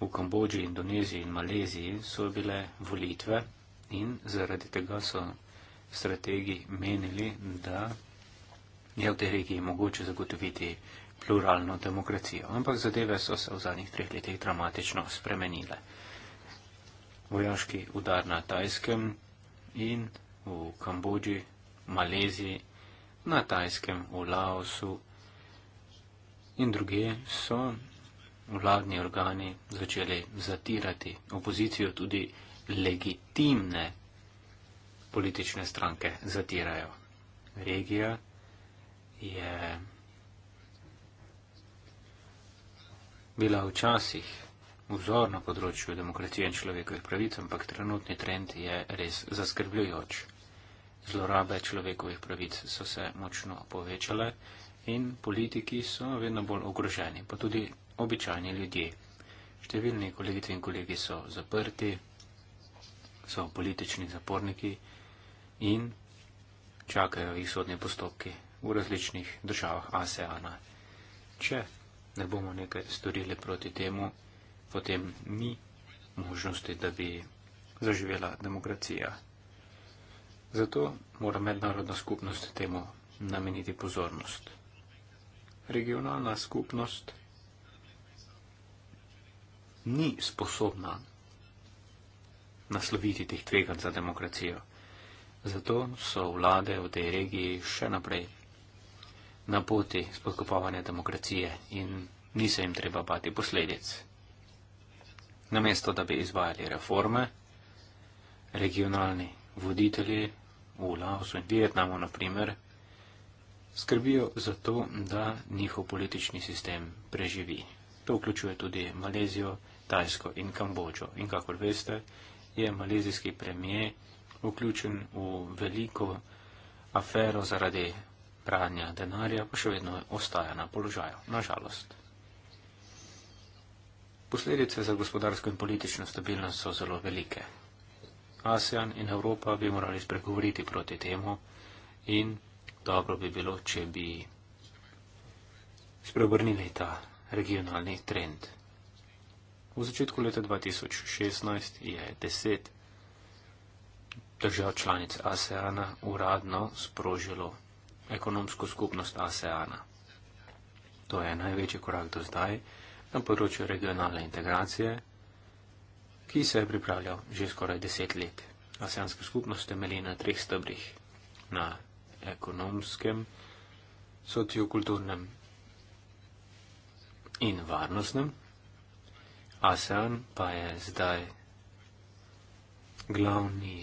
Speaker 1: V Kambodži, Indoneziji in Maleziji so bile volitve in zaradi tega so strategi menili, da je v tej regiji mogoče zagotoviti pluralno demokracijo. Ampak zadeve so se v zadnjih treh letih dramatično spremenile vojaški udar na Tajskem in v Kambodži, Maleziji, na Tajskem, v Laosu in druge so vladni organi začeli zatirati opozicijo, tudi legitimne politične stranke zatirajo. Regija je bila včasih vzor na področju demokracije in človekovih pravic, ampak trenutni trend je res zaskrbljujoč. Zlorabe človekovih pravic so se močno povečale in politiki so vedno bolj ogroženi, pa tudi običajni ljudje. Številni kolegice in kolegi so zaprti, so politični zaporniki in čakajo jih sodni postopki v različnih državah ASEANA. Če ne bomo nekaj storili proti temu, potem ni možnosti, da bi zaživela demokracija. Zato mora mednarodna skupnost temu nameniti pozornost. Regionalna skupnost ni sposobna nasloviti teh tveganj za demokracijo. Zato so vlade v tej regiji še naprej na poti spodkopavanja demokracije in ni se jim treba bati posledic. Namesto da bi izvajali reforme, regionalni voditelji v Laosu in Vietnamu, naprimer, skrbijo za to, da njihov politični sistem preživi. To vključuje tudi Malezijo, Tajsko in Kambočo. In kakor veste, je malezijski premijer vključen v veliko afero zaradi pranja denarja, pa še vedno ostaja na položaju, nažalost. Posledice za gospodarsko in politično stabilnost so zelo velike. ASEAN in Evropa bi morali spregovoriti proti temu in dobro bi bilo, če bi spreobrnili ta regionalni trend. V začetku leta 2016 je deset držav članic ASEANA uradno sprožilo ekonomsko skupnost ASEANA. To je največji korak do zdaj na področju regionalne integracije, ki se je pripravljal že skoraj deset let. Asijanska skupnost temelji na treh stebrih. Na ekonomskem, sociokulturnem in varnostnem. ASEAN pa je zdaj glavni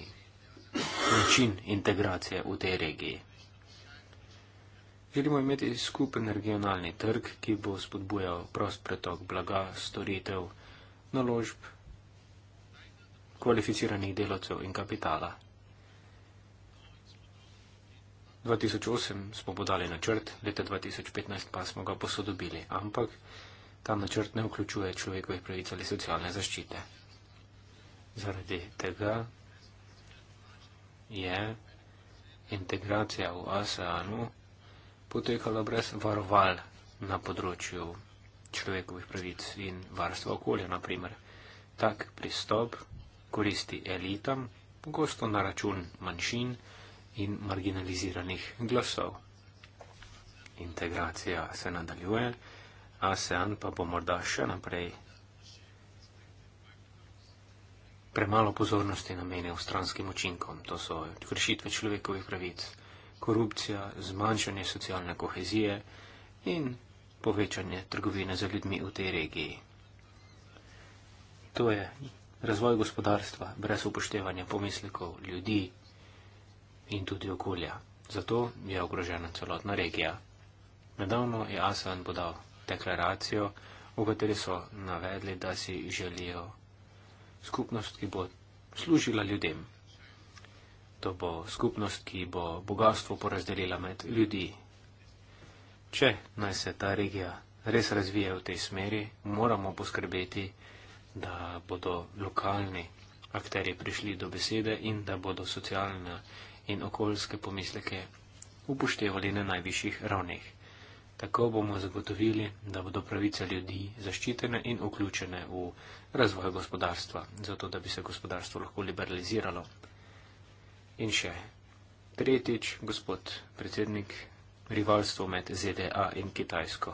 Speaker 1: način integracije v tej regiji. Želimo imeti skupen regionalni trg, ki bo spodbujal prost pretok blaga, storitev, naložb, kvalificiranih delavcev in kapitala. 2008 smo podali načrt, leta 2015 pa smo ga posodobili, ampak ta načrt ne vključuje človekovih pravic ali socialne zaščite. Zaradi tega je integracija v ASEANu potekala brez varoval na področju človekovih pravic in varstva okolja, naprimer. Tak pristop koristi elitam, pogosto na račun manjšin in marginaliziranih glasov. Integracija se nadaljuje, ASEAN pa bo morda še naprej premalo pozornosti namenil stranskim učinkom, to so kršitve človekovih pravic korupcija, zmanjšanje socialne kohezije in povečanje trgovine za ljudmi v tej regiji. To je razvoj gospodarstva brez upoštevanja pomislekov ljudi in tudi okolja. Zato je ogrožena celotna regija. Nedavno je ASEAN podal deklaracijo, v kateri so navedli, da si želijo skupnost, ki bo služila ljudem. To bo skupnost, ki bo bogatstvo porazdelila med ljudi. Če naj se ta regija res razvije v tej smeri, moramo poskrbeti, da bodo lokalni akteri prišli do besede in da bodo socialne in okoljske pomisleke upoštevali na najvišjih ravneh. Tako bomo zagotovili, da bodo pravice ljudi zaščitene in vključene v razvoj gospodarstva, zato da bi se gospodarstvo lahko liberaliziralo. In še, tretjič, gospod predsednik, rivalstvo med ZDA in Kitajsko.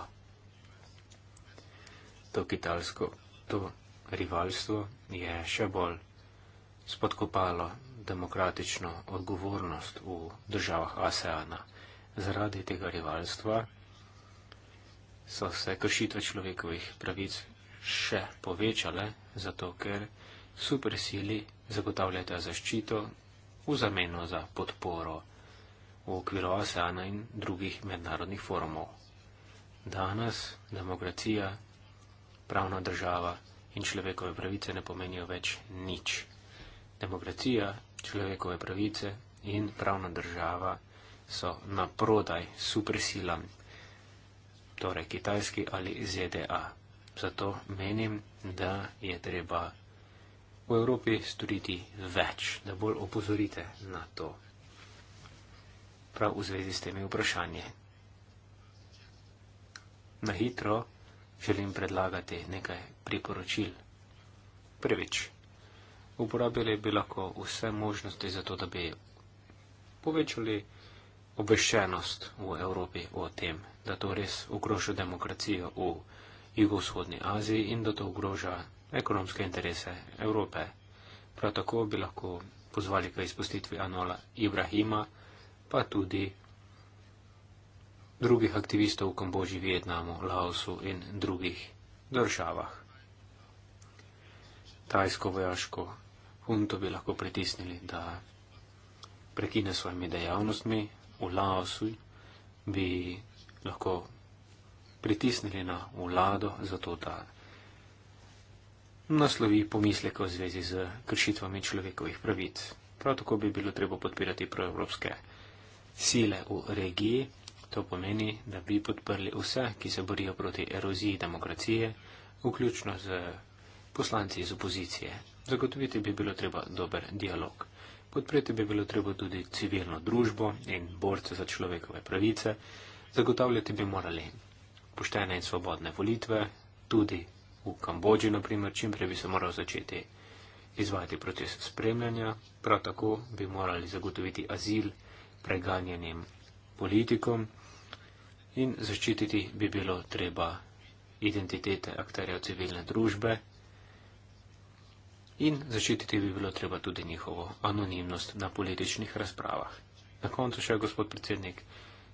Speaker 1: To kitalsko, to rivalstvo je še bolj spodkopalo demokratično odgovornost v državah ASEANA. Zaradi tega rivalstva so se kršitve človekovih pravic še povečale, zato ker supersili zagotavljata zaščito v zameno za podporo v okviru ASEANA in drugih mednarodnih forumov. Danes demokracija, pravna država in človekove pravice ne pomenijo več nič. Demokracija, človekove pravice in pravna država so na prodaj supersilam, torej Kitajski ali ZDA. Zato menim, da je treba v Evropi storiti več, da bolj opozorite na to, prav v zvezi s temi vprašanji. Na hitro želim predlagati nekaj priporočil. Prvič, uporabili bi lahko vse možnosti za to, da bi povečali obveščenost v Evropi o tem, da to res ogroža demokracijo v jugovzhodni Aziji in da to ogroža ekonomske interese Evrope. Prav tako bi lahko pozvali k izpustitvi Anola Ibrahima, pa tudi drugih aktivistov v Kambožji, Vietnamu, Laosu in drugih državah. Tajsko vojaško hunto bi lahko pritisnili, da prekine svojimi dejavnostmi v Laosu, bi lahko pritisnili na vlado, zato da naslovi pomisleke v zvezi z kršitvami človekovih pravic. Prav tako bi bilo treba podpirati proevropske sile v regiji. To pomeni, da bi podprli vse, ki se borijo proti eroziji demokracije, vključno z poslanci iz opozicije. Zagotoviti bi bilo treba dober dialog. Podpreti bi bilo treba tudi civilno družbo in borce za človekove pravice. Zagotavljati bi morali poštene in svobodne volitve, tudi v Kambodži, na primer, čim prej bi se moral začeti izvajati proces spremljanja, prav tako bi morali zagotoviti azil preganjenim politikom in zaščititi bi bilo treba identitete akterjev civilne družbe in zaščititi bi bilo treba tudi njihovo anonimnost na političnih razpravah. Na koncu še, gospod predsednik,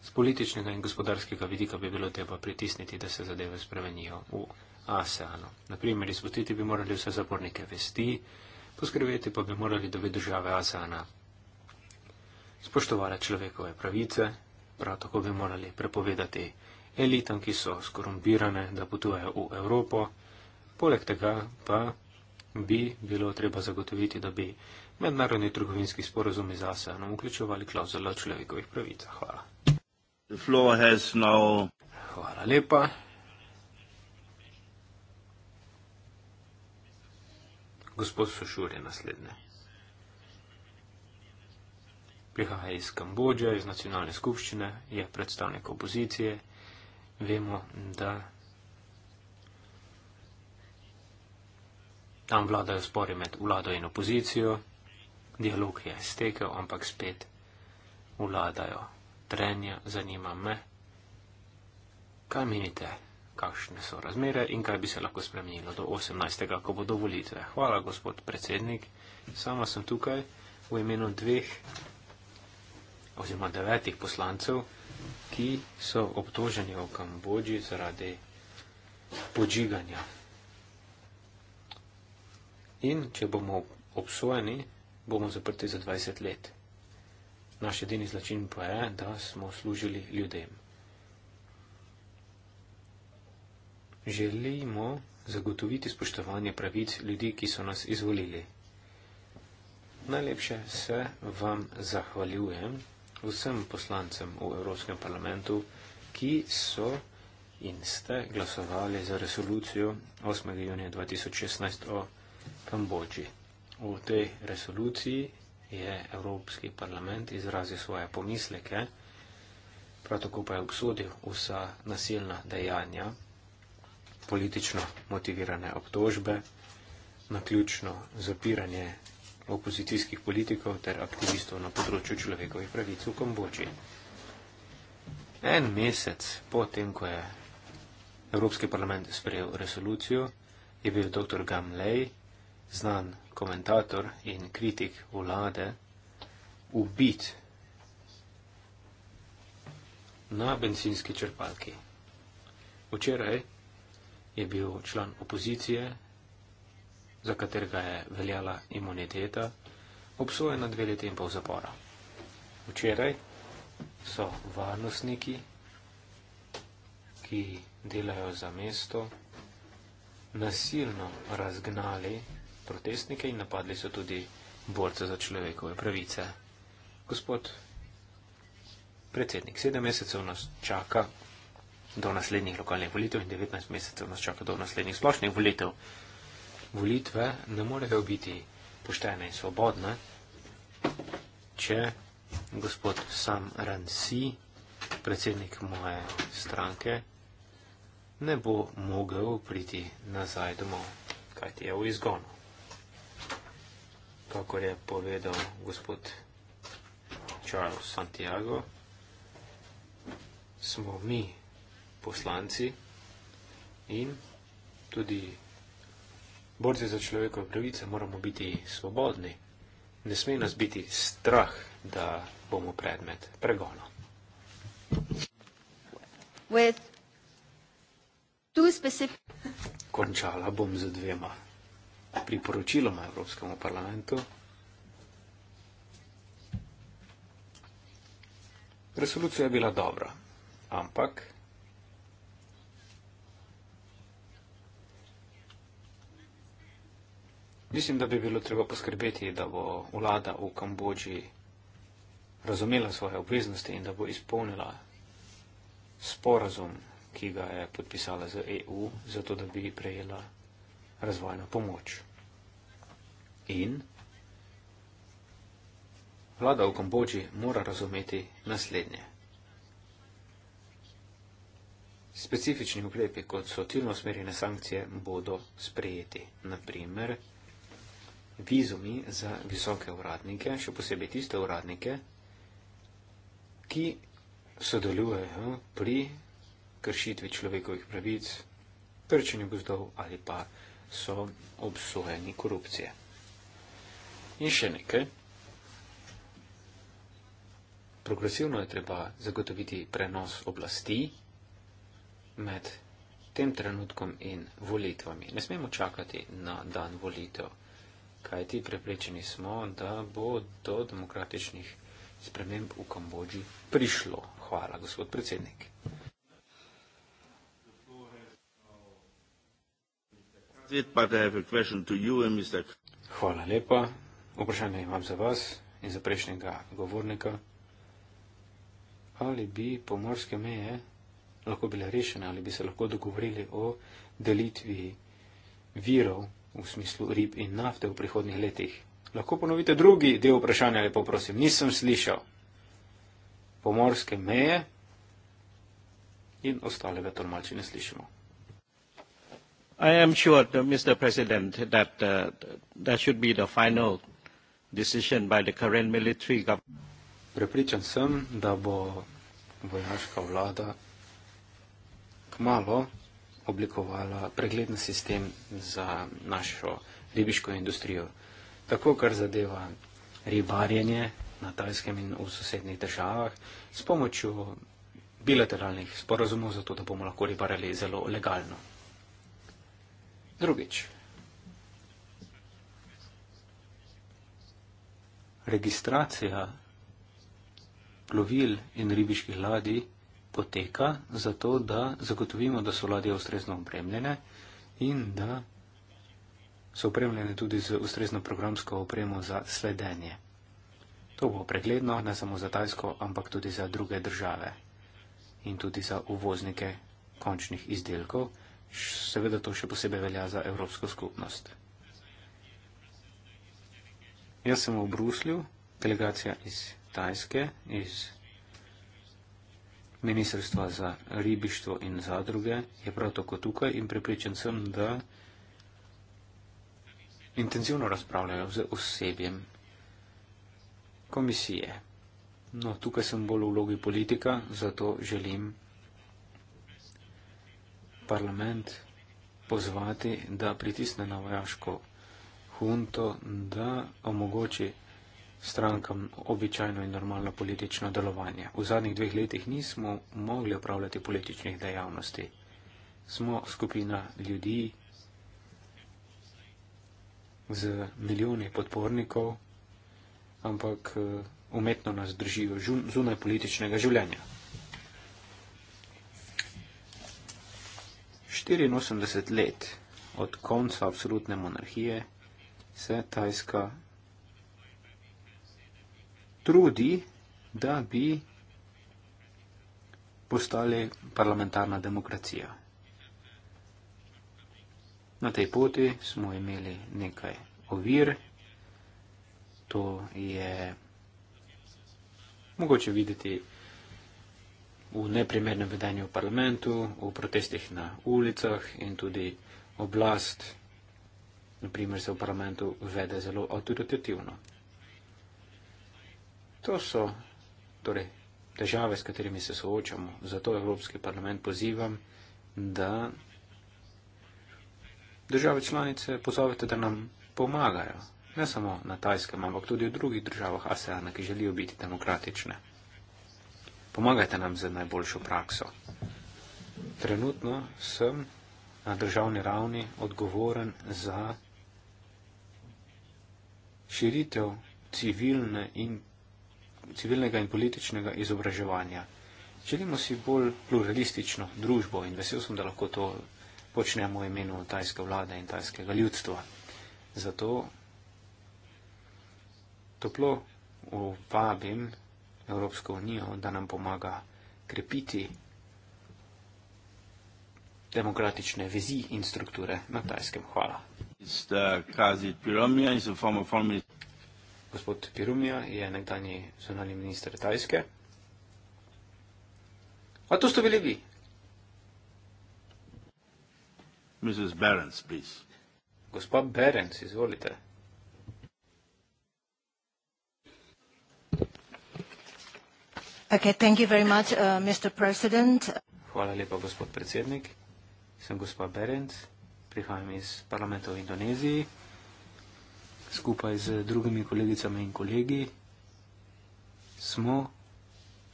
Speaker 1: z političnega in gospodarskega vidika bi bilo treba pritisniti, da se zadeve spremenijo v. Uh. ASEANu. Naprimer, izpustiti bi morali vse zapornike vesti, poskrbeti pa bi morali, da bi države ASEANa spoštovale človekove pravice, prav tako bi morali prepovedati elitam, ki so skorumpirane, da potujejo v Evropo. Poleg tega pa bi bilo treba zagotoviti, da bi mednarodni trgovinski sporozumi z ASEANom vključevali klauzulo o človekovih pravicah. Hvala.
Speaker 2: The floor has no... Hvala lepa. gospod Sošur je naslednje.
Speaker 1: Prihaja iz Kambodže, iz nacionalne skupščine, je predstavnik opozicije. Vemo, da tam vladajo spori med vlado in opozicijo. Dialog je stekel, ampak spet vladajo trenja, zanima me. Kaj menite? kakšne so razmere in kaj bi se lahko spremenilo do 18. ko bodo volitve. Hvala, gospod predsednik. Sama sem tukaj v imenu dveh oziroma devetih poslancev, ki so obtoženi v Kambodži zaradi podžiganja. In če bomo obsojeni, bomo zaprti za 20 let. Naš edini zločin pa je, da smo služili ljudem. Želimo zagotoviti spoštovanje pravic ljudi, ki so nas izvolili. Najlepše se vam zahvaljujem vsem poslancem v Evropskem parlamentu, ki so in ste glasovali za resolucijo 8. junija 2016 o Kambodži. V tej resoluciji je Evropski parlament izrazil svoje pomisleke, prav tako pa je obsodil vsa nasilna dejanja politično motivirane obtožbe, naključno zapiranje opozicijskih politikov ter aktivistov na področju človekovih pravic v Kambodži. En mesec potem, ko je Evropski parlament sprejel resolucijo, je bil dr. Gam Lei, znan komentator in kritik vlade, ubit na bencinski črpalki. Včeraj je bil član opozicije, za katerega je veljala imuniteta, obsojen na dve leti in pol zapora. Včeraj so varnostniki, ki delajo za mesto, nasilno razgnali protestnike in napadli so tudi borce za človekove pravice. Gospod predsednik, sedem mesecev nas čaka do naslednjih lokalnih volitev in 19 mesecev nas čaka do naslednjih splošnih volitev. Volitve ne morejo biti poštene in svobodne, če gospod Sam Ransi, predsednik moje stranke, ne bo mogel priti nazaj domov, kajti je v izgonu. Kakor je povedal gospod Charles Santiago, smo mi poslanci in tudi borci za človekove pravice moramo biti svobodni. Ne sme nas biti strah, da bomo predmet pregona. Končala bom z dvema priporočiloma Evropskemu parlamentu. Resolucija je bila dobra, ampak Mislim, da bi bilo treba poskrbeti, da bo vlada v Kambodži razumela svoje obveznosti in da bo izpolnila sporazum, ki ga je podpisala z EU, zato da bi prejela razvojno pomoč. In vlada v Kambodži mora razumeti naslednje. Specifični ukrepi, kot so tilno smerjene sankcije, bodo sprejeti. Naprimer, vizumi za visoke uradnike, še posebej tiste uradnike, ki sodelujejo pri kršitvi človekovih pravic, krčenju gozdov ali pa so obsojeni korupcije. In še nekaj. Progresivno je treba zagotoviti prenos oblasti med tem trenutkom in volitvami. Ne smemo čakati na dan volitev kaj ti prepričani smo, da bo do demokratičnih sprememb v Kambodži prišlo. Hvala, gospod predsednik.
Speaker 2: Hvala lepa. Vprašanje imam za vas in
Speaker 1: za prejšnjega govornika. Ali bi pomorske meje lahko bile rešene, ali bi se lahko dogovorili o delitvi virov v smislu rib in nafte v prihodnih letih. Lahko ponovite drugi del vprašanja, lepo prosim, nisem slišal. Pomorske meje in ostale ga tolmači ne slišimo.
Speaker 2: I am sure, uh, Mr. President, that uh, that should be the final decision by the current
Speaker 1: military government. Prepričan sem, da bo vojaška vlada kmalo oblikovala pregledni sistem za našo ribiško industrijo. Tako, kar zadeva ribarjenje na Tajskem in v sosednjih državah s pomočjo bilateralnih sporozumov, zato da bomo lahko ribarjali zelo legalno. Drugič. Registracija plovil in ribiških ladij poteka zato, da zagotovimo, da so ladje ustrezno opremljene in da so opremljene tudi z ustrezno programsko opremo za sledenje. To bo pregledno ne samo za Tajsko, ampak tudi za druge države in tudi za uvoznike končnih izdelkov. Seveda to še posebej velja za Evropsko skupnost. Jaz sem v Bruslju, delegacija iz Tajske, iz Ministrstva za ribištvo in zadruge je prav tako tukaj in prepričan sem, da intenzivno razpravljajo z osebjem komisije. No, tukaj sem bolj v vlogi politika, zato želim parlament pozvati, da pritisne na vojaško hunto, da omogoči strankam običajno in normalno politično delovanje. V zadnjih dveh letih nismo mogli upravljati političnih dejavnosti. Smo skupina ljudi z milijoni podpornikov, ampak eh, umetno nas držijo zunaj političnega življenja. 84 let od konca absolutne monarhije se Tajska trudi, da bi postali parlamentarna demokracija. Na tej poti smo imeli nekaj ovir. To je mogoče videti v neprimernem vedenju v parlamentu, v protestih na ulicah in tudi oblast, naprimer, se v parlamentu vede zelo avtoritativno. To so torej, težave, s katerimi se soočamo. Zato Evropski parlament pozivam, da države članice pozovete, da nam pomagajo. Ne samo na tajskem, ampak tudi v drugih državah ASEAN, ki želijo biti demokratične. Pomagajte nam z najboljšo prakso. Trenutno sem na državni ravni odgovoren za širitev civilne in civilnega in političnega izobraževanja. Želimo si bolj pluralistično družbo in vesel sem, da lahko to počnemo v imenu tajske vlade in tajskega ljudstva. Zato toplo uvabim Evropsko unijo, da nam pomaga krepiti demokratične vizi in strukture na tajskem. Hvala. It's the Kazi Piromia, he's a former foreign minister gospod Pirumija je nekdani zunani minister Tajske. A tu ste bili vi?
Speaker 2: Mrs. Berens, please. Gospa Berens, izvolite.
Speaker 4: Okay, thank you very much, uh, Mr. President.
Speaker 1: Hvala lepa, gospod predsednik. Sem gospa Berens, prihajam iz parlamenta v Indoneziji skupaj z drugimi kolegicami in kolegi smo,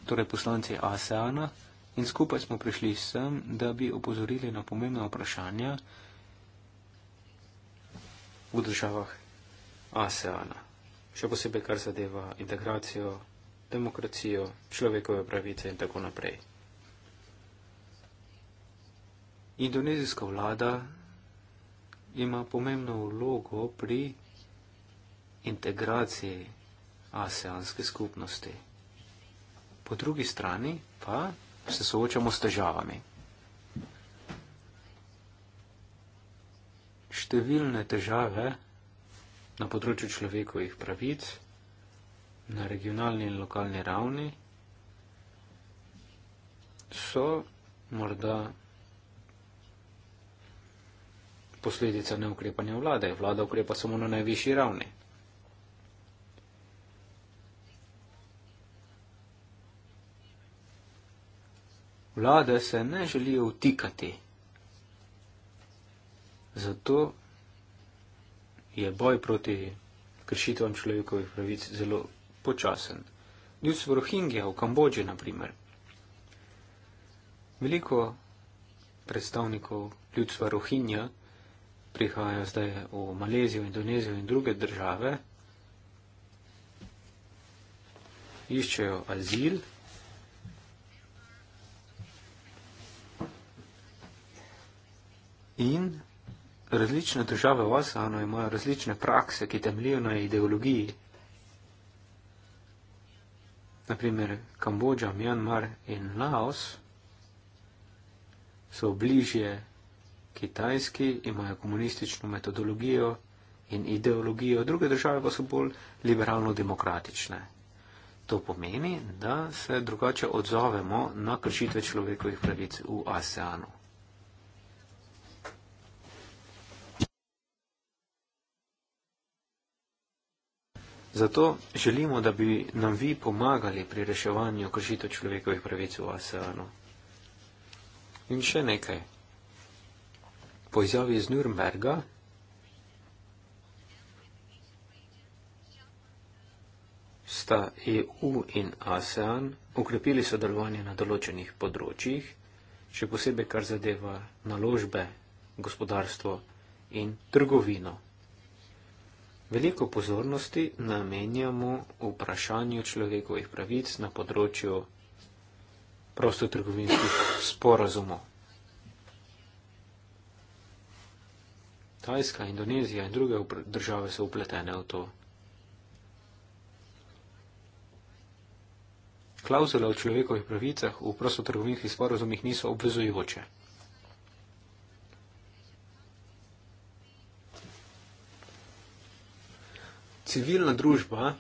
Speaker 1: torej poslanci ASEANA, in skupaj smo prišli sem, da bi opozorili na pomembna vprašanja v državah ASEANA. Še posebej, kar zadeva integracijo, demokracijo, človekove pravice in tako naprej. Indonezijska vlada ima pomembno vlogo pri integraciji aseanske skupnosti. Po drugi strani pa se soočamo s težavami. Številne težave na področju človekovih pravic, na regionalni in lokalni ravni, so morda posledica neukrepanja vlade. Vlada ukrepa samo na najvišji ravni. Vlade se ne želijo vtikati. Zato je boj proti kršitvam človekovih pravic zelo počasen. Ljudstvo Rohingja v Kambodži, na primer. Veliko predstavnikov ljudstva Rohingja prihajajo zdaj v Malezijo, Indonezijo in druge države, iščejo azil. In različne države v Oceanu imajo različne prakse, ki temeljijo na ideologiji. Naprimer, Kambodža, Mjanmar in Laos so bližje Kitajski, imajo komunistično metodologijo in ideologijo, druge države pa so bolj liberalno-demokratične. To pomeni, da se drugače odzovemo na kršitve človekovih pravic v ASEANu. Zato želimo, da bi nam vi pomagali pri reševanju kršitev človekovih pravic v ASEANu. In še nekaj. Po izjavi iz Nürnberga sta EU in ASEAN ukrepili sodelovanje na določenih področjih, še posebej kar zadeva naložbe, gospodarstvo in trgovino. Veliko pozornosti namenjamo vprašanju človekovih pravic na področju prostotrgovinskih sporazumov. Tajska, Indonezija in druge države so upletene v to. Klauzule o človekovih pravicah v prostotrgovinskih sporazumih niso obvezujoče. civilna družba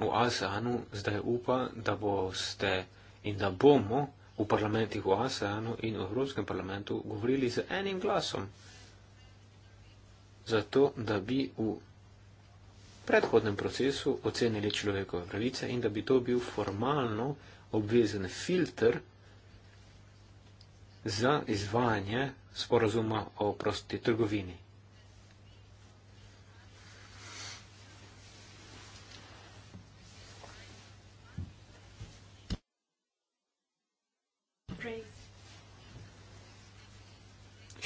Speaker 1: v ASEANu zdaj upa, da boste in da bomo v parlamentih v ASEANu in v Evropskem parlamentu govorili z enim glasom. Zato, da bi v predhodnem procesu ocenili človekove pravice in da bi to bil formalno obvezen filter za izvajanje sporazuma o prosti trgovini.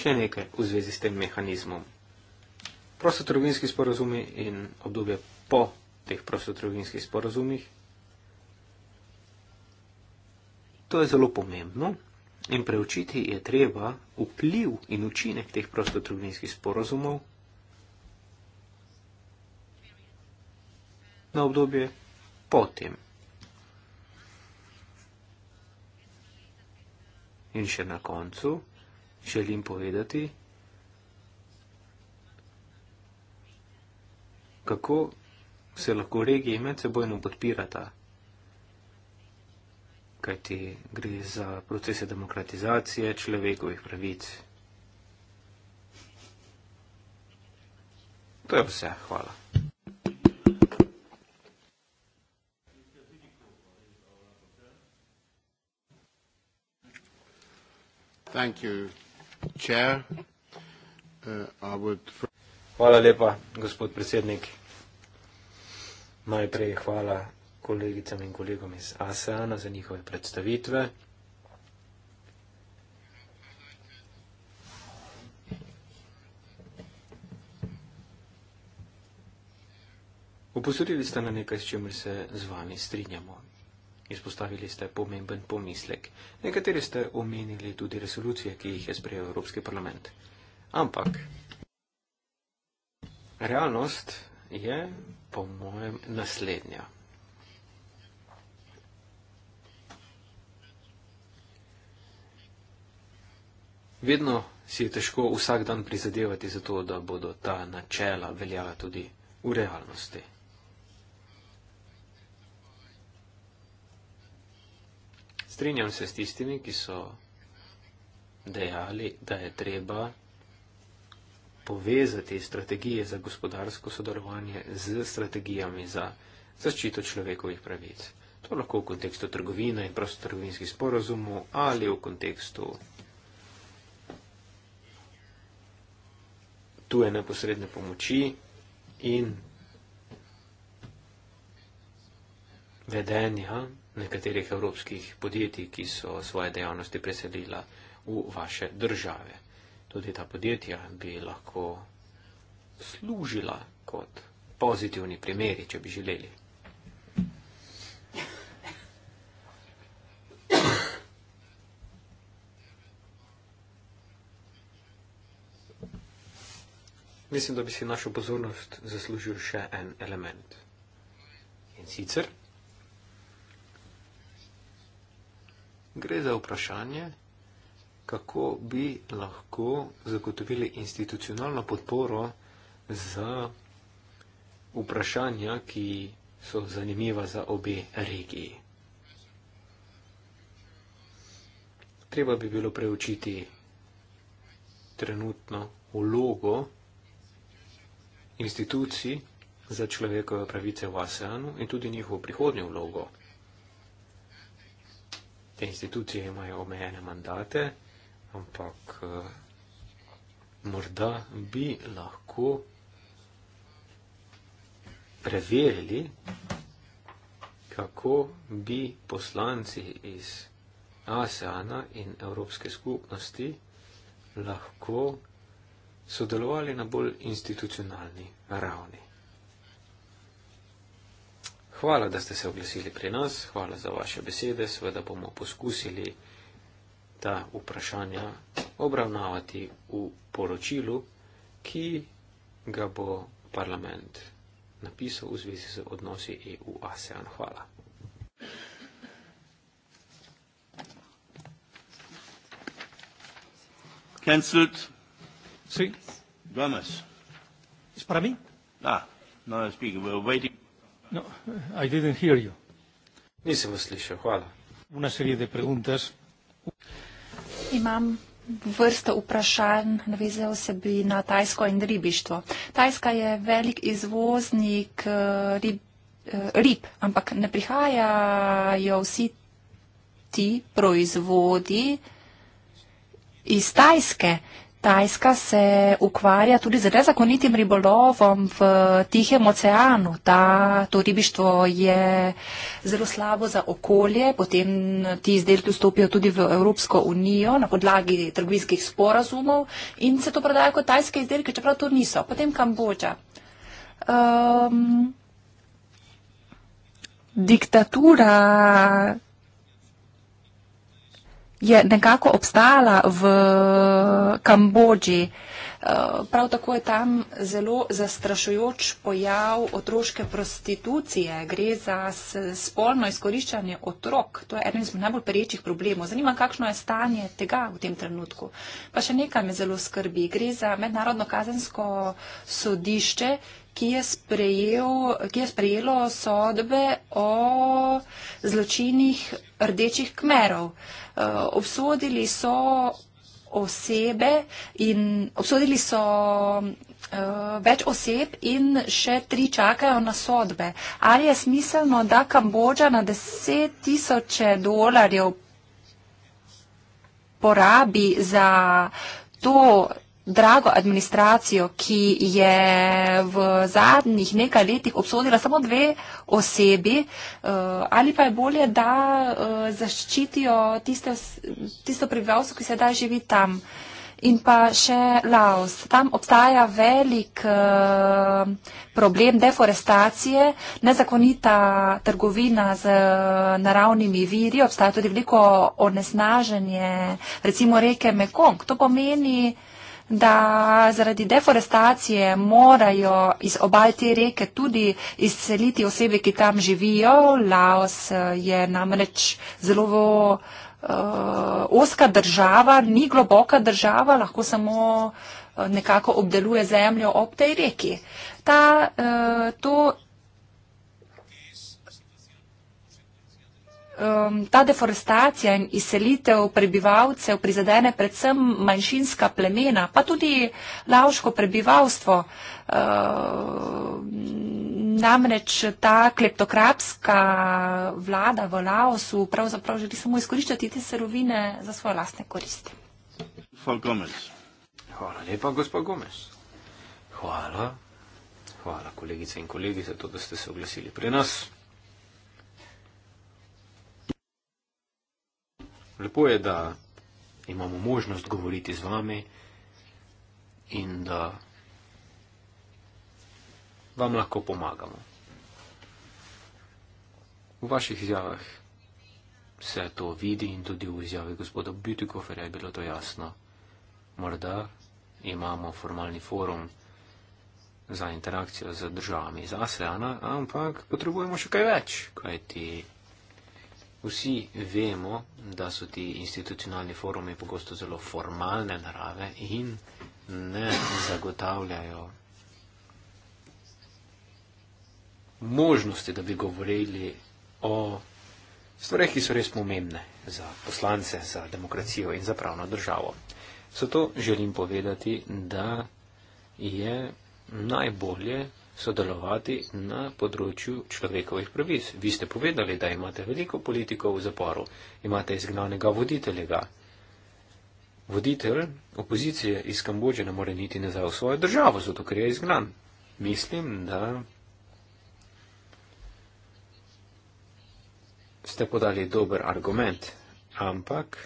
Speaker 1: še nekaj v zvezi s tem mehanizmom. Prostotrovinski sporozumi in obdobje po teh prostotrovinskih sporozumih. To je zelo pomembno in preučiti je treba vpliv in učinek teh prostotrovinskih sporozumov na obdobje po tem. In še na koncu želim povedati. Kako se lahko regije med sebojno podpirata? Kajti gre za procese demokratizacije človekovih pravic. To je vse, hvala.
Speaker 2: Thank you. Uh,
Speaker 1: hvala lepa, gospod predsednik. Najprej hvala kolegicam in kolegom iz ASEANA za njihove predstavitve. Upozorili ste na nekaj, s čimer se z vami strinjamo. Izpostavili ste pomemben pomislek. Nekateri ste omenili tudi resolucije, ki jih je sprejel Evropski parlament. Ampak realnost je, po mojem, naslednja. Vedno si je težko vsak dan prizadevati za to, da bodo ta načela veljala tudi v realnosti. Strinjam se s tistimi, ki so dejali, da je treba povezati strategije za gospodarsko sodelovanje z strategijami za zaščito človekovih pravic. To lahko v kontekstu trgovine in prostotrgovinskih sporozumov ali v kontekstu tuje neposredne pomoči in
Speaker 3: vedenja
Speaker 1: nekaterih evropskih podjetij, ki so svoje dejavnosti preselila v vaše države. Tudi ta podjetja bi lahko služila kot pozitivni primeri, če bi želeli. Mislim, da bi si našo pozornost zaslužil še en element. In sicer. Gre za vprašanje, kako bi lahko zagotovili institucionalno podporo za vprašanja, ki so zanimiva za obe regiji. Treba bi bilo preučiti trenutno vlogo institucij za človekove pravice v ASEANu in tudi njihovo prihodnjo vlogo te institucije imajo omejene mandate, ampak eh, morda bi lahko preverili, kako bi poslanci iz ASEANA in Evropske skupnosti lahko sodelovali na bolj institucionalni ravni. Hvala, da ste se oglasili pri nas, hvala za vaše besede, seveda bomo poskusili ta vprašanja obravnavati v poročilu, ki ga bo parlament napisal v zvezi z odnosi EU-ASEAN. Hvala.
Speaker 2: Cancelled. Sí. Gomez. It's for me. Ah, no, no speaker. We're waiting.
Speaker 1: No, I didn't hear you.
Speaker 2: Nisem vas slišal, hvala.
Speaker 1: Una serie de preguntas.
Speaker 4: Imam vrsto vprašanj, navezal se bi na tajsko in ribištvo. Tajska je velik izvoznik eh, rib, eh, rib ampak ne prihajajo vsi ti proizvodi iz Tajske. Tajska se ukvarja tudi z nezakonitim ribolovom v Tihem oceanu. Ta, to ribištvo je zelo slabo za okolje, potem ti izdelki vstopijo tudi v Evropsko unijo na podlagi trgovinskih sporazumov in se to prodaja kot tajske izdelke, čeprav to niso. Potem Kambodža. Um, diktatura je nekako obstala v Kambodži. Eh, prav tako je tam zelo zastrašujoč pojav otroške prostitucije. Gre za spolno izkoriščanje otrok. To je eden izmed najbolj perečih problemov. Zanima, kakšno je stanje tega v tem trenutku. Pa še nekaj me zelo skrbi. Gre za mednarodno kazensko sodišče, ki je, sprejel, ki je sprejelo sodbe o zločinih rdečih kmerov. Eh, obsodili so osebe in obsodili so eh, več oseb in še tri čakajo na sodbe. Ali je smiselno, da Kambodža na deset tisoče dolarjev porabi za to drago administracijo, ki je v zadnjih nekaj letih obsodila samo dve osebi, eh, ali pa je bolje, da eh, zaščitijo tiste, tisto prebivalstvo, ki sedaj živi tam. In pa še Laos. Tam obstaja velik eh, problem deforestacije, nezakonita trgovina z naravnimi viri, obstaja tudi veliko onesnaženje, recimo reke Mekong. To pomeni, da zaradi deforestacije morajo iz obal te reke tudi izseliti osebe, ki tam živijo. Laos eh, je namreč zelo uh, eh, oska država, ni globoka država, lahko samo eh, nekako obdeluje zemljo ob tej reki. Ta, uh, to um, ta deforestacija in izselitev prebivalcev prizadene predvsem manjšinska plemena, pa tudi lavško prebivalstvo. Uh, namreč ta kleptokrapska vlada v Laosu pravzaprav želi samo izkoriščati te serovine za svoje lastne koristi.
Speaker 1: Hvala lepa, gospod Gomez. Hvala. Hvala, kolegice in kolegi, za to, da ste se oglasili pri nas. Lepo je, da imamo možnost govoriti z vami in da vam lahko pomagamo. V vaših izjavah se to vidi in tudi v izjavi gospoda Bütikoferja je bilo to jasno. Morda imamo formalni forum za interakcijo z državami iz ASEANA, ampak potrebujemo še kaj več, kaj ti Vsi vemo, da so ti institucionalni forumi pogosto zelo formalne narave in ne zagotavljajo možnosti, da bi govorili o stvarih, ki so res pomembne za poslance, za demokracijo in za pravno državo. Zato želim povedati, da je najbolje sodelovati na področju človekovih pravic. Vi ste povedali, da imate veliko politikov v zaporu, imate izgnanega voditeljega. Voditelj opozicije iz Kambodže ne more niti nazaj v svojo državo, zato ker je izgnan. Mislim, da ste podali dober argument, ampak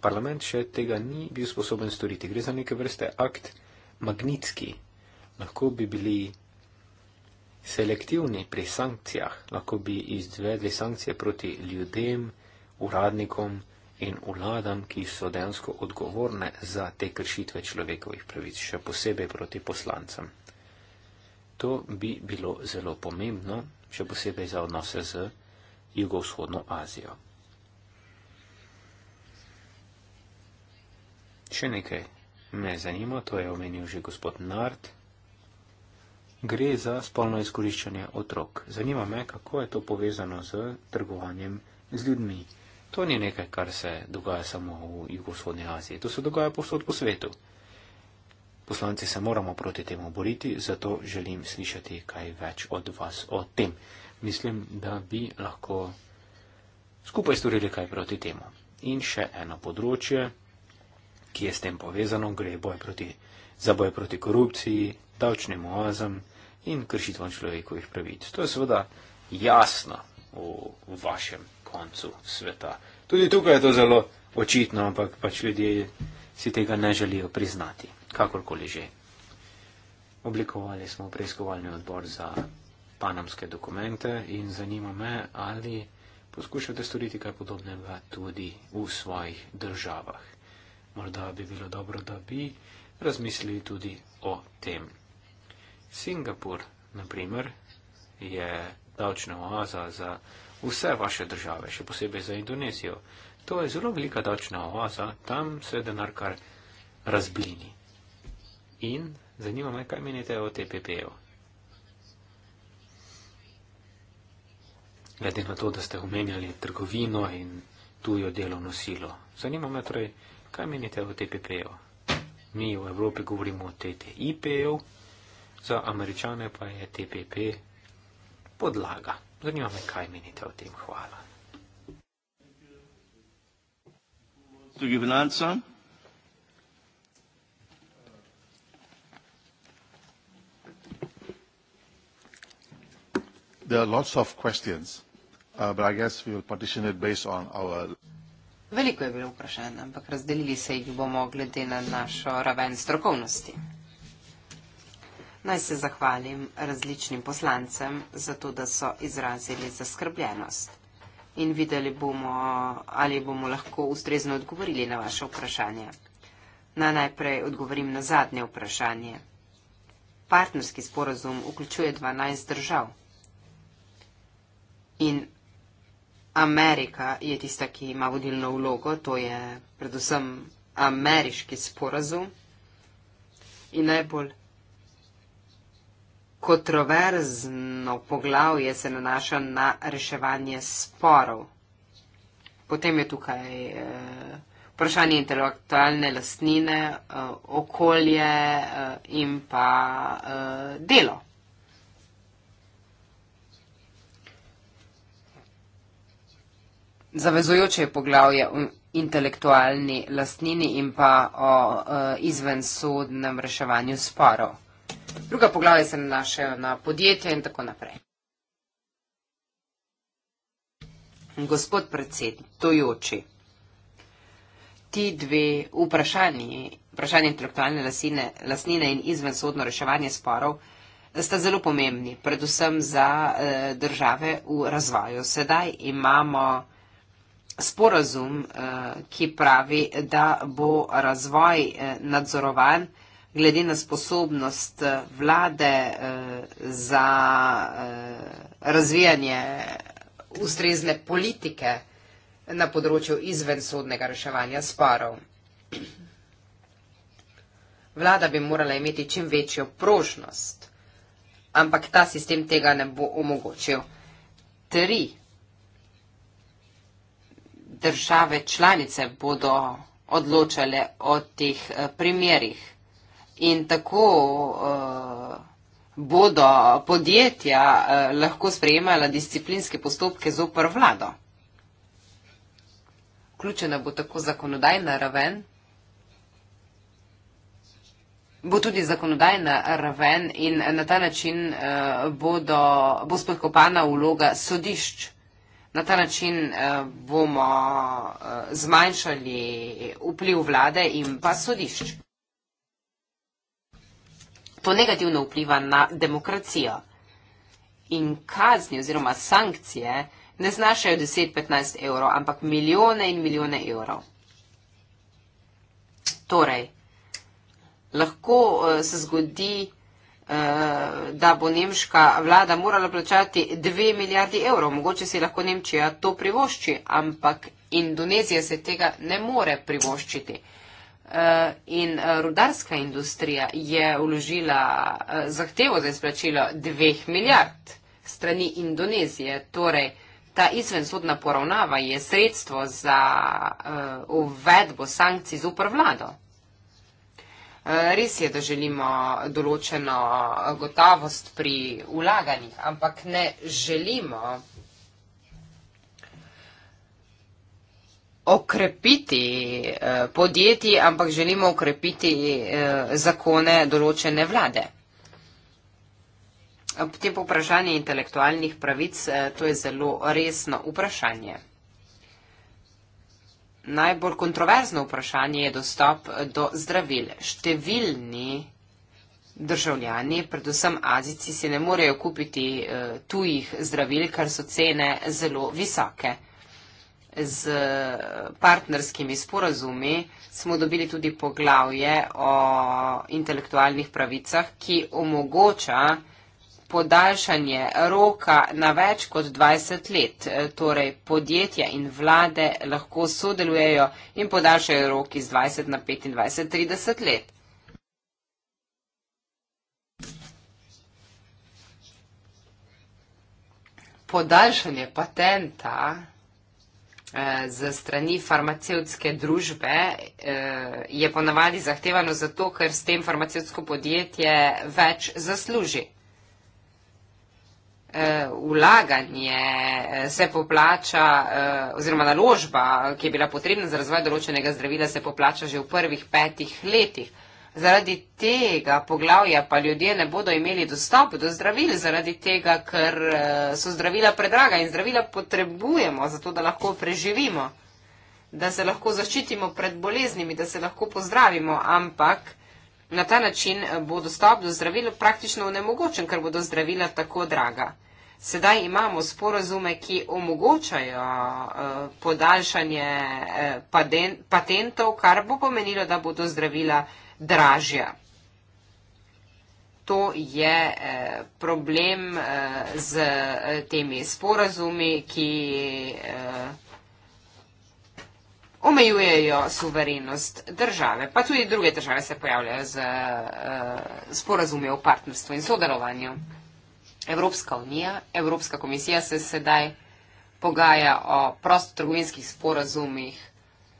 Speaker 1: parlament še tega ni bil sposoben storiti. Gre za neke vrste akt magnitski. Lahko bi bili selektivni pri sankcijah, lahko bi izvedli sankcije proti ljudem, uradnikom in vladam, ki so dejansko odgovorne za te kršitve človekovih pravic, še posebej proti poslancem. To bi bilo zelo pomembno, še posebej za odnose z jugovzhodno Azijo. Še nekaj me zanima, to je omenil že gospod Nart gre za spolno izkoriščanje otrok. Zanima me, kako je to povezano z trgovanjem z ljudmi. To ni nekaj, kar se dogaja samo v jugovzhodni Aziji, to se dogaja povsod po svetu. Poslanci se moramo proti temu boriti, zato želim slišati kaj več od vas o tem. Mislim, da bi lahko skupaj storili kaj proti temu. In še eno področje, ki je s tem povezano, gre boj proti, za boj proti korupciji, davčnim oazam in kršitvam človekovih pravic. To je seveda jasno v vašem koncu sveta. Tudi tukaj je to zelo očitno, ampak pač ljudje si tega ne želijo priznati, kakorkoli že. Oblikovali smo preiskovalni odbor za panamske dokumente in zanima me, ali poskušate storiti kaj podobnega tudi v svojih državah. Morda bi bilo dobro, da bi razmislili tudi o tem. Singapur, na primer, je davčna oaza za vse vaše države, še posebej za Indonezijo. To je zelo velika davčna oaza, tam se denar kar razblini. In zanima me, kaj menite o TPP-ju. Glede na to, da ste omenjali trgovino in tujo delovno silo. Zanima me torej, kaj menite o TPP-ju. Mi v Evropi govorimo o TTIP-ju za američane pa je TPP podlaga. Zanima me, kaj menite o tem. Hvala.
Speaker 2: Tudi finance. There are lots of questions, uh, but I guess we will partition it based on our.
Speaker 3: Veliko je bilo vprašanj, ampak razdelili se jih bomo glede na našo raven strokovnosti. Naj se zahvalim različnim poslancem za to, da so izrazili zaskrbljenost. In videli bomo, ali bomo lahko ustrezno odgovorili na vaše vprašanje. Na najprej odgovorim na zadnje vprašanje. Partnerski sporozum vključuje 12 držav. In Amerika je tista, ki ima vodilno vlogo, to je predvsem ameriški sporozum. In najbolj kontroverzno poglavje se nanaša na reševanje sporov. Potem je tukaj eh, vprašanje intelektualne lastnine, eh, okolje eh, in pa eh, delo. Zavezujoče je poglavje o intelektualni lastnini in pa o eh, izvensodnem reševanju sporov. Druga poglavja se nanašajo na podjetje in tako naprej. Gospod predsedujoči, ti dve vprašanji, vprašanje intelektualne lasine, lasnine in izvensodno reševanje sporov, sta zelo pomembni, predvsem za e, države v razvoju. Sedaj imamo sporazum, e, ki pravi, da bo razvoj e, nadzorovan, glede na sposobnost eh, vlade eh, za eh, razvijanje ustrezne politike na področju izvensodnega reševanja sparov. Vlada bi morala imeti čim večjo prožnost, ampak ta sistem tega ne bo omogočil. Tri države članice bodo odločale o teh primerih in tako uh, bodo podjetja uh, lahko sprejemala disciplinske postopke zopr vlado. Vključena bo tako zakonodajna raven, bo tudi zakonodajna raven in na ta način uh, bodo, bo spodkopana vloga sodišč. Na ta način uh, bomo uh, zmanjšali vpliv vlade in pa sodišč to negativno vpliva na demokracijo. In kazni oziroma sankcije ne znašajo 10-15 evrov, ampak milijone in milijone evrov. Torej, lahko uh, se zgodi, uh, da bo nemška vlada morala plačati 2 milijardi evrov. Mogoče si lahko Nemčija to privošči, ampak Indonezija se tega ne more privoščiti. Uh, Eh, in eh, rudarska industrija je uložila eh, zahtevo za izplačilo dveh milijard strani Indonezije. Torej, ta izvensodna poravnava je sredstvo za uvedbo sankcij z upravlado. Res je, da želimo določeno gotovost pri ulaganjih, ampak ne želimo okrepiti eh, podjetji, ampak želimo okrepiti eh, zakone določene vlade. Potem po vprašanje intelektualnih pravic, eh, to je zelo resno vprašanje. Najbolj kontroverzno vprašanje je dostop do zdravil. Številni državljani, predvsem azici, si ne morejo kupiti tujih zdravil, ker so cene zelo visoke z eh, partnerskimi sporazumi smo dobili tudi poglavje o intelektualnih pravicah, ki omogoča podaljšanje roka na več kot 20 let. Eh, torej, podjetja in vlade lahko sodelujejo in podaljšajo rok iz 20 na 25, 30 let. Podaljšanje patenta Eh, z strani farmacevtske družbe eh, je ponavadi zahtevano zato, ker s tem farmacevtsko podjetje več zasluži. Ulaganje eh, se poplača oziroma naložba, ki je bila potrebna za razvoj določenega zdravila, se poplača že v prvih petih letih. Zaradi tega poglavja pa ljudje ne bodo imeli dostop do zdravil, zaradi tega, ker eh, so zdravila predraga in zdravila potrebujemo, zato da lahko preživimo, da se lahko zaščitimo pred boleznimi, da se lahko pozdravimo, ampak na ta način eh, bo dostop do zdravil praktično onemogočen, ker bodo zdravila tako draga. Sedaj imamo sporozume, ki omogočajo eh, podaljšanje patentov, kar bo pomenilo, da bodo zdravila dražja. To je eh, problem eh, z eh, temi sporazumi, ki omejujejo suverenost države. Pa tudi druge države se pojavljajo z sporazumi o partnerstvu in sodelovanju. Evropska unija, Evropska komisija se sedaj pogaja o prostotrgovinskih sporazumih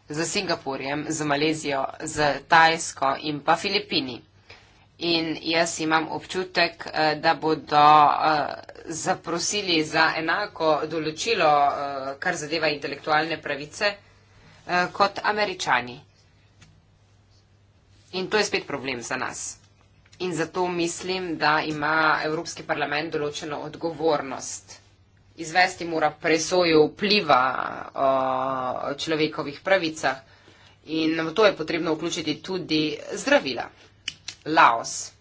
Speaker 3: z Singapurjem, z Malezijo, z Tajsko in pa Filipini. In jaz imam občutek, eh, da bodo eh, zaprosili za enako določilo, eh, kar zadeva intelektualne pravice, kot američani. In to je spet problem za nas. In zato mislim, da ima Evropski parlament določeno odgovornost izvesti mora presojo vpliva o uh, človekovih pravicah in v to je potrebno vključiti tudi zdravila. Laos.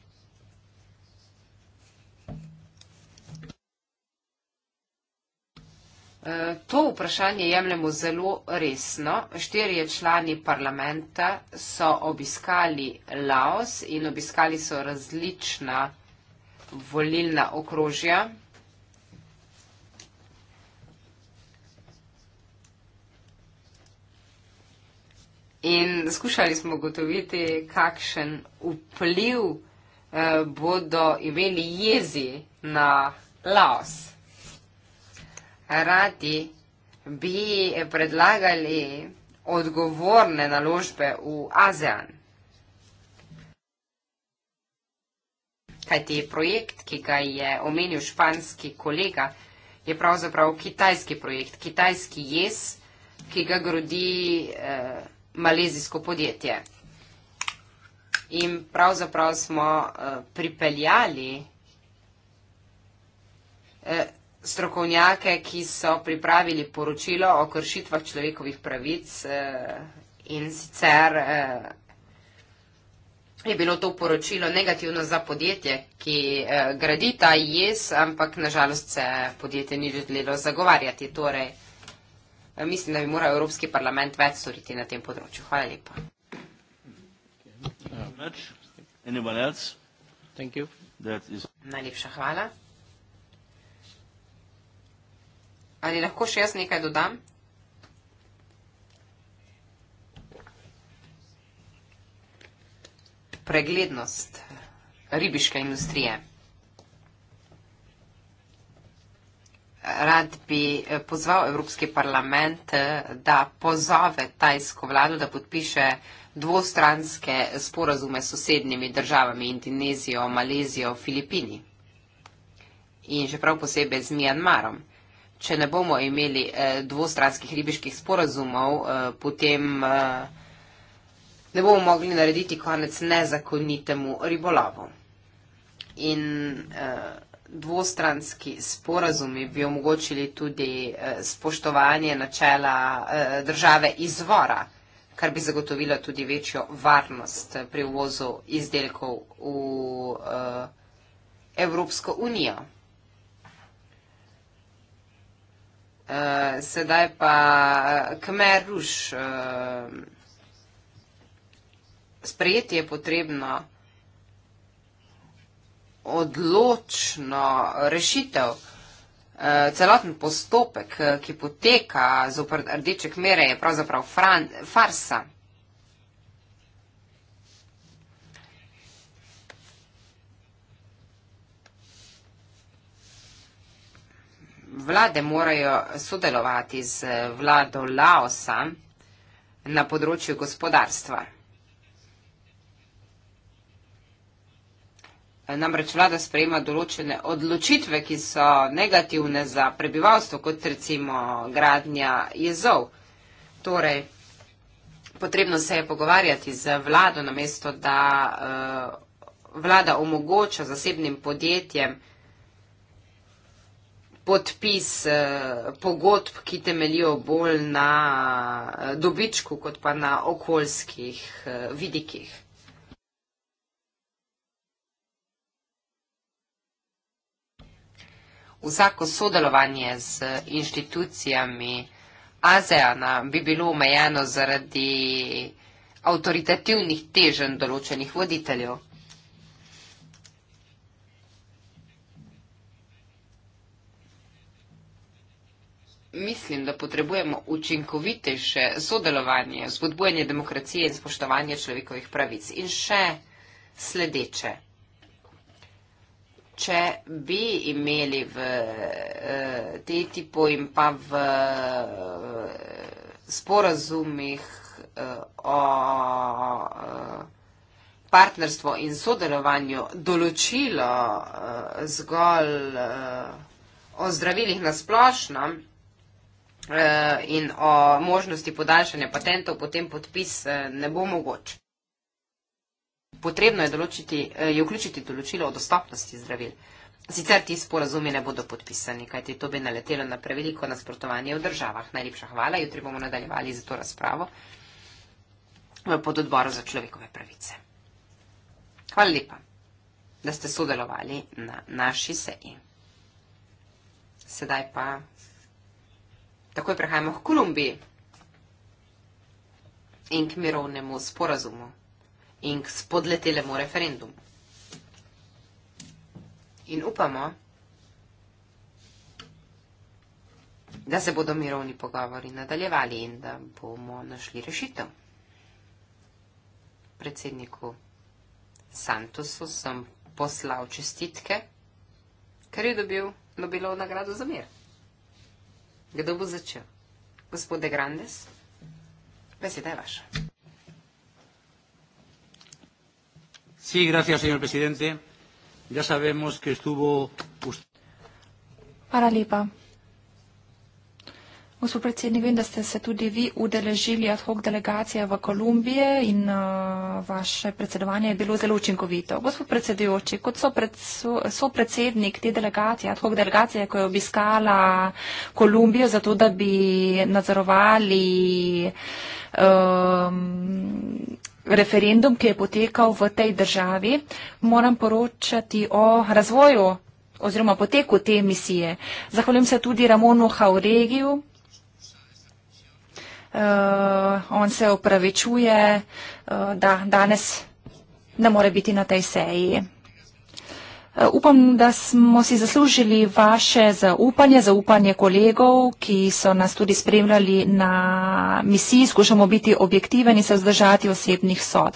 Speaker 3: Uh, to vprašanje jemljemo zelo resno. Štirje člani parlamenta so obiskali Laos in obiskali so različna volilna okrožja. In skušali smo gotoviti, kakšen vpliv eh, bodo imeli jezi na Laos. Radi bi predlagali odgovorne naložbe v ASEAN. Kajti projekt, ki ga je omenil španski kolega, je pravzaprav kitajski projekt, kitajski jez, ki ga grodi. Eh, malezijsko podjetje. In pravzaprav smo eh, pripeljali eh, strokovnjake, ki so pripravili poročilo o kršitvah človekovih pravic eh, in sicer je bilo to poročilo negativno za podjetje, ki gradita jes, ampak nažalost se podjetje ni želelo zagovarjati. Torej, Mislim, da bi moral Evropski parlament več storiti na tem področju. Hvala lepa. Najlepša hvala. Ali lahko še jaz nekaj dodam? Preglednost ribiške industrije. rad bi eh, pozval Evropski parlament, eh, da pozove tajsko vlado, da podpiše dvostranske sporazume s sosednjimi državami Indonezijo, Malezijo, Filipini in že prav posebej z Mjanmarom. Če ne bomo imeli eh, dvostranskih ribiških sporazumov, potem ne bomo mogli narediti konec nezakonitemu ribolovu. In uh, dvostranski sporazumi bi omogočili tudi eh, spoštovanje načela eh, države izvora, kar bi zagotovilo tudi večjo varnost pri uvozu izdelkov v eh, Evropsko unijo. Sedaj pa Kmer Ruš. Sprejeti je potrebno odločno rešitev. Eh, celoten postopek, eh, ki poteka zopr rdeče kmere, je pravzaprav fran, farsa. Vlade morajo sodelovati z vlado Laosa na področju gospodarstva. Namreč vlada sprejema določene odločitve, ki so negativne za prebivalstvo, kot recimo gradnja jezov. Torej, potrebno se je pogovarjati z vlado, namesto da eh, vlada omogoča zasebnim podjetjem podpis eh, pogodb, ki temelijo bolj na eh, dobičku, kot pa na okoljskih vidikih. vsako sodelovanje z inštitucijami ASEANA bi bilo omejeno zaradi avtoritativnih teženj določenih voditeljev. Mislim, da potrebujemo učinkovitejše sodelovanje, spodbujanje demokracije in spoštovanje človekovih pravic. In še sledeče če bi imeli v uh, eh, TTIP in pa v uh, sporazumih uh, o uh, partnerstvu in sodelovanju določilo uh, zgolj uh, o zdravilih na splošno uh, in o možnosti podaljšanja patentov, potem podpis uh, ne bo mogoč. Potrebno je, določiti, eh, je vključiti določilo o dostopnosti zdravil. Sicer ti sporazumi ne bodo podpisani, kajti to bi naletelo na preveliko nasprotovanje v državah. Najlepša hvala, jutri bomo nadaljevali za to razpravo v pododboru za človekove pravice. Hvala lepa, da ste sodelovali na naši seji. Sedaj pa takoj prehajamo k Kolumbiji in k mirovnemu sporazumu in k spodletelemu referendumu. In upamo, da se bodo mirovni pogovori nadaljevali in da bomo našli rešitev. Predsedniku Santosu sem poslal čestitke, ker je dobil Nobelovo nagrado za mir. Kdo bo začel? Gospode Grandes, beseda je vaša.
Speaker 2: Sí, gracias, señor presidente. Ya sabemos que estuvo usted.
Speaker 4: Hvala lepa. Gospod predsednik, vem, da ste se tudi vi udeležili ad hoc delegacije v Kolumbije in uh, vaše predsedovanje je bilo zelo učinkovito. Gospod predsedujoči, kot so, pred, so, so predsednik te delegacije, ad hoc delegacije, ko je obiskala Kolumbijo zato, da bi nadzorovali. Um, referendum, ki je potekal v tej državi, moram poročati o razvoju oziroma poteku te misije. Zahvaljujem se tudi Ramonu Hauregiju. Uh, on se upravičuje, uh, eh, da danes ne more biti na tej seji. Eh, upam, da smo si zaslužili vaše zaupanje, zaupanje kolegov, ki so nas tudi spremljali na misiji, skušamo biti objektiveni in se vzdržati osebnih sodb.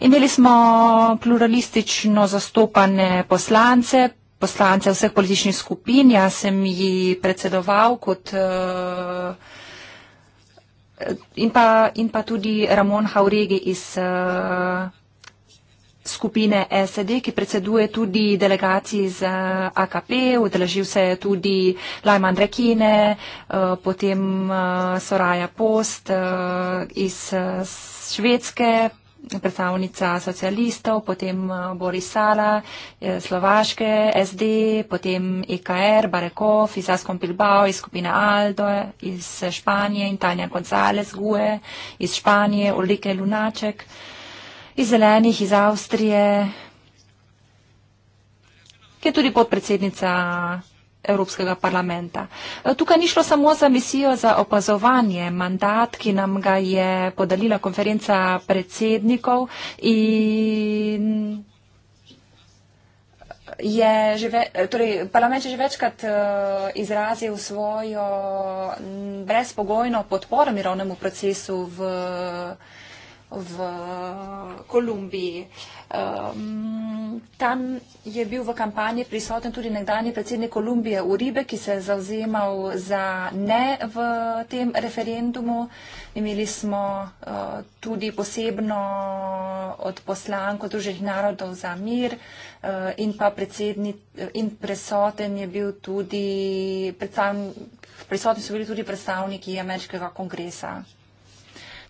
Speaker 4: Imeli smo pluralistično zastopane poslance, poslance vseh političnih skupin, jaz sem ji predsedoval kot. Eh, in pa, in pa tudi Ramon Hauregi iz. Eh, skupine SD, ki predseduje tudi delegaciji z AKP, udeležil se je tudi Lajman Rekine, eh, potem eh, Soraja Post eh, iz Švedske, predstavnica socialistov, potem Boris Sala, Slovaške, SD, potem EKR, Barekov, iz Askom Bilbao, iz skupine Aldo, iz Španije in Tanja Gonzalez Gue, iz Španije, Ulrike Lunaček. Uh, iz zelenih, iz Avstrije, ki je tudi podpredsednica Evropskega parlamenta. E, tukaj ni šlo samo za misijo za opazovanje. Mandat, ki nam ga je podalila konferenca predsednikov in je že ve, torej, parlament je že večkrat e, izrazil svojo brezpogojno podporo mirovnemu procesu v v Kolumbiji. Tam je bil v kampanji prisoten tudi nekdani predsednik Kolumbije Uribe, ki se je zauzemal za ne v tem referendumu. Imeli smo eh, tudi posebno od poslanko Združenih narodov za mir eh, in pa eh, in prisoten je bil tudi predstavnik. Prisotni so bili tudi predstavniki ameriškega kongresa.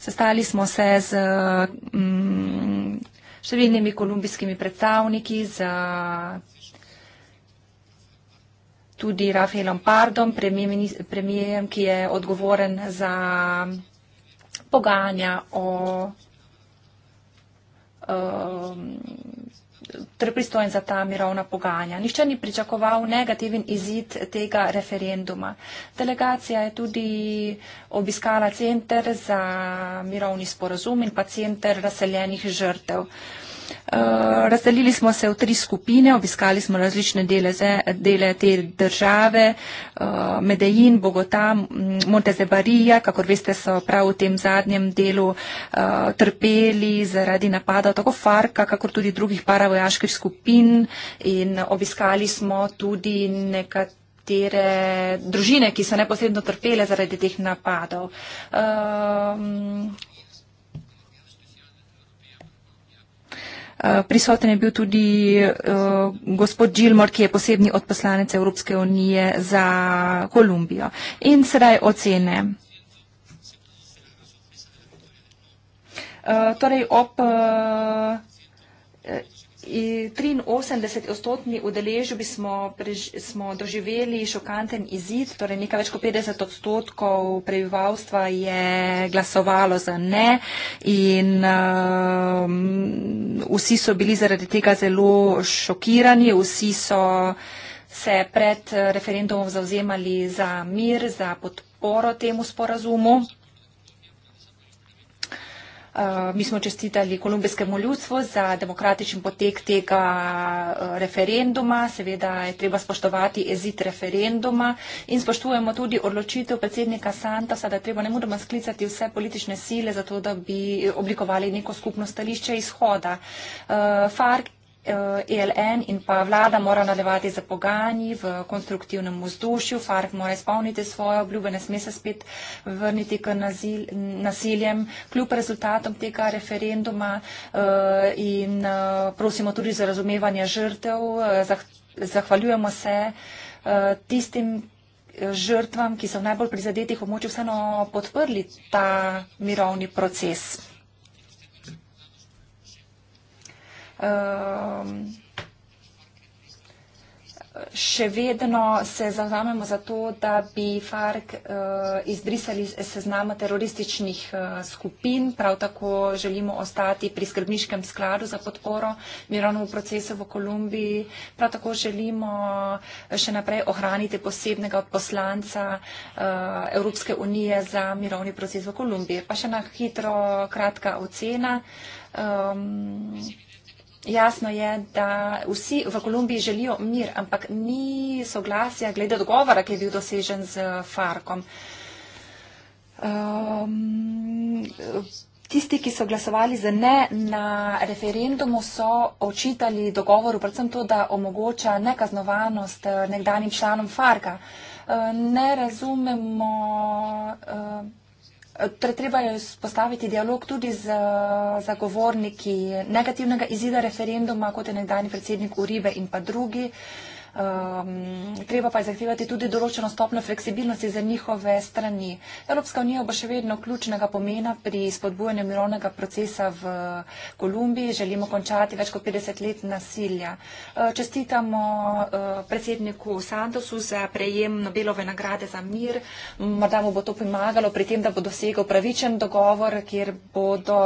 Speaker 4: Sestali smo se z mm, številnimi kolumbijskimi predstavniki, z tudi Rafaelom Pardom, premijem, ki je odgovoren za pogajanja o um, torej pristojen za ta mirovna pogajanja. Nišče ni pričakoval negativen izid tega referenduma. Delegacija je tudi obiskala center za mirovni sporozum in pa center razseljenih žrtev. Uh, Eh, razdelili smo se v tri skupine, obiskali smo različne dele, dele te države, eh, Medejin, Bogota, Montezebarija, kakor veste, so prav v tem zadnjem delu eh, trpeli zaradi napadov tako Farka, kakor tudi drugih paravojaških skupin in obiskali smo tudi nekatere katere družine, ki so neposredno trpele zaradi teh napadov. Ehm, Eh, prisoten je bil tudi eh, gospod Gilmore, ki je posebni odposlanec Evropske unije za Kolumbijo. In sedaj ocene. Eh, torej, ob 83 odstotni udeležbi smo, smo doživeli šokanten izid, torej nekaj več kot 50 odstotkov prebivalstva je glasovalo za ne in um, vsi so bili zaradi tega zelo šokirani, vsi so se pred eh, referendumom zauzemali za mir, za podporo temu sporazumu. Eh, mi smo čestitali kolumbijskemu ljudstvu za demokratičen potek tega eh, referenduma. Seveda je treba spoštovati ezit referenduma in spoštujemo tudi odločitev predsednika Santosa, da je treba ne mudoma sklicati vse politične sile za to, da bi oblikovali neko skupno stališče izhoda. Uh, FARC ELN eh, e in pa vlada mora nadaljevati za pogajanji v konstruktivnem vzdušju, FARC mora izpolniti svoje obljube, ne sme se spet vrniti k nazil, nasiljem. Kljub rezultatom tega referenduma eh, in eh, prosimo tudi za razumevanje žrtev, zahvaljujemo se tistim žrtvam, ki so v najbolj prizadetih območjih vseeno podprli ta mirovni proces. Ehm, še vedno se zavzamemo za to, da bi FARC eh, izbrisali seznama terorističnih eh, skupin. Prav tako želimo ostati pri skrbniškem skladu za podporo mirovnemu procesu v Kolumbiji. Prav tako želimo eh, še naprej ohraniti posebnega poslanca Evropske unije za mirovni proces v Kolumbiji. Pa še na hitro kratka ocena. Um, Jasno je, da vsi v Kolumbiji želijo mir, ampak ni soglasja glede dogovora, ki je bil dosežen z Farkom. Um, tisti, ki so glasovali za ne na referendumu, so očitali dogovoru predvsem to, da omogoča nekaznovanost eh, nekdanjim članom Farka. Uh, ne razumemo. Uh, Torej, treba je spostaviti dialog tudi z zagovorniki negativnega izida referenduma, kot je nekdani predsednik Uribe in pa drugi. Uh, Um, treba pa je zahtevati tudi določeno stopno fleksibilnosti za njihove strani. Evropska unija bo še vedno ključnega pomena pri spodbujanju mirovnega procesa v Kolumbiji. Želimo končati več kot 50 let nasilja. E, čestitamo e, predsedniku Santosu za prejem Nobelove nagrade za mir. Morda mu bo to pomagalo pri tem, da bo dosegel pravičen dogovor, bodo,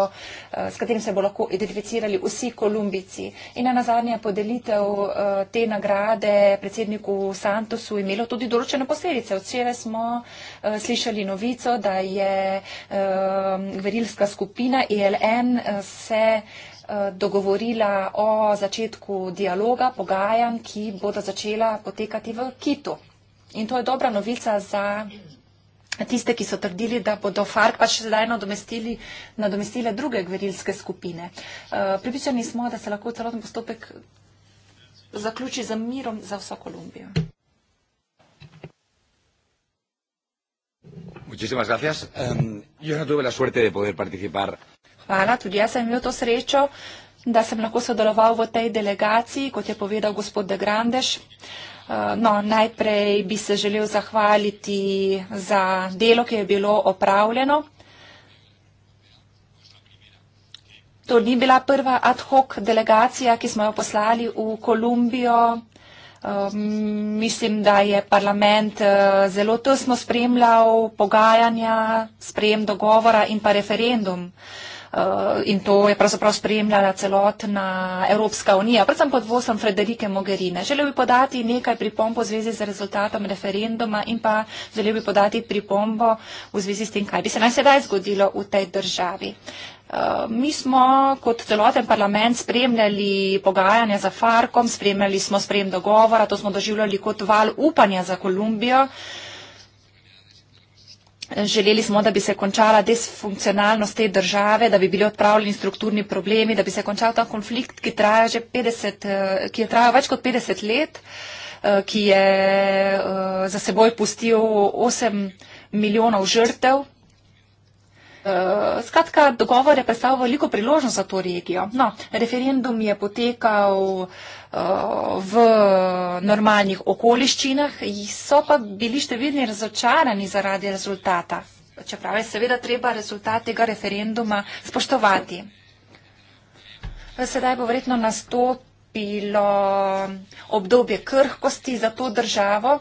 Speaker 4: e, s katerim se bo lahko identificirali vsi Kolumbici. In na nazadnje podelitev te nagrade predsedniku Santosu imelo tudi določene posledice. Včeraj smo eh, slišali novico, da je eh, gverilska skupina ELN eh, se dogovorila o začetku dialoga, pogajanj, ki bodo začela potekati v Kitu. In to je dobra novica za tiste, ki so trdili, da bodo FARC pa še zdaj nadomestile druge gverilske skupine. Pripričani smo, da se lahko celoten postopek zaključi z mirom za vso Kolumbijo. No Hvala, tudi jaz sem imel to srečo, da sem lahko sodeloval v tej delegaciji, kot je povedal gospod De Grandeš. Eh, no, najprej bi se želel zahvaliti za delo, ki je bilo opravljeno. To ni bila prva ad hoc delegacija, ki smo jo poslali v Kolumbijo. Ehm, mislim, da je parlament eh, zelo tesno spremljal pogajanja, sprejem dogovora in pa referendum. Eh, in to je pravzaprav spremljala celotna Evropska unija, predvsem pod vodstvom Frederike Mogherine. Želel bi podati nekaj pripombo v zvezi z rezultatom referenduma in pa želel bi podati pripombo v zvezi s tem, kaj bi se naj sedaj zgodilo v tej državi. Eh, mi smo kot celoten parlament spremljali pogajanja za Farkom, spremljali smo sprejem dogovora, to smo doživljali kot val upanja za Kolumbijo. Želeli smo, da bi se končala desfunkcionalnost te države, da bi bili odpravljeni strukturni problemi, da bi se končal ta konflikt, ki, traja 50, eh, ki je trajal več kot 50 let, eh, ki je eh, za seboj pustil 8 milijonov žrtev. Skratka, dogovor je predstavil veliko priložnost za to regijo. No, referendum je potekal v normalnih okoliščinah, so pa bili številni razočarani zaradi rezultata. Čeprav je seveda treba rezultat tega referenduma spoštovati. Sedaj bo verjetno nastopilo obdobje krhkosti za to državo,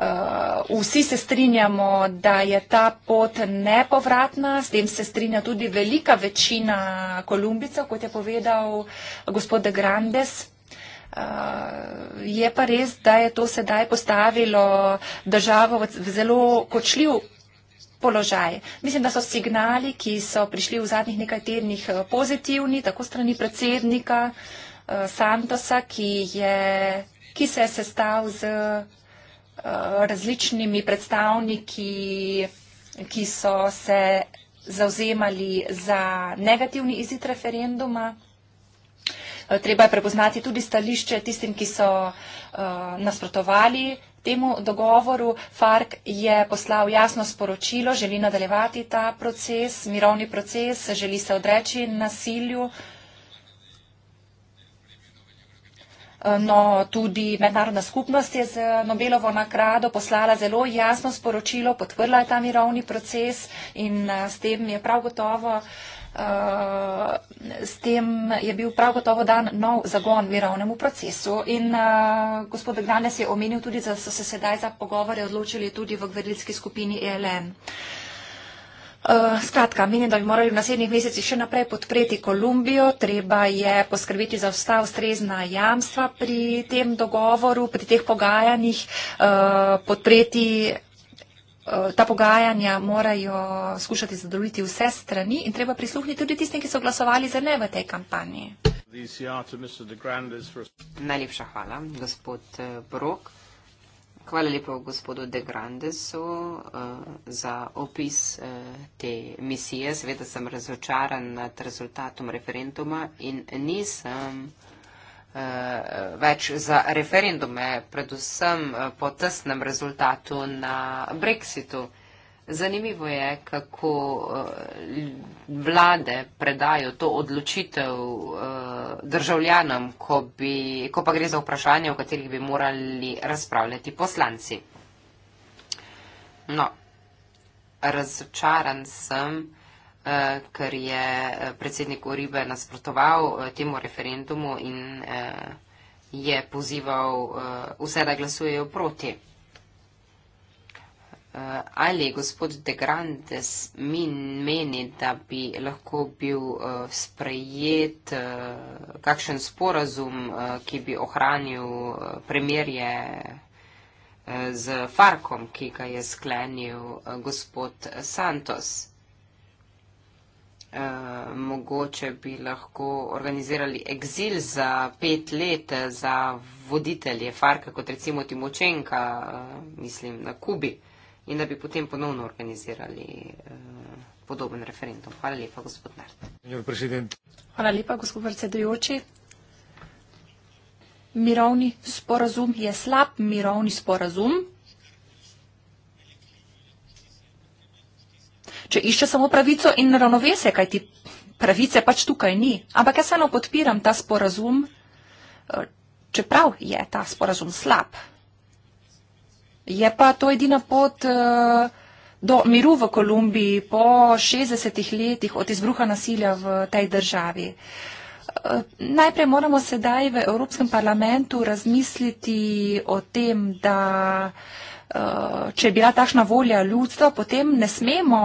Speaker 4: Eh, vsi se strinjamo, da je ta pot nepovratna, s tem se strinja tudi velika večina Kolumbicev, kot je povedal gospod De Grandes. Uh, je pa res, da je to sedaj postavilo državo v zelo kočljiv položaj. Mislim, da so signali, ki so prišli v zadnjih nekaj tednih eh, pozitivni, tako strani predsednika uh, Santosa, ki, je, ki se je sestal z različnimi predstavniki, ki so se zauzemali za negativni izid referenduma. Eh, treba je prepoznati tudi stališče tistim, ki so eh, nasprotovali temu dogovoru. FARC je poslal jasno sporočilo, želi nadaljevati ta proces, mirovni proces, želi se odreči nasilju. No, tudi mednarodna skupnost je z Nobelovo nagrado poslala zelo jasno sporočilo, podprla je ta mirovni proces in eh, s tem je prav gotovo. Uh, s tem je bil prav gotovo dan nov zagon mirovnemu procesu. In uh, gospod Begdanes je omenil tudi, da so se sedaj za pogovore odločili tudi v gverilski skupini ELN. Uh, Eh, skratka, menim, da bi morali v naslednjih mesecih še naprej podpreti Kolumbijo. Treba je poskrbeti za vsta ustrezna jamstva pri tem dogovoru, pri teh pogajanjih, uh, podpreti. Eh, ta pogajanja morajo skušati zadovoljiti vse strani in treba prisluhniti tudi tistim, ki so glasovali za ne v tej kampanji.
Speaker 3: Najlepša hvala, gospod Brok. Hvala lepo gospodu De Grandesu uh, za opis uh, te misije. Seveda sem razočaran nad rezultatom referenduma in nisem uh, več za referendume, predvsem uh, po tesnem rezultatu na Brexitu. Zanimivo je, kako eh, vlade predajo to odločitev eh, državljanom, ko, bi, ko pa gre za vprašanje, o katerih bi morali razpravljati poslanci. No, razočaran sem, eh, ker je predsednik Uribe nasprotoval temu referendumu in je pozival vse, da glasujejo proti. Uh, ali gospod De Grandes min meni, da bi lahko bil uh, sprejet uh, kakšen sporazum, uh, ki bi ohranil uh, premirje uh, z Farkom, ki ga je sklenil uh, gospod Santos? Uh, mogoče bi lahko organizirali exil za pet let za voditelje Farka, kot recimo Timočenka, uh, mislim, na Kubi. Uh, in da bi potem ponovno organizirali uh, podoben referendum. Hvala lepa, gospod Nart.
Speaker 4: Hvala lepa, gospod predsedujoči. Mirovni sporazum je slab mirovni sporazum. Če išče samo pravico in ravnovese, kaj ti pravice pač tukaj ni. Ampak jaz eno podpiram ta sporazum, eh, čeprav je ta sporazum slab. Je pa to edina pot eh, do miru v Kolumbiji po 60 letih od izbruha nasilja v tej državi. Eh, najprej moramo sedaj v Evropskem parlamentu razmisliti o tem, da Eh, če je bila takšna volja ljudstva, potem ne smemo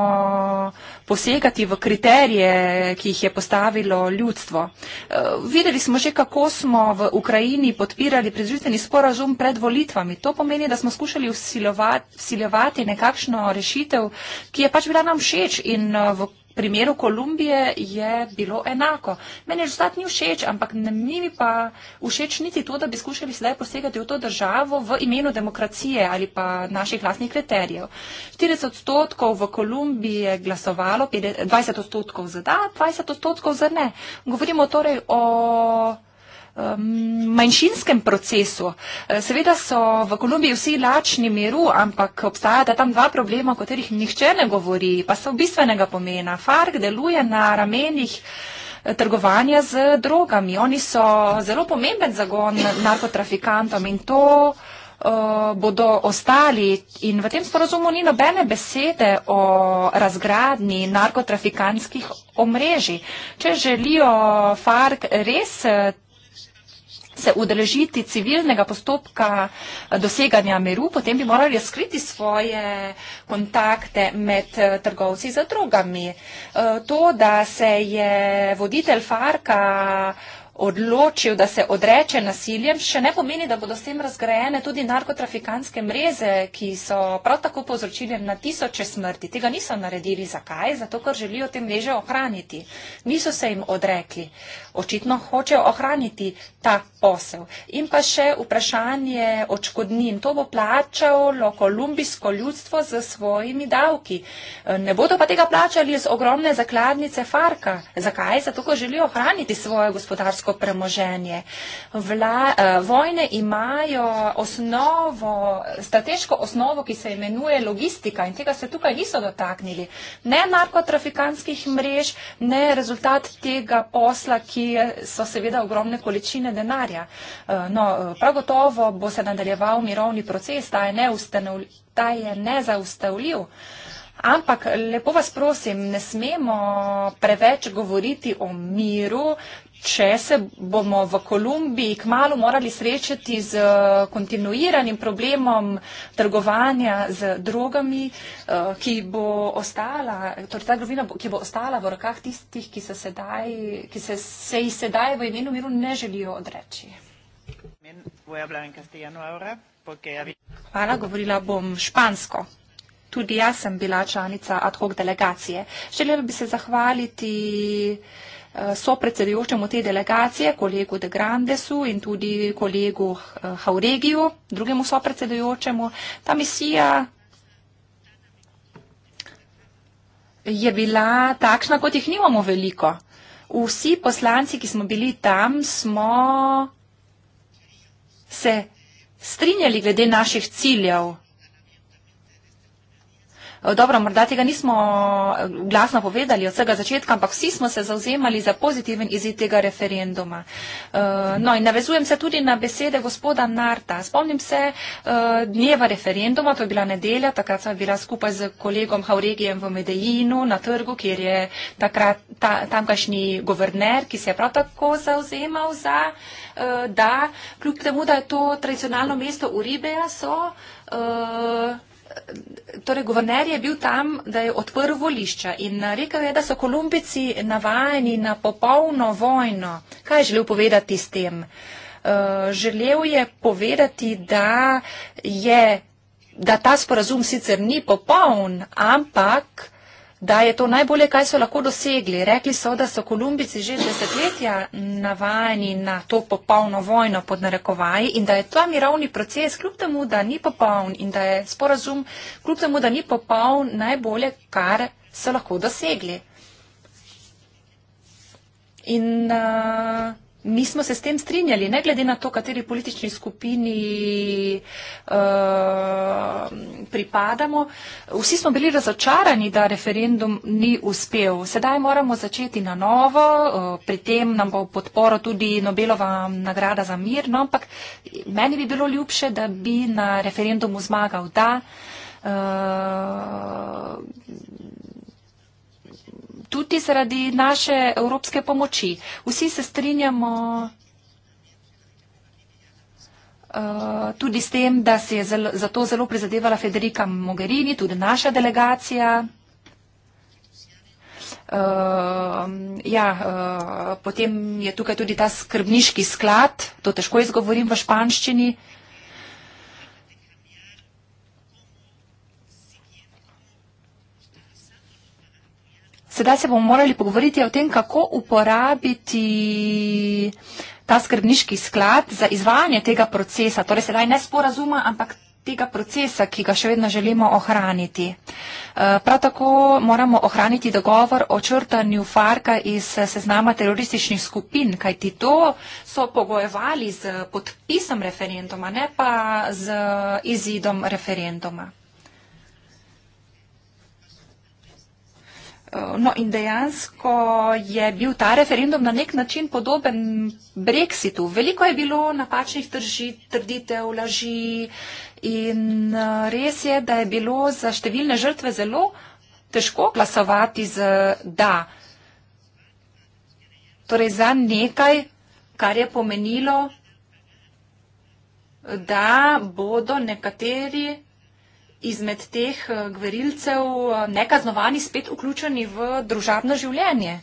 Speaker 4: posegati v kriterije, ki jih je postavilo ljudstvo. Eh, videli smo že, kako smo v Ukrajini podpirali predvidljeni sporazum pred volitvami. To pomeni, da smo skušali vsilovati, vsilovati nekakšno rešitev, ki je pač bila nam všeč in eh, v primeru Kolumbije je bilo enako. Meni rezultat ni všeč, ampak ne mi pa všeč niti to, da bi skušali sedaj posegati v to državo v imenu demokracije ali pa naših vlastnih kriterijev. 40 odstotkov v Kolumbiji je glasovalo, 20 odstotkov za da, 20 odstotkov za ne. Govorimo torej o Um, manjšinskem procesu. Eh, seveda so v Kolumbiji vsi lačni miru, ampak obstajata tam dva problema, o katerih nihče ne govori, pa so bistvenega pomena. FARC deluje na ramenih eh, trgovanja z drogami. Oni so zelo pomemben zagon narkotrafikantom in to eh, bodo ostali in v tem sporozumu ni nobene besede o razgradni narkotrafikanskih omrežij. Če želijo FARC res se udeležiti civilnega postopka eh, doseganja miru, potem bi morali skriti svoje kontakte med eh, trgovci za drogami. Eh, to, da se je voditelj Farka odločil, da se odreče nasiljem, še ne pomeni, da bodo s tem razgrajene tudi narkotrafikanske mreze, ki so prav tako povzročile na tisoče smrti. Tega niso naredili. Zakaj? Zato, ker želijo te mreže ohraniti. Niso se jim odrekli. Očitno hočejo ohraniti ta posel. In pa še vprašanje očkodnin. To bo plačalo kolumbijsko ljudstvo z svojimi davki. Ne bodo pa tega plačali z ogromne zakladnice Farka. Zakaj? Zato, ker želijo ohraniti svoje gospodarstvo kmetijsko premoženje. Vla, eh, vojne imajo osnovo, strateško osnovo, ki se imenuje logistika in tega se tukaj niso dotaknili. Ne narkotrafikanskih mrež, ne rezultat tega posla, ki so seveda ogromne količine denarja. Eh, no, prav gotovo bo se nadaljeval mirovni proces, ta je, ta je nezaustavljiv. Ampak lepo vas prosim, ne smemo preveč govoriti o miru, če se bomo v Kolumbiji kmalo morali srečati z eh, kontinuiranim problemom trgovanja z drogami, eh, ki bo ostala, torej ta grobina, ki bo ostala v rokah tistih, ki se, sedaj, ki se, se jih sedaj v imenu miru ne želijo odreči. Hvala, govorila bom špansko. Tudi jaz sem bila članica ad hoc delegacije. Želela bi se zahvaliti so predsedujočemu te delegacije, kolegu De Grandesu in tudi kolegu eh, Hauregiju, drugemu so predsedujočemu. Ta misija je bila takšna, kot jih nimamo veliko. Vsi poslanci, ki smo bili tam, smo se strinjali glede naših ciljev. Dobro, morda tega nismo eh, glasno povedali od vsega začetka, ampak vsi smo se zauzemali za pozitiven izid tega referenduma. Eh, no in navezujem se tudi na besede gospoda Narta. Spomnim se eh, dneva referenduma, to je bila nedelja, takrat sem bila skupaj z kolegom Hauregijem v Medejinu na trgu, kjer je takrat ta, tamkajšnji guverner, ki se je prav tako zauzemal za, da kljub temu, da je to tradicionalno mesto Uribeja, so torej guverner je bil tam, da je odprl volišča in eh, rekel je, da so kolumbici navajeni na popolno vojno. Kaj je želel povedati s tem? Uh, želel je povedati, da, je, da ta sporazum sicer ni popoln, ampak da je to najbolje, kaj so lahko dosegli. Rekli so, da so Kolumbici že desetletja navajeni na to popolno vojno pod narekovaji in da je to mirovni proces, kljub temu, da ni popoln in da je sporazum, kljub temu, da ni popoln, najbolje, kar so lahko dosegli. In uh, Mi smo se s tem strinjali, ne glede na to, kateri politični skupini uh, pripadamo. Vsi smo bili razočarani, da referendum ni uspel. Sedaj moramo začeti na novo, uh, pri tem nam bo podporo tudi Nobelova nagrada za mir, no, ampak meni bi bilo ljubše, da bi na referendumu zmagal da. Uh, tudi zaradi naše evropske pomoči. Vsi se strinjamo eh, tudi s tem, da se je za to zelo prizadevala Federica Mogherini, tudi naša delegacija. Uh, ja, uh, potem je tukaj tudi ta skrbniški sklad, to težko izgovorim v španščini, uh, Sedaj se bomo morali pogovoriti o tem, kako uporabiti ta skrbniški sklad za izvajanje tega procesa, torej sedaj ne sporazuma, ampak tega procesa, ki ga še vedno želimo ohraniti. Eh, prav tako moramo ohraniti dogovor o črtanju Farka iz eh, seznama terorističnih skupin, kajti to so pogojevali z podpisom referenduma, ne pa z izidom referenduma. Eh, no in dejansko je bil ta referendum na nek način podoben Brexitu. Veliko je bilo napačnih trži, trditev, laži in eh, res je, da je bilo za številne žrtve zelo težko glasovati z da. Torej za nekaj, kar je pomenilo, da bodo nekateri izmed teh eh, gverilcev eh, nekaznovani spet vključeni v družabno življenje.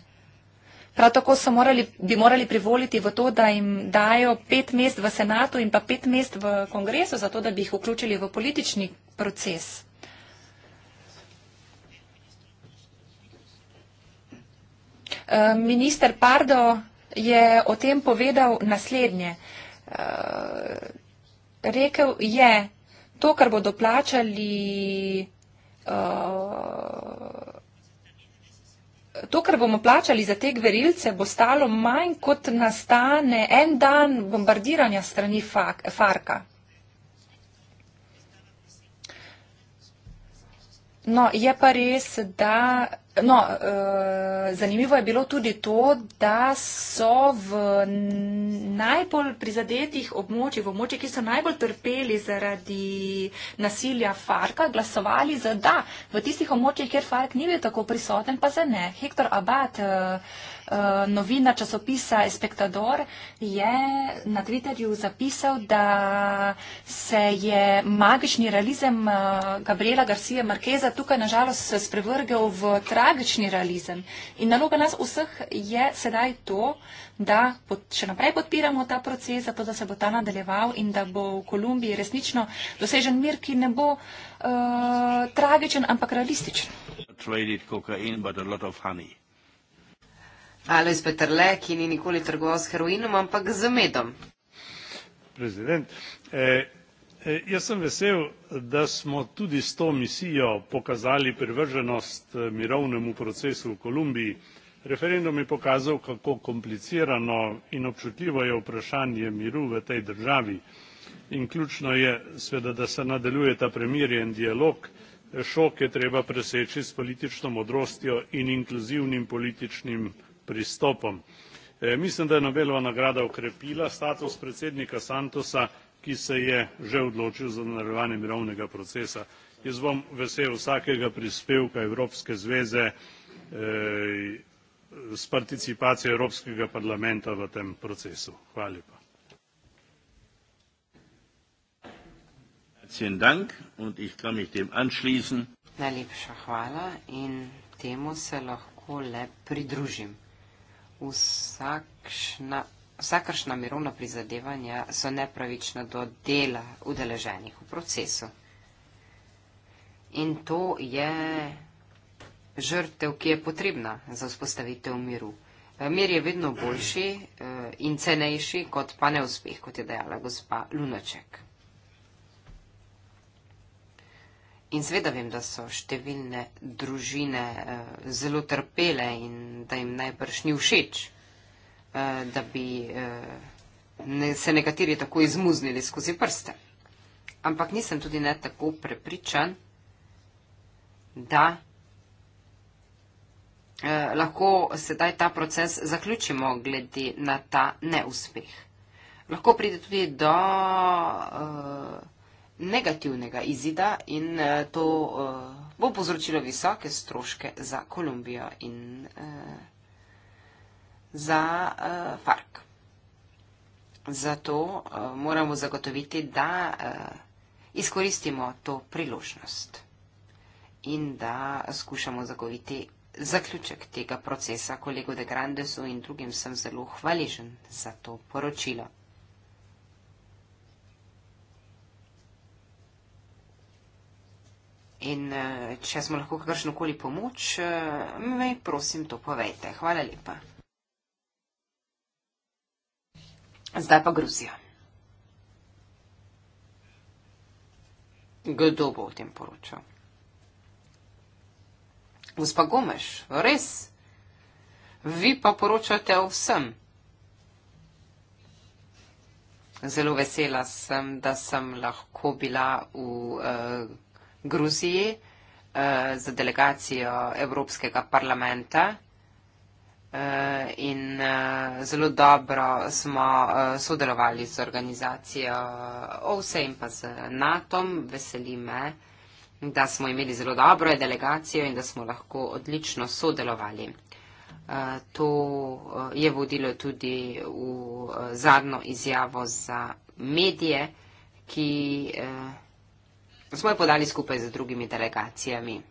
Speaker 4: Prav tako morali, bi morali privoliti v to, da jim dajo pet mest v senatu in pa pet mest v kongresu, zato da bi jih vključili v politični proces. Eh, minister Pardo je o tem povedal naslednje. Rekel je, to, kar bodo plačali, uh, to, kar bomo plačali za te gverilce, bo stalo manj, kot nastane en dan bombardiranja strani Farka. No, je pa res, da. No, eh, zanimivo je bilo tudi to, da so v najbolj prizadetih območjih, v območjih, ki so najbolj trpeli zaradi nasilja Farka, glasovali za da. V tistih območjih, kjer Fark ni bil tako prisoten, pa za ne. Hektor Abad. Uh, Eh, novinar časopisa Espectador je na Twitterju zapisal, da se je magični realizem eh, Gabriela Garcia Markeza tukaj nažalost sprevrgel v tragični realizem. In naloga nas vseh je sedaj to, da še naprej podpiramo ta proces, zato da se bo ta nadaljeval in da bo v Kolumbiji resnično dosežen mir, ki ne bo uh,
Speaker 3: tragičen, ampak realističen.
Speaker 2: traded cocaine but a lot of honey.
Speaker 3: Alois Peterle, ki ni nikoli trgoval s heroinom, ampak z medom.
Speaker 2: Prezident, eh, eh, jaz sem vesel, da smo tudi s to misijo pokazali privrženost eh, mirovnemu procesu v Kolumbiji. Referendum je pokazal, kako komplicirano in občutljivo je vprašanje miru v tej državi. In ključno je, sveda, da se nadaljuje ta premirjen dialog. Šok je treba preseči s politično modrostjo in inkluzivnim političnim pristopom. E, mislim, da je Nobelova nagrada okrepila status predsednika Santosa, ki se je že odločil za nadaljevanje mirovnega procesa. Jaz bom vesel vsakega prispevka Evropske zveze e, s participacijo Evropskega parlamenta v tem procesu. Hvala lepa.
Speaker 3: Najlepša hvala in temu se lahko le pridružim vsakšna, vsakršna mirovna prizadevanja so nepravična do dela udeleženih v procesu. In to je žrtev, ki je potrebna za vzpostavitev miru. Eh, mir je vedno boljši eh, in cenejši kot pa neuspeh, kot je dejala gospa Lunaček. In seveda vem, da so številne družine uh, zelo trpele in da jim najbrž ni všeč, uh, da bi uh, ne, se nekateri tako izmuznili skozi prste. Ampak nisem tudi ne tako prepričan, da eh, lahko sedaj ta proces zaključimo glede na ta neuspeh. Lahko pride tudi do eh, negativnega izida in eh, to uh, bo povzročilo visoke stroške za Kolumbijo in uh, za uh, FARC. Zato uh, moramo zagotoviti, da uh, izkoristimo to priložnost in da skušamo zagoviti zaključek tega procesa. Kolegu de Grandesu in drugim sem zelo hvaležen za to poročilo. In eh, če smo lahko kakršnokoli pomoč, eh, me prosim to povejte. Hvala lepa. Zdaj pa Gruzija. Kdo bo o tem poročal? Gospa Gomeš, res? Vi pa poročate o vsem. Zelo vesela sem, da sem lahko bila v. Uh, Gruziji eh, za delegacijo Evropskega parlamenta eh, in eh, zelo dobro smo eh, sodelovali z organizacijo OVSE in pa z NATO. Veseli me, da smo imeli zelo dobro delegacijo in da smo lahko odlično sodelovali. Eh, to eh, je vodilo tudi v eh, zadnjo izjavo za medije, ki. Eh, smo jo podali skupaj z drugimi delegacijami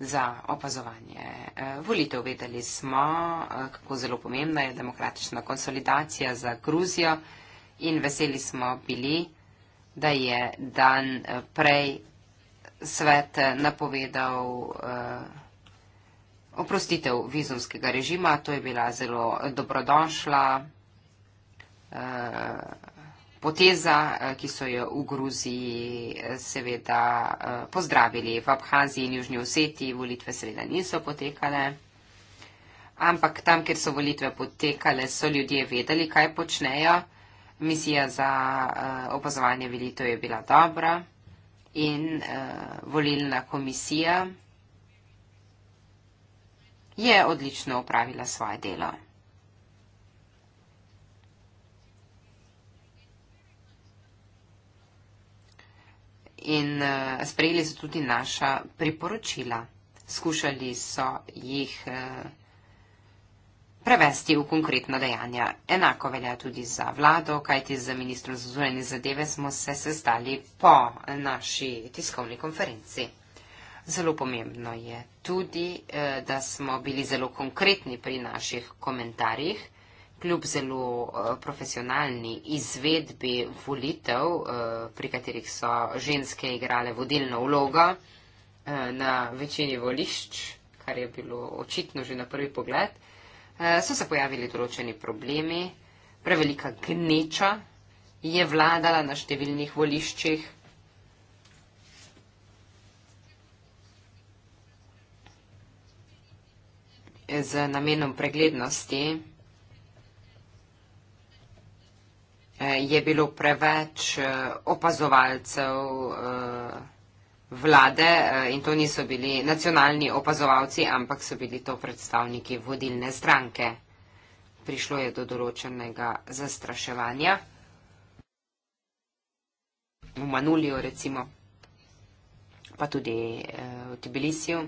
Speaker 3: za opazovanje eh, volitev. Vedeli smo, eh, kako zelo pomembna je demokratična konsolidacija za Gruzijo in veseli smo bili, da je dan eh, prej svet napovedal oprostitev vizumskega režima. To je bila zelo dobrodošla poteza, eh, ki so jo v Gruziji eh, seveda eh, pozdravili. V Abhaziji in Južnji Oseti volitve seveda niso potekale, ampak tam, kjer so volitve potekale, so ljudje vedeli, kaj počnejo. Misija za opazovanje volitev je bila dobra in volilna komisija je odlično upravila svoje delo. in eh, sprejeli so tudi naša priporočila. Skušali so jih eh, prevesti v konkretna dejanja. Enako velja tudi za vlado, kajti za ministrom za zunanje zadeve smo se sestali po naši tiskovni konferenci. Zelo pomembno je tudi, eh, da smo bili zelo konkretni pri naših komentarjih kljub zelo uh, profesionalni izvedbi volitev, uh, pri katerih so ženske igrale vodilno vlogo uh, na večini volišč, kar je bilo očitno že na prvi pogled, uh, so se pojavili določeni problemi. Prevelika gneča je vladala na številnih voliščih. Z namenom preglednosti je bilo preveč eh, opazovalcev eh, vlade eh, in to niso bili nacionalni opazovalci, ampak so bili to predstavniki vodilne stranke. Prišlo je do določenega zastraševanja. V Manuliju recimo, pa tudi v Tbilisiju.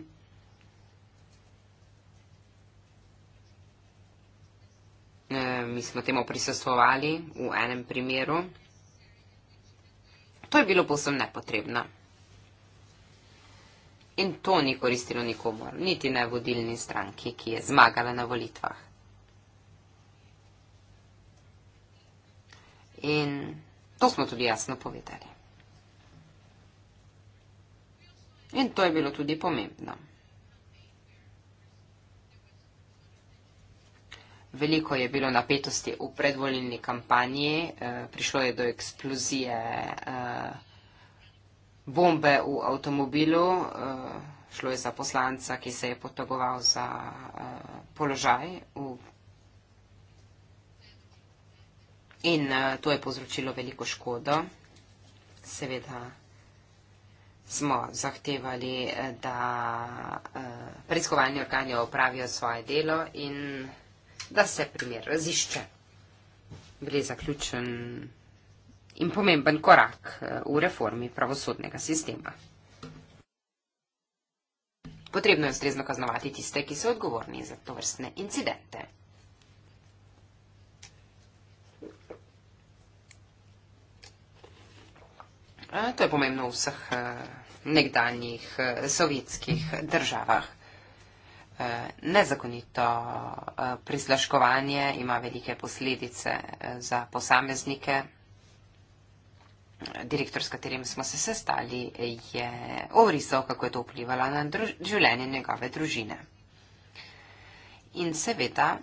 Speaker 3: Eh, mi smo temu prisostovali v enem primeru. To je bilo povsem nepotrebno. In to ni koristilo nikomor, niti ne vodilni stranki, ki je zmagala na volitvah. In to smo tudi jasno povedali. In to je bilo tudi pomembno. Veliko je bilo napetosti v predvoljni kampanji, eh, prišlo je do eksplozije eh, bombe v avtomobilu, eh, šlo je za poslanca, ki se je potagoval za položaj v In to je povzročilo veliko škodo. Seveda smo zahtevali, da preiskovalni organi opravijo svoje delo in da se primer razišče. Gre zaključen in pomemben korak eh, v reformi pravosodnega sistema. Potrebno je ustrezno kaznovati tiste, ki so odgovorni za to vrstne incidente. Eh, to je pomembno v vseh eh, nekdanjih sovjetskih državah. Eh, nezakonito eh, prislaškovanje ima velike posledice eh, za posameznike. Direktor, s katerim smo se sestali, je orisal, kako je to vplivalo na druž življenje njegove družine. In seveda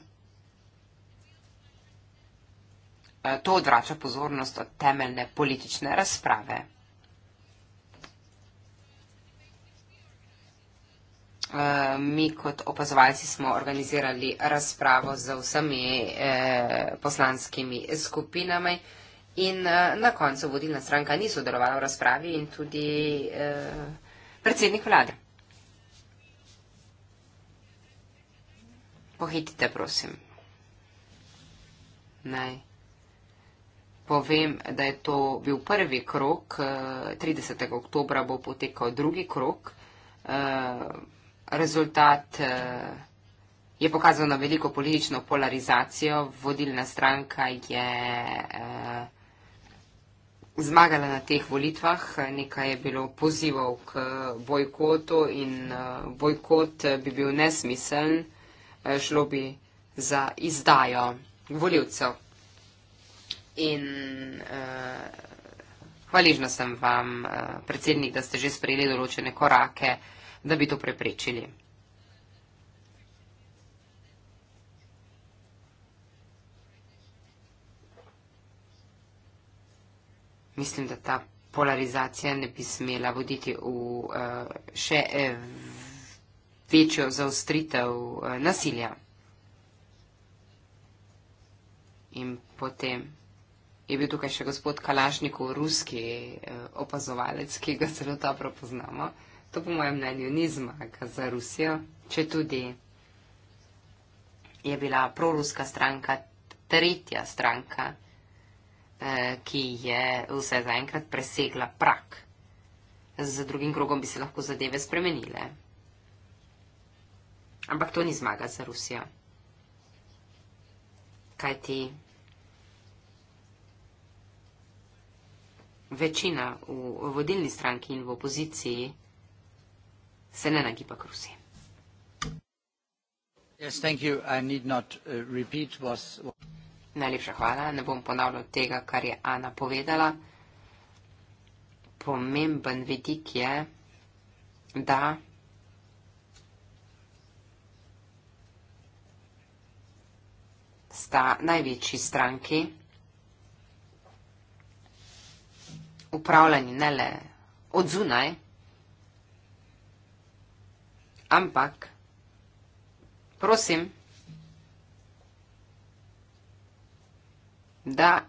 Speaker 3: to odvrača pozornost od temeljne politične razprave. Eh, mi kot opazovalci smo organizirali razpravo z vsemi eh, poslanskimi skupinami in eh, na koncu vodilna stranka ni sodelovala v razpravi in tudi predsednik vlade. Pohitite, prosim. Naj povem, da je to bil prvi krok, 30. oktobra bo potekal drugi krok rezultat eh, je pokazal na veliko politično polarizacijo. Vodilna stranka je eh, zmagala na teh volitvah. Nekaj je bilo pozivov k bojkotu in eh, bojkot bi bil nesmiseln. Šlo bi za izdajo voljivcev. In eh, hvaležna sem vam, eh, predsednik, da ste že sprejeli določene korake eh, da bi to preprečili. Mislim, da ta polarizacija ne bi smela voditi v eh, še eh, večjo zaostritev eh, nasilja. In potem je bil tukaj še gospod Kalašnikov, ruski opazovalec, ki ga zelo dobro poznamo to po mojem mnenju ni zmaga za Rusijo, če tudi je bila proruska stranka tretja stranka, eh, ki je vse zaenkrat presegla prak. Z drugim krogom bi se lahko zadeve spremenile. Ampak to ni zmaga za Rusijo. Kaj ti? Večina v vodilni stranki in v opoziciji se ne nagiba k Rusiji. Uh, Najlepša hvala. Ne bom ponavljal tega, kar je Ana povedala. Pomemben vidik je, da sta največji stranki upravljeni ne le odzunaj, ampak, prosim, da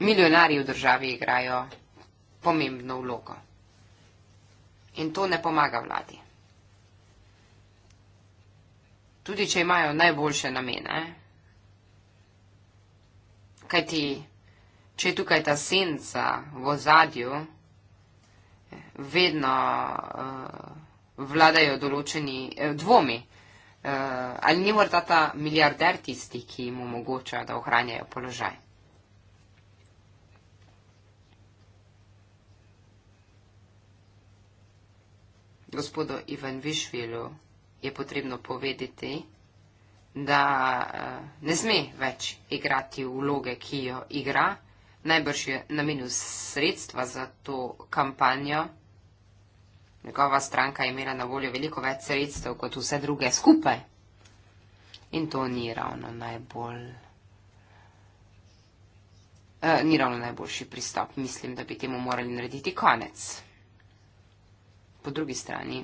Speaker 3: milijonari v državi igrajo pomembno vlogo. In to ne pomaga vladi. Tudi, če imajo najboljše namene, kaj ti, če je tukaj ta senca v zadju, vedno uh, vladajo določeni eh, dvomi. Eh, ali ni morda ta milijarder tisti, ki jim omogoča, da ohranjajo položaj? Gospodu Ivan Višvilu je potrebno povedati, da eh, ne sme več igrati vloge, ki jo igra. Najbrž je namenil sredstva za to kampanjo. Njegova stranka je imela na voljo veliko več sredstev kot vse druge skupaj. In to ni ravno najbolj. Uh, ni ravno najboljši pristop. Mislim, da bi temu morali narediti konec. Po drugi strani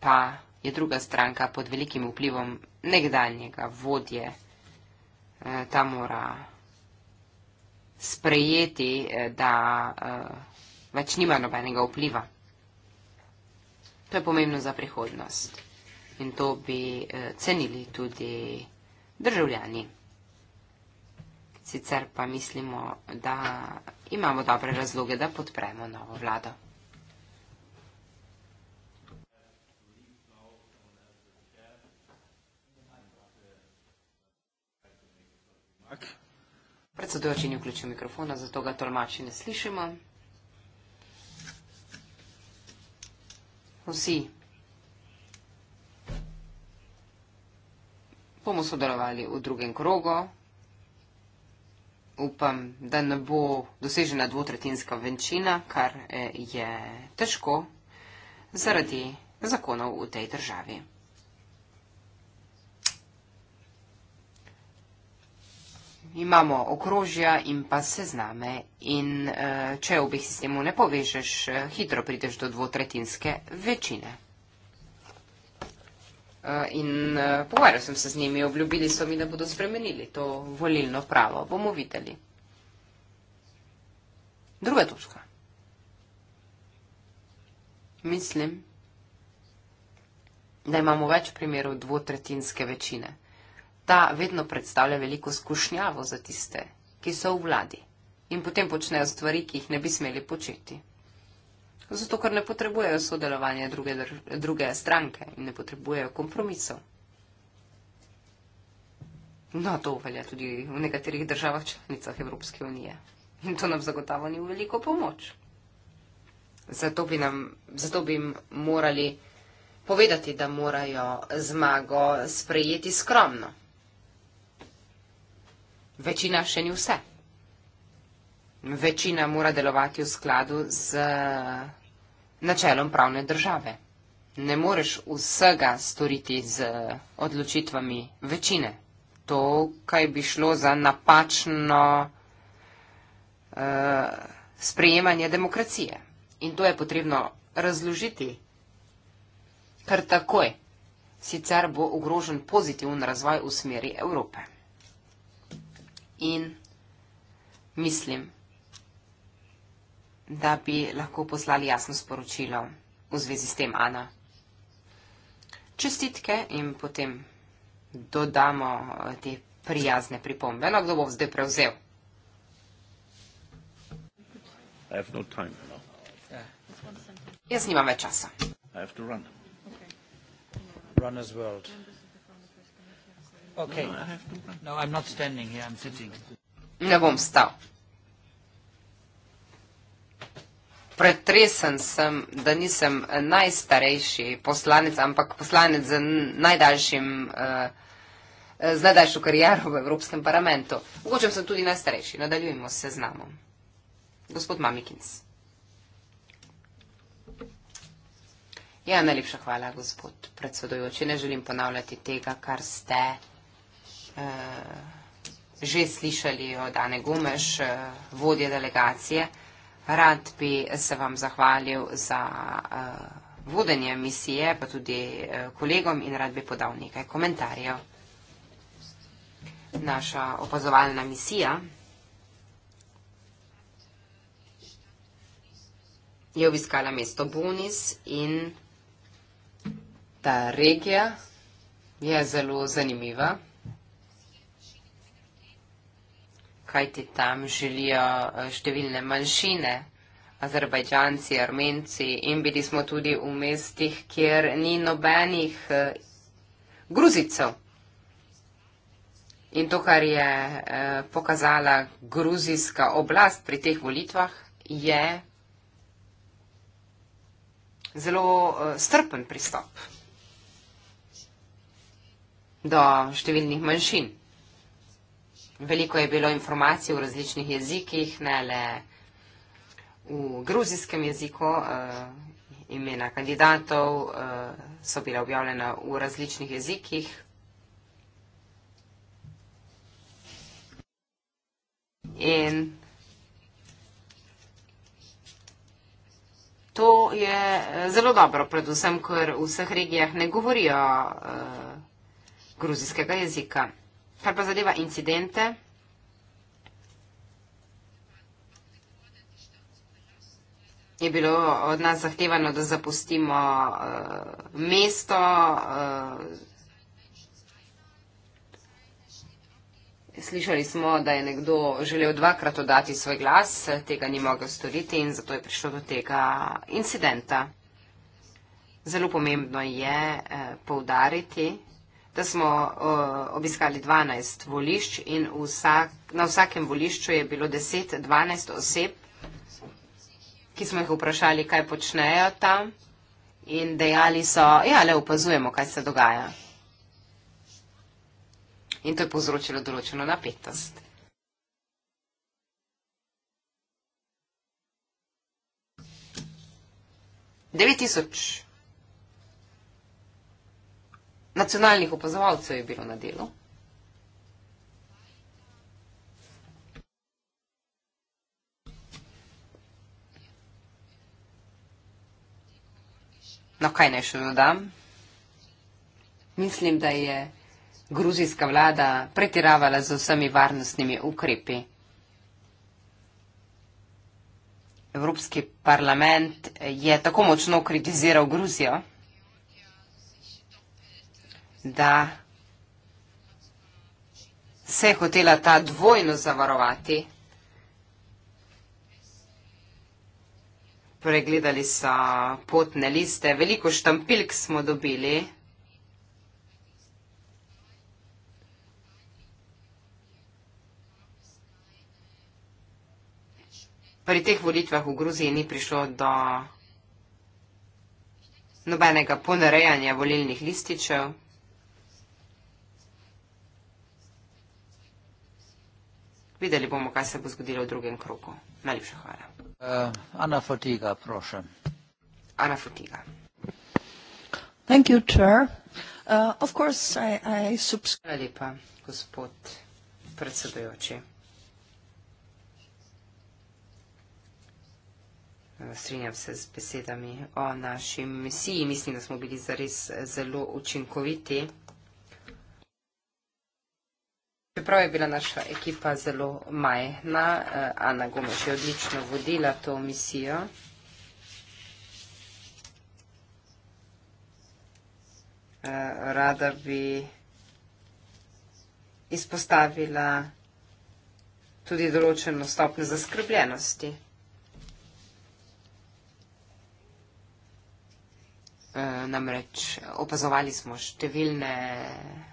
Speaker 3: pa je druga stranka pod velikim vplivom nekdanjega vodje. Uh, eh, ta mora sprejeti, eh, da uh, več nima nobenega vpliva. To je pomembno za prihodnost in to bi uh, cenili tudi državljani. Sicer pa mislimo, da imamo dobre razloge, da podpremo novo vlado. Okay. Predsedujoči ni vključil mikrofona, zato ga tolmači ne slišimo. Vsi bomo sodelovali v drugem krogu. Upam, da ne bo dosežena dvotretinska venčina, kar eh, je težko zaradi zakonov v tej državi. imamo okrožja in pa sezname in uh, če obih sistemov ne povežeš, uh, hitro prideš do dvotretinske večine. Uh, in uh, pogovarjal sem se z njimi, obljubili so mi, da bodo spremenili to volilno pravo. Bomo videli. Druga točka. Mislim, da imamo več primerov dvotretinske večine ta vedno predstavlja veliko skušnjavo za tiste, ki so v vladi in potem počnejo stvari, ki jih ne bi smeli početi. Zato, ker ne potrebujejo sodelovanja druge, druge stranke in ne potrebujejo kompromisov. No, to velja tudi v nekaterih državah članicah Evropske unije. In to nam zagotavlja ni v veliko pomoč. Zato bi, nam, zato bi jim morali povedati, da morajo zmago sprejeti skromno večina še ni vse. Večina mora delovati v skladu z eh, načelom pravne države. Ne moreš vsega storiti z eh, odločitvami večine. To, kaj bi šlo za napačno uh, sprejemanje demokracije. In to je potrebno razložiti kar takoj. Sicer bo ogrožen pozitiven razvoj v smeri Evrope in mislim, da bi lahko poslali jasno sporočilo v zvezi s tem, Ana. Čestitke in potem dodamo eh, te prijazne pripombe. No, kdo bo zdaj prevzel?
Speaker 2: No time, no.
Speaker 3: Yeah. Jaz nimam več časa. I have to run. Okay. Runner's World. Runner's World.
Speaker 2: Okay. No, no, I'm not standing here, I'm sitting.
Speaker 3: Ne bom stal. Pretresen sem, da nisem najstarejši poslanec, ampak poslanec z, najdaljšim, eh, z najdaljšo karijero v Evropskem parlamentu. Mogoče sem tudi najstarejši. Nadaljujemo se z nami. Gospod Mamikins. Ja, najlepša hvala, gospod predsedujoči. Ne želim ponavljati tega, kar ste. Eh, že slišali od Ane Gumeš, eh, vodje delegacije. Rad bi se vam zahvalil za eh, vodenje misije, pa tudi kolegom in rad bi podal nekaj komentarjev. Naša opazovalna misija je obiskala mesto Bonis in ta regija je zelo zanimiva. kajti tam želijo eh, številne manjšine, azerbajdžanci, armenci in bili smo tudi v mestih, kjer ni nobenih eh, gruzicev. In to, kar je eh, pokazala gruzijska oblast pri teh volitvah, je zelo strpen pristop do številnih manjšin. Veliko je bilo informacij v različnih jezikih, ne le v gruzijskem jeziku. Eh, imena kandidatov eh, so bila objavljena v različnih jezikih. In to je eh, zelo dobro, predvsem, ker v vseh regijah ne govorijo uh, gruzijskega jezika kar pa zadeva incidente, je bilo od nas zahtevano, da zapustimo uh, mesto, uh, slišali smo, da je nekdo želel dvakrat odati svoj glas, tega ni mogel storiti in zato je prišlo do tega incidenta. Zelo pomembno je uh, poudariti, da smo uh, obiskali 12 volišč in vsak, na vsakem volišču je bilo 10-12 oseb, ki smo jih vprašali, kaj počnejo tam in dejali so, ja, le opazujemo, kaj se dogaja. In to je povzročilo določeno napetost. Devet tisoč nacionalnih opazovalcev je bilo na delu. No, kaj naj še dodam? Mislim, da je gruzijska vlada pretiravala z vsemi varnostnimi ukrepi. Evropski parlament je tako močno kritiziral Gruzijo da se je hotela ta dvojnost zavarovati. Pregledali so potne liste, veliko štampilk smo dobili. Pri teh volitvah v Gruziji ni prišlo do nobenega ponarejanja volilnih lističev. Videli bomo, kaj se bo zgodilo v drugem kroku. Najlepša hvala. Uh, eh, Ana Fotiga, prosim. Ana Fotiga.
Speaker 4: Thank you, chair.
Speaker 3: Uh, of course, I, I subscribe. Hvala lepa, gospod predsedujoči. Strinjam se z besedami o naši misiji. Mislim, da smo bili zares eh, zelo učinkoviti. Čeprav je bila naša ekipa zelo majhna, eh, Ana Gomeš je odlično vodila to misijo. Eh, rada bi izpostavila tudi določeno stopne zaskrbljenosti. Eh, namreč opazovali smo številne vsega,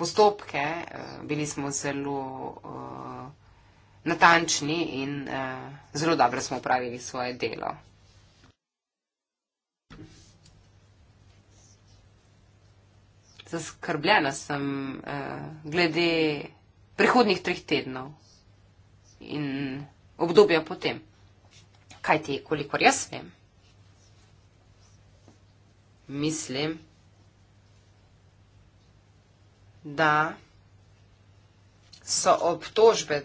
Speaker 3: postopke, eh, bili smo zelo uh, natančni in uh, zelo dobro smo upravili svoje delo. Zaskrbljena sem uh, glede prihodnih treh tednov in obdobja potem. Kaj ti, kolikor jaz vem? Mislim da so obtožbe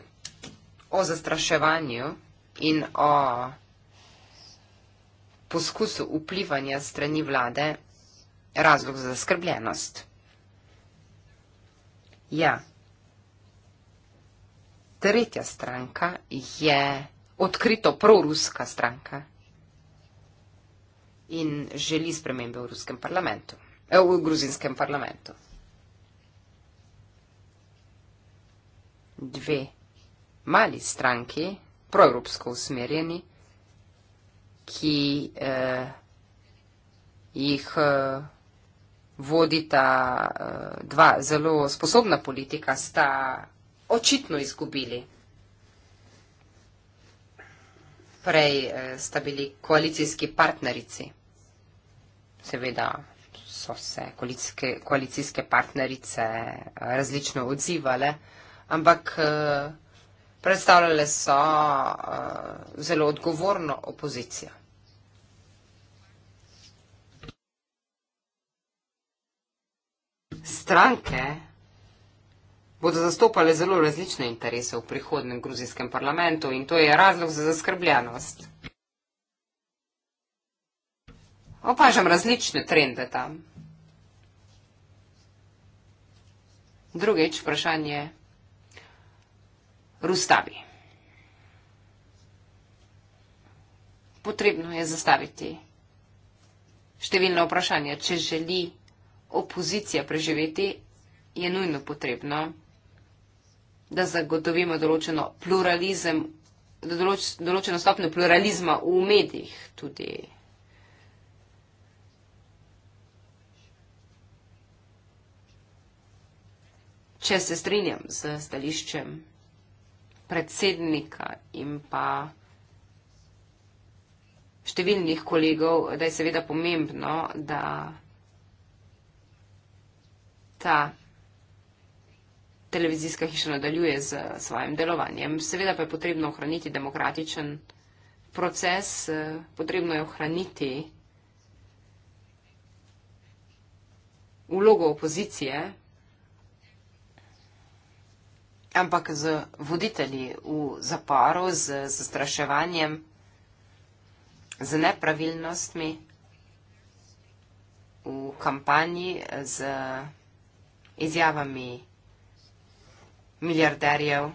Speaker 3: o zastraševanju in o poskusu vplivanja strani vlade razlog za zaskrbljenost. Ja, tretja stranka je odkrito proruska stranka in želi spremembe v, ruskem parlamentu, eh, v gruzinskem parlamentu. dve mali stranki, proevropsko usmerjeni, ki eh, jih eh, vodita eh, dva zelo sposobna politika, sta očitno izgubili. Prej eh, sta bili koalicijski partnerici. Seveda so se koalicijske, koalicijske partnerice eh, različno odzivale. Eh, ampak eh, predstavljale so eh, zelo odgovorno opozicijo. Stranke bodo zastopale zelo različne interese v prihodnem gruzijskem parlamentu in to je razlog za zaskrbljenost. Opažam različne trende tam. Drugič vprašanje je. Rustavi. Potrebno je zastaviti številne vprašanja. Če želi opozicija preživeti, je nujno potrebno, da zagotovimo določeno pluralizem, določ, določeno stopnjo pluralizma v medijih tudi. Če se strinjam z stališčem, predsednika in pa številnih kolegov, da je seveda pomembno, da ta televizijska hiša nadaljuje z svojim delovanjem. Seveda pa je potrebno ohraniti demokratičen proces, potrebno je ohraniti vlogo opozicije, ampak z voditelji v zaparu, z zastraševanjem, z nepravilnostmi v kampanji z izjavami milijarderjev,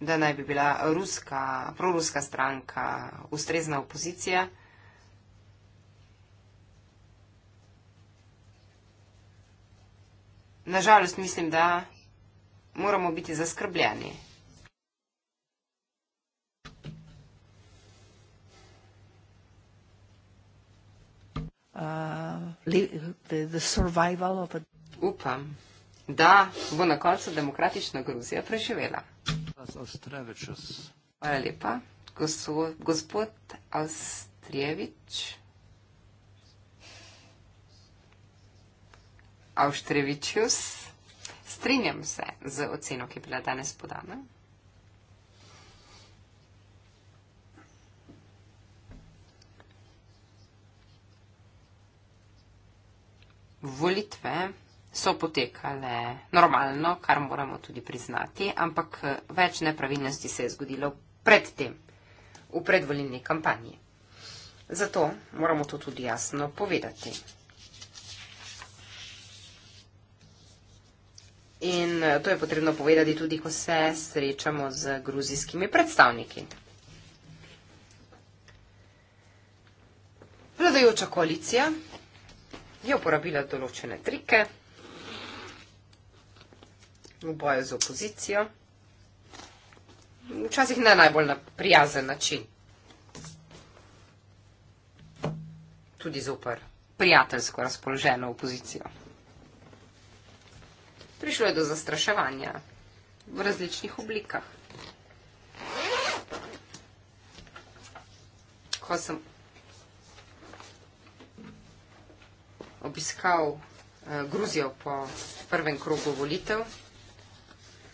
Speaker 3: da naj bi bila ruska, proruska stranka ustrezna opozicija. Nažalost, mislim, da moramo biti zaskrbljeni. Uh, Upam, da bo na koncu demokratična Gruzija preživela. Hvala lepa, gospod Austrijevič. Austrijevičus strinjam se z oceno, ki je bila danes podana. Volitve so potekale normalno, kar moramo tudi priznati, ampak eh, več nepravilnosti se je zgodilo pred tem, v predvolilni kampanji. Zato moramo to tudi jasno povedati. In eh, to je potrebno povedati tudi, ko se srečamo z gruzijskimi predstavniki. Vladajoča koalicija je uporabila določene trike v boju z opozicijo, včasih ne najbolj na prijazen način, tudi zoper prijateljsko razpoloženo opozicijo prišlo je do zastraševanja v različnih oblikah. Ko sem obiskal eh, Gruzijo po prvem krogu volitev,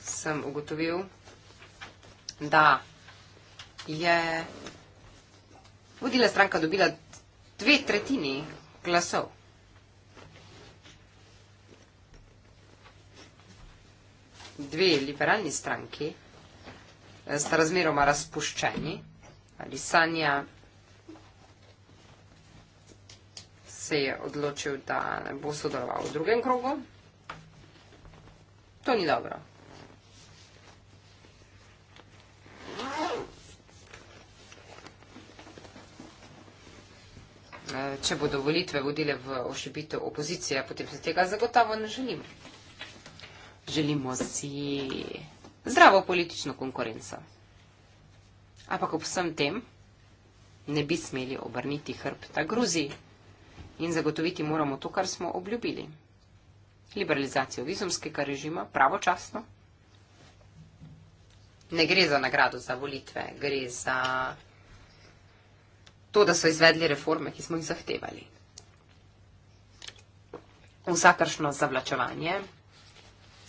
Speaker 3: sem ugotovil, da je vodila stranka dobila dve tretjini glasov. dve liberalni stranki eh, sta razmeroma razpuščeni. Ali Sanja se je odločil, da ne bo sodeloval v drugem krogu. To ni dobro. Eh, če bodo volitve vodile v ošibitev opozicije, potem se tega zagotovo ne želim želimo si zdravo politično konkurenco. Ampak ob vsem tem ne bi smeli obrniti hrbta Gruziji in zagotoviti moramo to, kar smo obljubili. Liberalizacijo vizumskega režima pravočasno. Ne gre za nagrado za volitve, gre za to, da so izvedli reforme, ki smo jih zahtevali. Vsakršno zavlačevanje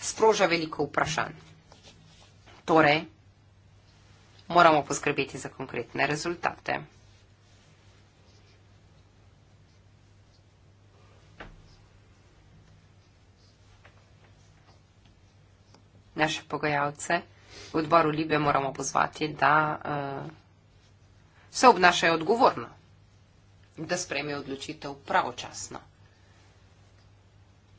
Speaker 3: sproža veliko vprašanj. Torej, moramo poskrbeti za konkretne rezultate. Naše pogajalce v odboru Libe moramo pozvati, da uh, se obnašajo odgovorno, da sprejmejo odločitev pravočasno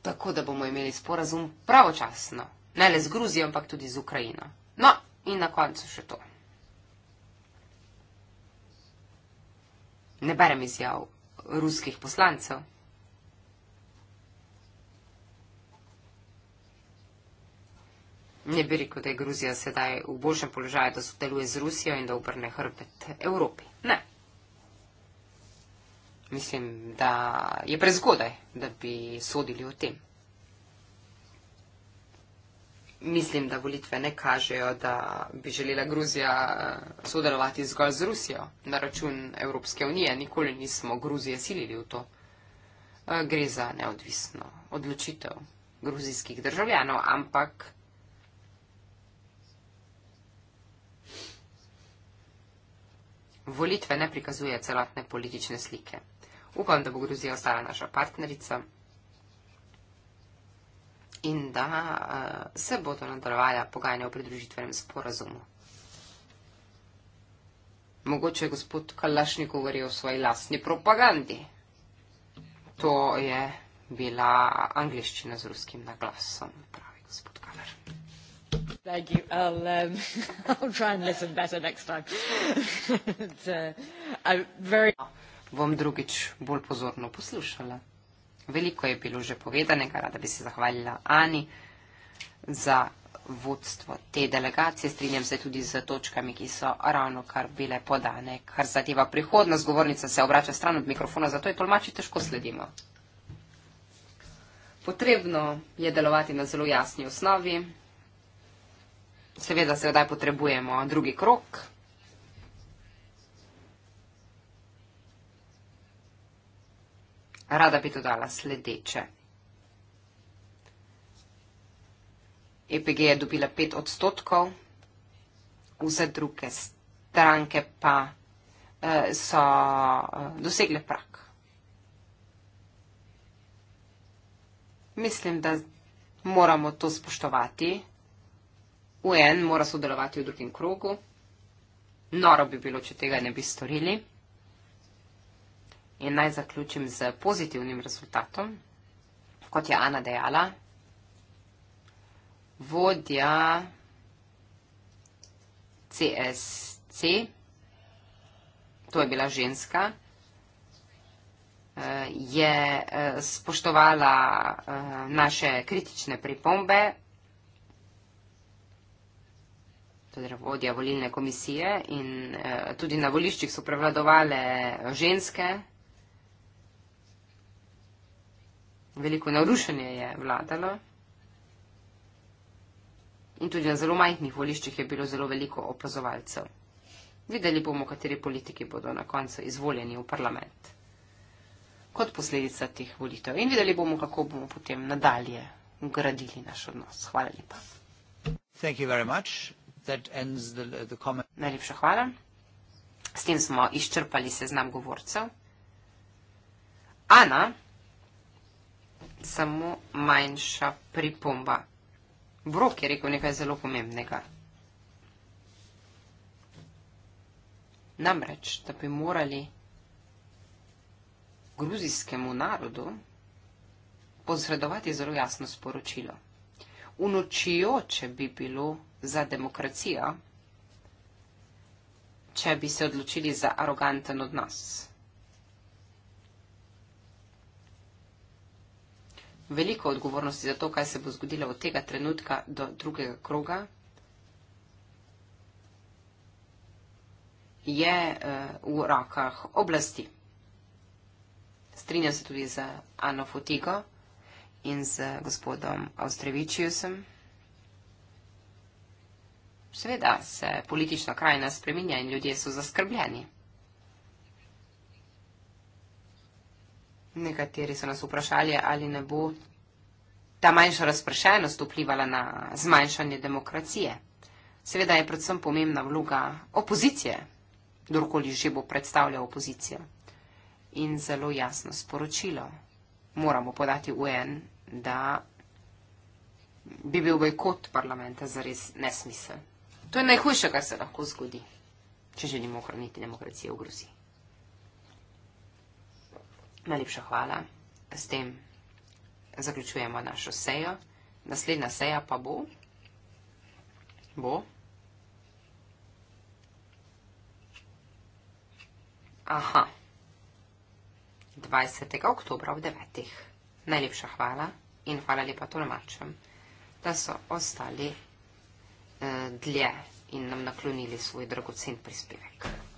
Speaker 3: tako da bomo imeli sporazum pravočasno, ne le z Gruzijo, ampak tudi z Ukrajino. No, in na koncu še to. Ne berem izjav ruskih poslancev. Ne bi rekel, da je Gruzija sedaj v boljšem položaju, da sodeluje z Rusijo in da obrne hrbet Evropi. Ne. Mislim, da je prezgodaj, da bi sodili o tem. Mislim, da volitve ne kažejo, da bi želela Gruzija eh, sodelovati zgolj z Rusijo na račun Evropske unije. Nikoli nismo Gruzije silili v to. Eh, gre za neodvisno odločitev gruzijskih državljanov, ampak. Volitve ne prikazuje celotne politične slike upam, da bo Gruzija ostala naša partnerica in da uh, se bodo nadaljevala pogajanja o pridružitvenem sporazumu. Mogoče je gospod Kalašnik govoril o svoji lastni propagandi. To je bila angliščina z ruskim naglasom, pravi gospod Kalaš.
Speaker 2: Thank you. I'll, um, I'll try and listen better next time.
Speaker 3: but, uh, I'm very bom drugič bolj pozorno poslušala. Veliko je bilo že povedanega, rada bi se zahvalila Ani za vodstvo te delegacije. Strinjam se tudi z točkami, ki so ravno kar bile podane, kar zadeva prihodnost. Govornica se obrača stran od mikrofona, zato je tolmači težko sledimo. Potrebno je delovati na zelo jasni osnovi. Seveda se vdaj potrebujemo drugi krok. Rada bi dodala sledeče. EPG je dobila 5 odstotkov, vse druge stranke pa eh, so eh, dosegle prak. Mislim, da moramo to spoštovati. UN mora sodelovati v drugim krogu. Noro bi bilo, če tega ne bi storili. In naj zaključim z pozitivnim rezultatom. Kot je Ana dejala, vodja CSC, to je bila ženska, eh, je eh, spoštovala eh, naše kritične pripombe, torej vodja volilne komisije in tudi na voliščih so prevladovale ženske, veliko narušenje je vladalo in tudi na zelo majhnih voliščih je bilo zelo veliko opazovalcev. Videli bomo, kateri politiki bodo na koncu izvoljeni v parlament kot posledica teh volitev in videli bomo, kako bomo potem nadalje gradili naš odnos. Hvala lepa. Najlepša hvala. S tem smo izčrpali seznam govorcev. Ana, samo manjša pripomba. Brok je rekel nekaj zelo pomembnega. Namreč, da bi morali gruzijskemu narodu posredovati zelo jasno sporočilo. Unočijoče bi bilo za demokracijo, če bi se odločili za aroganten odnos. veliko odgovornosti za to, kaj se bo zgodilo od tega trenutka do drugega kroga, je eh, v rokah oblasti. Strinjam se tudi z Ano Fotigo in z gospodom Avstrevičijusem. Seveda se politična krajina spreminja in ljudje so zaskrbljeni. Nekateri so nas vprašali, ali ne bo ta manjša razpršenost vplivala na zmanjšanje demokracije. Seveda je predvsem pomembna vloga opozicije, kdorkoli že bo predstavljal opozicijo. In zelo jasno sporočilo moramo podati UN, da bi bil bojkot parlamenta zares nesmisel. To je najhujše, kar se lahko zgodi, če želimo ohraniti demokracijo v Gruziji. Najlepša hvala. S tem zaključujemo našo sejo. Naslednja seja pa bo. Bo. Aha. 20. oktober ob 9. Najlepša hvala in hvala lepa tolmačem, da so ostali eh, dlje in nam naklonili svoj dragocen prispevek.